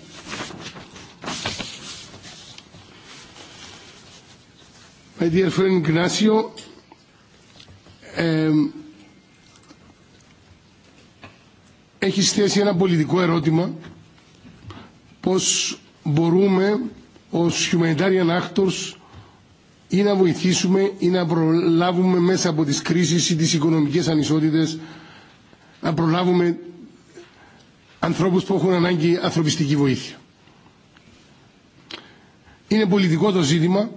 My dear friend έχει θέσει ένα πολιτικό ερώτημα πώς μπορούμε ως humanitarian actors ή να βοηθήσουμε ή να προλάβουμε μέσα από τις κρίσεις ή τις οικονομικές ανισότητες να προλάβουμε ανθρώπους που έχουν ανάγκη ανθρωπιστική βοήθεια. Είναι πολιτικό το ζήτημα,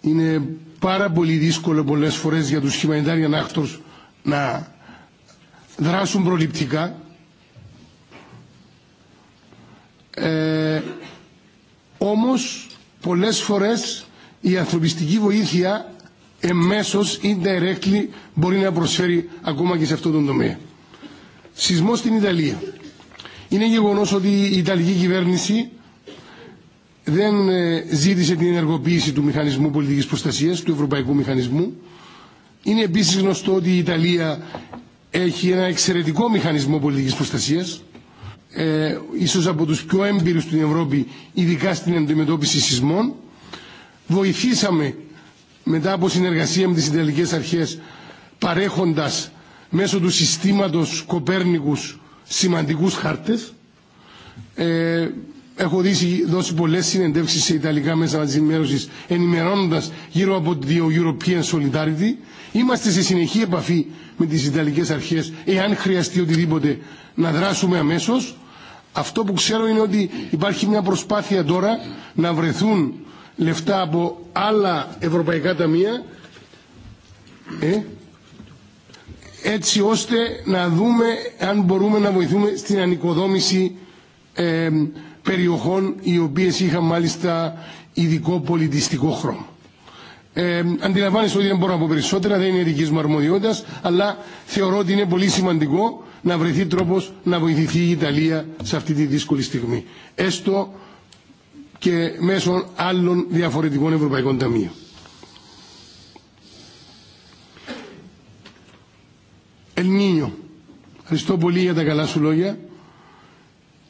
είναι πάρα πολύ δύσκολο πολλές φορές για τους humanitarian actors να δράσουν προληπτικά. Ε, όμως πολλές φορές η ανθρωπιστική βοήθεια εμέσως directly μπορεί να προσφέρει ακόμα και σε αυτό τον τομέα. Σεισμός στην Ιταλία. Είναι γεγονός ότι η Ιταλική κυβέρνηση δεν ε, ζήτησε την ενεργοποίηση του μηχανισμού πολιτικής προστασίας, του ευρωπαϊκού μηχανισμού. Είναι επίσης γνωστό ότι η Ιταλία έχει ένα εξαιρετικό μηχανισμό πολιτικής προστασίας, ε, ίσως από τους πιο έμπειρους στην Ευρώπη, ειδικά στην αντιμετώπιση σεισμών. Βοηθήσαμε μετά από συνεργασία με τις Ιταλικές Αρχές, παρέχοντας μέσω του συστήματος Κοπέρνικους σημαντικούς χάρτες. Ε, Έχω δώσει, δώσει πολλές συνεντεύξεις σε Ιταλικά μέσα μαζιμέρωσης ενημερώνοντας γύρω από τη European Solidarity. Είμαστε σε συνεχή επαφή με τις Ιταλικές αρχές εάν χρειαστεί οτιδήποτε να δράσουμε αμέσως. Αυτό που ξέρω είναι ότι υπάρχει μια προσπάθεια τώρα να βρεθούν λεφτά από άλλα ευρωπαϊκά ταμεία ε, έτσι ώστε να δούμε αν μπορούμε να βοηθούμε στην ανοικοδόμηση ε, περιοχών οι οποίες είχαν μάλιστα ειδικό πολιτιστικό χρώμα. Ε, αντιλαμβάνεσαι ότι δεν μπορώ να πω περισσότερα, δεν είναι δική μου αρμοδιότητα, αλλά θεωρώ ότι είναι πολύ σημαντικό να βρεθεί τρόπο να βοηθηθεί η Ιταλία σε αυτή τη δύσκολη στιγμή. Έστω και μέσω άλλων διαφορετικών ευρωπαϊκών ταμείων. Ελνίνιο. Ευχαριστώ πολύ για τα καλά σου λόγια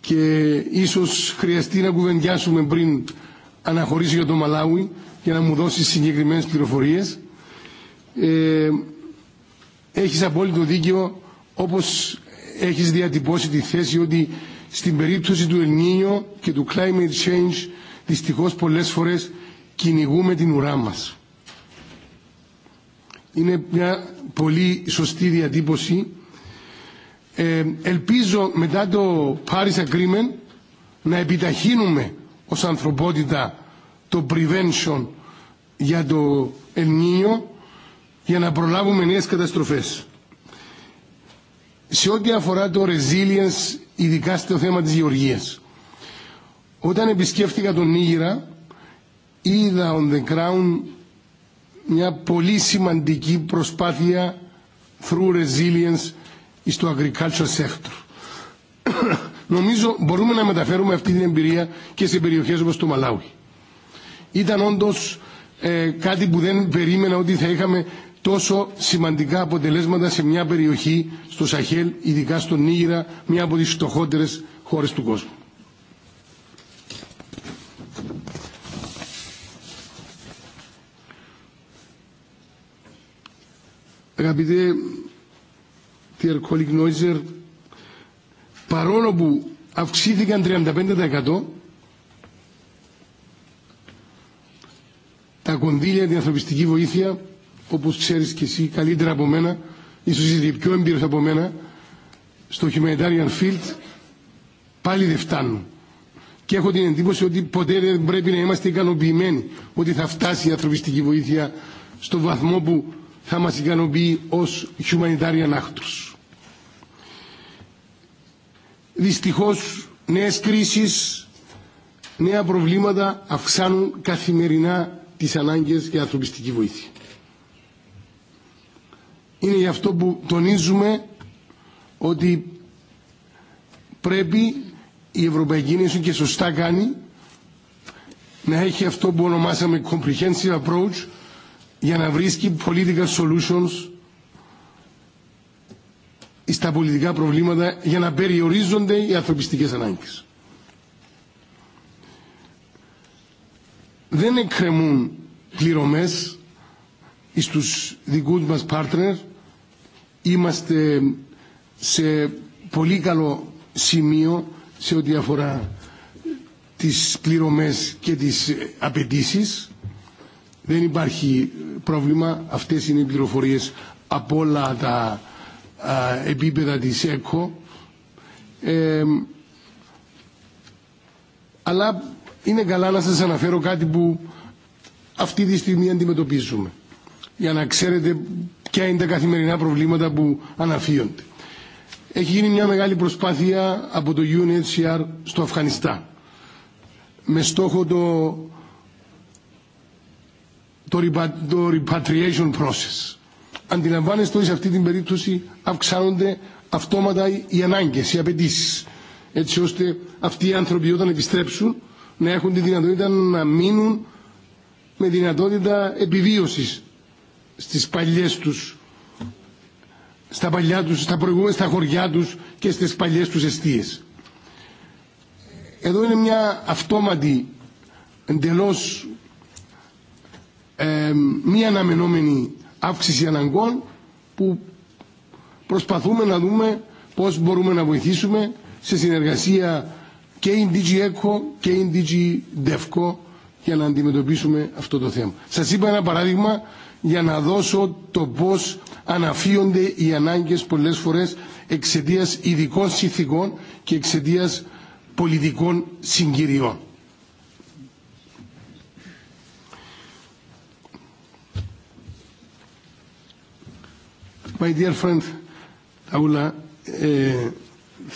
και ίσως χρειαστεί να κουβεντιάσουμε πριν αναχωρήσω για το Μαλάουι για να μου δώσει συγκεκριμένες πληροφορίες. Ε, έχεις απόλυτο δίκαιο όπως έχεις διατυπώσει τη θέση ότι στην περίπτωση του Ελνίνιο και του Climate Change δυστυχώς πολλές φορές κυνηγούμε την ουρά μας. Είναι μια πολύ σωστή διατύπωση ε, ελπίζω μετά το Paris Agreement να επιταχύνουμε ως ανθρωπότητα το prevention για το Ελνίνιο για να προλάβουμε νέες καταστροφές. Σε ό,τι αφορά το resilience, ειδικά στο θέμα της γεωργίας, όταν επισκέφτηκα τον Νίγηρα, είδα on the ground μια πολύ σημαντική προσπάθεια through resilience στο agriculture sector. Νομίζω μπορούμε να μεταφέρουμε αυτή την εμπειρία και σε περιοχές όπως το Μαλάουι. Ήταν όντως ε, κάτι που δεν περίμενα ότι θα είχαμε τόσο σημαντικά αποτελέσματα σε μια περιοχή, στο Σαχέλ, ειδικά στον Νίγηρα, μια από τις φτωχότερες χώρες του κόσμου. Αγαπητέ dear colleague Noiser, παρόλο που αυξήθηκαν 35% τα κονδύλια, την ανθρωπιστική βοήθεια, όπως ξέρεις και εσύ καλύτερα από μένα, ίσως είσαι πιο έμπειρος από μένα, στο humanitarian field πάλι δεν φτάνουν. Και έχω την εντύπωση ότι ποτέ δεν πρέπει να είμαστε ικανοποιημένοι ότι θα φτάσει η ανθρωπιστική βοήθεια στο βαθμό που θα μας ικανοποιεί ως humanitarian actors. Δυστυχώς νέες κρίσεις, νέα προβλήματα αυξάνουν καθημερινά τις ανάγκες για ανθρωπιστική βοήθεια. Είναι γι' αυτό που τονίζουμε ότι πρέπει η Ευρωπαϊκή Ένωση και σωστά κάνει να έχει αυτό που ονομάσαμε comprehensive approach για να βρίσκει political solutions στα πολιτικά προβλήματα για να περιορίζονται οι ανθρωπιστικές ανάγκες. Δεν εκκρεμούν πληρωμές στους δικούς μας partners. Είμαστε σε πολύ καλό σημείο σε ό,τι αφορά τις πληρωμές και τις απαιτήσει. Δεν υπάρχει πρόβλημα. Αυτές είναι οι πληροφορίες από όλα τα επίπεδα της ΕΚΟ αλλά είναι καλά να σας αναφέρω κάτι που αυτή τη στιγμή αντιμετωπίζουμε για να ξέρετε ποια είναι τα καθημερινά προβλήματα που αναφύονται. Έχει γίνει μια μεγάλη προσπάθεια από το UNHCR στο Αφγανιστάν με στόχο το, το, repatriation process αντιλαμβάνεστε ότι σε αυτή την περίπτωση αυξάνονται αυτόματα οι ανάγκε, οι απαιτήσει. Έτσι ώστε αυτοί οι άνθρωποι όταν επιστρέψουν να έχουν τη δυνατότητα να μείνουν με δυνατότητα επιβίωση στι παλιέ του, στα παλιά τους, στα προηγούμενα, στα χωριά τους και στις παλιές τους εστίες Εδώ είναι μια αυτόματη, εντελώς ε, μη αναμενόμενη αύξηση αναγκών που προσπαθούμε να δούμε πώς μπορούμε να βοηθήσουμε σε συνεργασία και in DG ECHO και in DG DEFCO για να αντιμετωπίσουμε αυτό το θέμα. Σας είπα ένα παράδειγμα για να δώσω το πώς αναφύονται οι ανάγκες πολλές φορές εξαιτίας ειδικών συνθήκων και εξαιτίας πολιτικών συγκυριών. My dear friend, Aula, eh,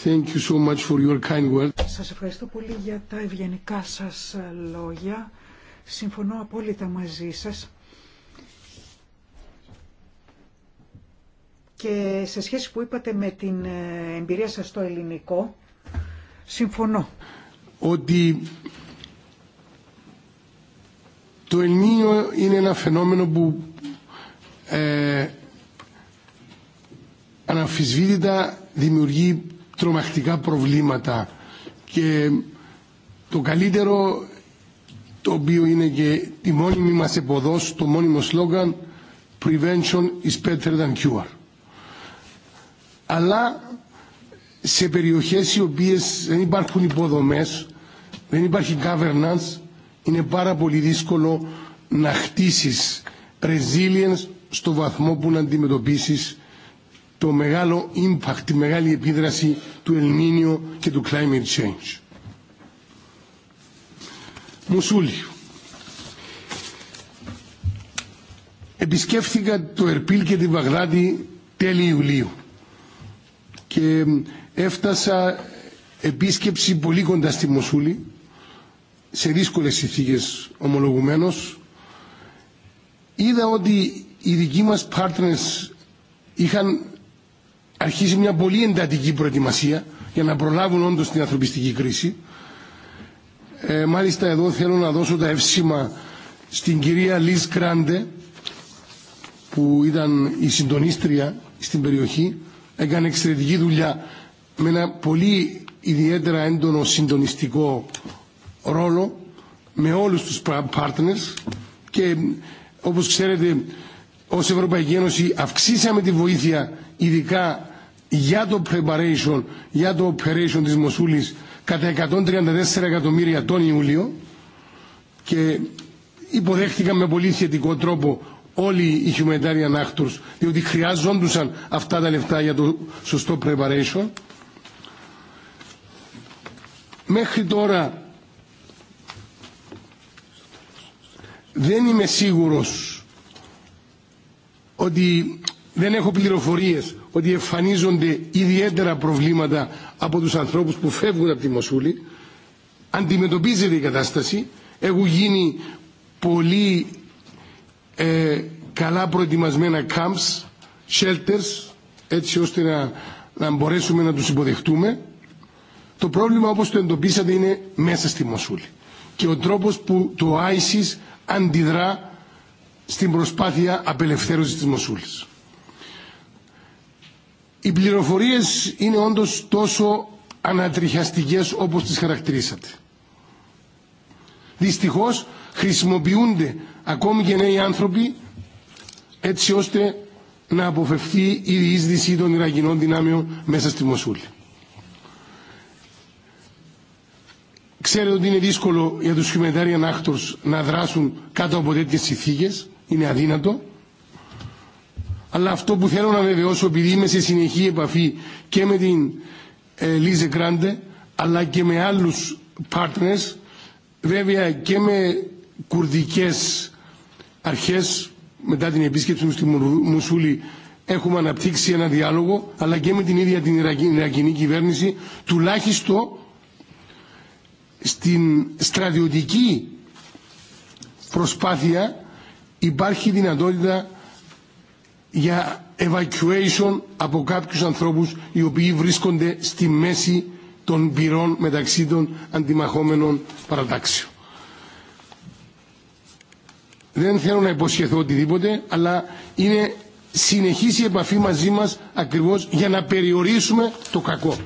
thank you so much for your kind words. Σας ευχαριστώ πολύ για τα ευγενικά σας λόγια. Συμφωνώ απόλυτα μαζί σας. Και σε σχέση που είπατε με την ε, εμπειρία σας στο ελληνικό, συμφωνώ. Ότι το ελληνικό είναι ένα φαινόμενο που ε, αναμφισβήτητα δημιουργεί τρομακτικά προβλήματα και το καλύτερο το οποίο είναι και η μόνιμη μας εποδός, το μόνιμο σλόγγαν «Prevention is better than cure». Αλλά σε περιοχές οι οποίες δεν υπάρχουν υποδομές, δεν υπάρχει governance, είναι πάρα πολύ δύσκολο να χτίσεις resilience στο βαθμό που να αντιμετωπίσεις το μεγάλο impact, τη μεγάλη επίδραση του Ελνίνιο και του climate change. Μουσούλη. Επισκέφθηκα το Ερπίλ και τη Βαγδάτη τέλη Ιουλίου και έφτασα επίσκεψη πολύ κοντά στη Μοσούλη σε δύσκολες συνθήκες ομολογουμένως είδα ότι οι δικοί μας partners είχαν αρχίζει μια πολύ εντατική προετοιμασία για να προλάβουν όντως την ανθρωπιστική κρίση. Ε, μάλιστα εδώ θέλω να δώσω τα εύσημα στην κυρία Λίζ Κράντε που ήταν η συντονίστρια στην περιοχή έκανε εξαιρετική δουλειά με ένα πολύ ιδιαίτερα έντονο συντονιστικό ρόλο με όλους τους partners και όπως ξέρετε ως Ευρωπαϊκή Ένωση αυξήσαμε τη βοήθεια ειδικά για το preparation, για το operation της Μοσούλης κατά 134 εκατομμύρια τον Ιούλιο και υποδέχτηκαν με πολύ θετικό τρόπο όλοι οι humanitarian actors διότι χρειάζοντουσαν αυτά τα λεφτά για το σωστό preparation. Μέχρι τώρα δεν είμαι σίγουρος ότι δεν έχω πληροφορίες ότι εμφανίζονται ιδιαίτερα προβλήματα από τους ανθρώπους που φεύγουν από τη Μοσούλη. Αντιμετωπίζεται η κατάσταση. Έχουν γίνει πολύ ε, καλά προετοιμασμένα camps, shelters, έτσι ώστε να, να μπορέσουμε να τους υποδεχτούμε. Το πρόβλημα όπως το εντοπίσατε είναι μέσα στη Μοσούλη. Και ο τρόπος που το ISIS αντιδρά στην προσπάθεια απελευθέρωσης της Μοσούλης. Οι πληροφορίες είναι όντως τόσο ανατριχιαστικές όπως τις χαρακτηρίσατε. Δυστυχώς χρησιμοποιούνται ακόμη και νέοι άνθρωποι έτσι ώστε να αποφευθεί η διείσδυση των Ιρακινών δυνάμεων μέσα στη Μοσούλη. Ξέρετε ότι είναι δύσκολο για τους humanitarian actors να δράσουν κάτω από τέτοιες συνθήκε, είναι αδύνατο. Αλλά αυτό που θέλω να βεβαιώσω, επειδή είμαι σε συνεχή επαφή και με την ε, Λίζε Κράντε, αλλά και με άλλους partners, βέβαια και με κουρδικές αρχές, μετά την επίσκεψη μου στη Μουσούλη, έχουμε αναπτύξει ένα διάλογο, αλλά και με την ίδια την Ιρακινή κυβέρνηση, τουλάχιστον στην στρατιωτική προσπάθεια υπάρχει δυνατότητα για evacuation από κάποιους ανθρώπους οι οποίοι βρίσκονται στη μέση των πυρών μεταξύ των αντιμαχόμενων παρατάξεων. Δεν θέλω να υποσχεθώ οτιδήποτε, αλλά είναι συνεχής η επαφή μαζί μας ακριβώς για να περιορίσουμε το κακό.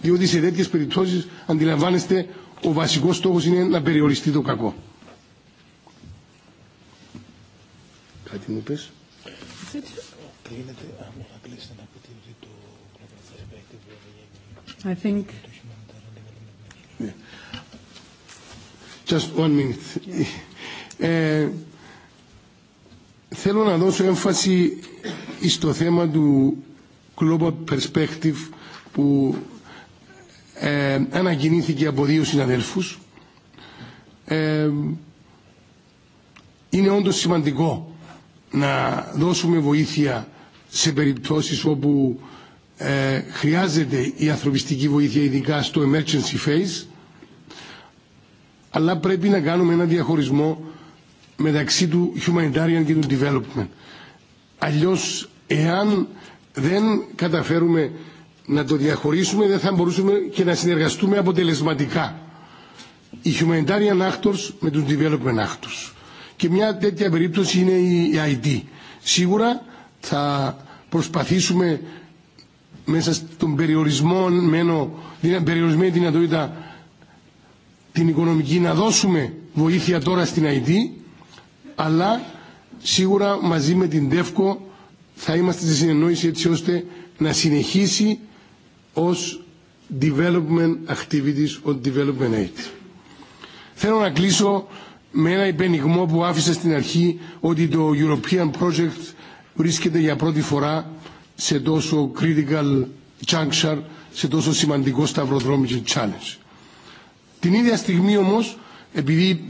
Διότι σε τέτοιες περιπτώσεις αντιλαμβάνεστε ο βασικός στόχος είναι να περιοριστεί το κακό. Κάτι ναι, I think. Ναι. Just one minute. Ε, θέλω να δώσω έμφαση στο θέμα του global perspective που ε, ανακοινήθηκε από δύο συναδέλφους. Ε, είναι όντως σημαντικό να δώσουμε βοήθεια σε περιπτώσεις όπου ε, χρειάζεται η ανθρωπιστική βοήθεια ειδικά στο emergency phase αλλά πρέπει να κάνουμε ένα διαχωρισμό μεταξύ του humanitarian και του development. Αλλιώς εάν δεν καταφέρουμε να το διαχωρίσουμε δεν θα μπορούσαμε και να συνεργαστούμε αποτελεσματικά. Οι humanitarian actors με τους development actors. Και μια τέτοια περίπτωση είναι η IT. Σίγουρα θα προσπαθήσουμε μέσα στον περιορισμό, μένω την περιορισμένη δυνατότητα την οικονομική να δώσουμε βοήθεια τώρα στην ΑΕΤ, αλλά σίγουρα μαζί με την ΤΕΦΚΟ θα είμαστε σε συνεννόηση έτσι ώστε να συνεχίσει ως development activities or development aid. Θέλω να κλείσω με ένα υπενιγμό που άφησα στην αρχή ότι το European Project βρίσκεται για πρώτη φορά σε τόσο critical juncture, σε τόσο σημαντικό σταυροδρόμιο challenge. Την ίδια στιγμή όμως, επειδή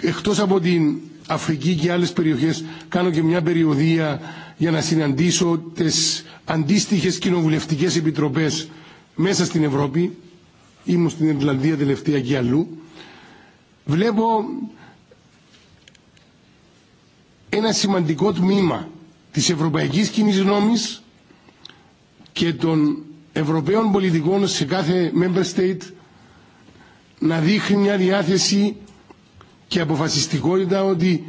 εκτός από την Αφρική και άλλες περιοχές κάνω και μια περιοδία για να συναντήσω τις αντίστοιχες κοινοβουλευτικές επιτροπές μέσα στην Ευρώπη, ήμουν στην Ιρλανδία τελευταία και αλλού, βλέπω ένα σημαντικό τμήμα της ευρωπαϊκής κοινή Νόμης και των ευρωπαίων πολιτικών σε κάθε member state να δείχνει μια διάθεση και αποφασιστικότητα ότι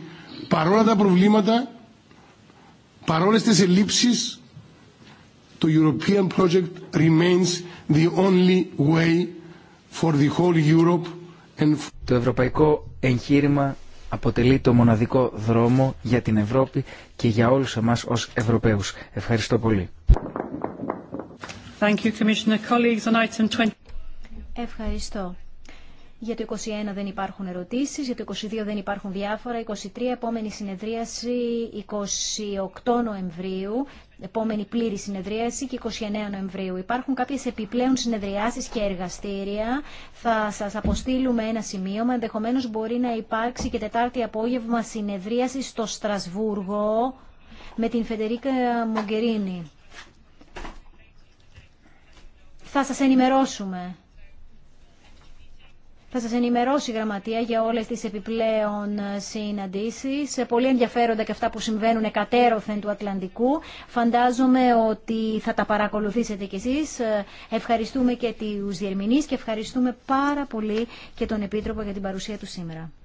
παρόλα τα προβλήματα, παρόλες τις ελλείψεις, το European project remains the only way for the whole Europe Το ευρωπαϊκό εγχείρημα αποτελεί το μοναδικό δρόμο για την Ευρώπη και για όλους εμάς ως Ευρωπαίους. Ευχαριστώ πολύ. Thank you, Colleagues, item 20. Ευχαριστώ. Για το 21 δεν υπάρχουν ερωτήσεις, για το 22 δεν υπάρχουν διάφορα. 23 επόμενη συνεδρίαση 28 Νοεμβρίου επόμενη πλήρη συνεδρίαση και 29 Νοεμβρίου. Υπάρχουν κάποιες επιπλέον συνεδριάσεις και εργαστήρια. Θα σας αποστείλουμε ένα σημείωμα. Ενδεχομένω μπορεί να υπάρξει και τετάρτη απόγευμα συνεδρίαση στο Στρασβούργο με την Φεντερίκα Μογκερίνη. Θα σας ενημερώσουμε. Θα σας ενημερώσει η Γραμματεία για όλες τις επιπλέον ε, συναντήσεις. Ε, πολύ ενδιαφέροντα και αυτά που συμβαίνουν εκατέρωθεν του Ατλαντικού. Φαντάζομαι ότι θα τα παρακολουθήσετε κι εσείς. Ε, ευχαριστούμε και τους διερμηνείς και ευχαριστούμε πάρα πολύ και τον Επίτροπο για την παρουσία του σήμερα.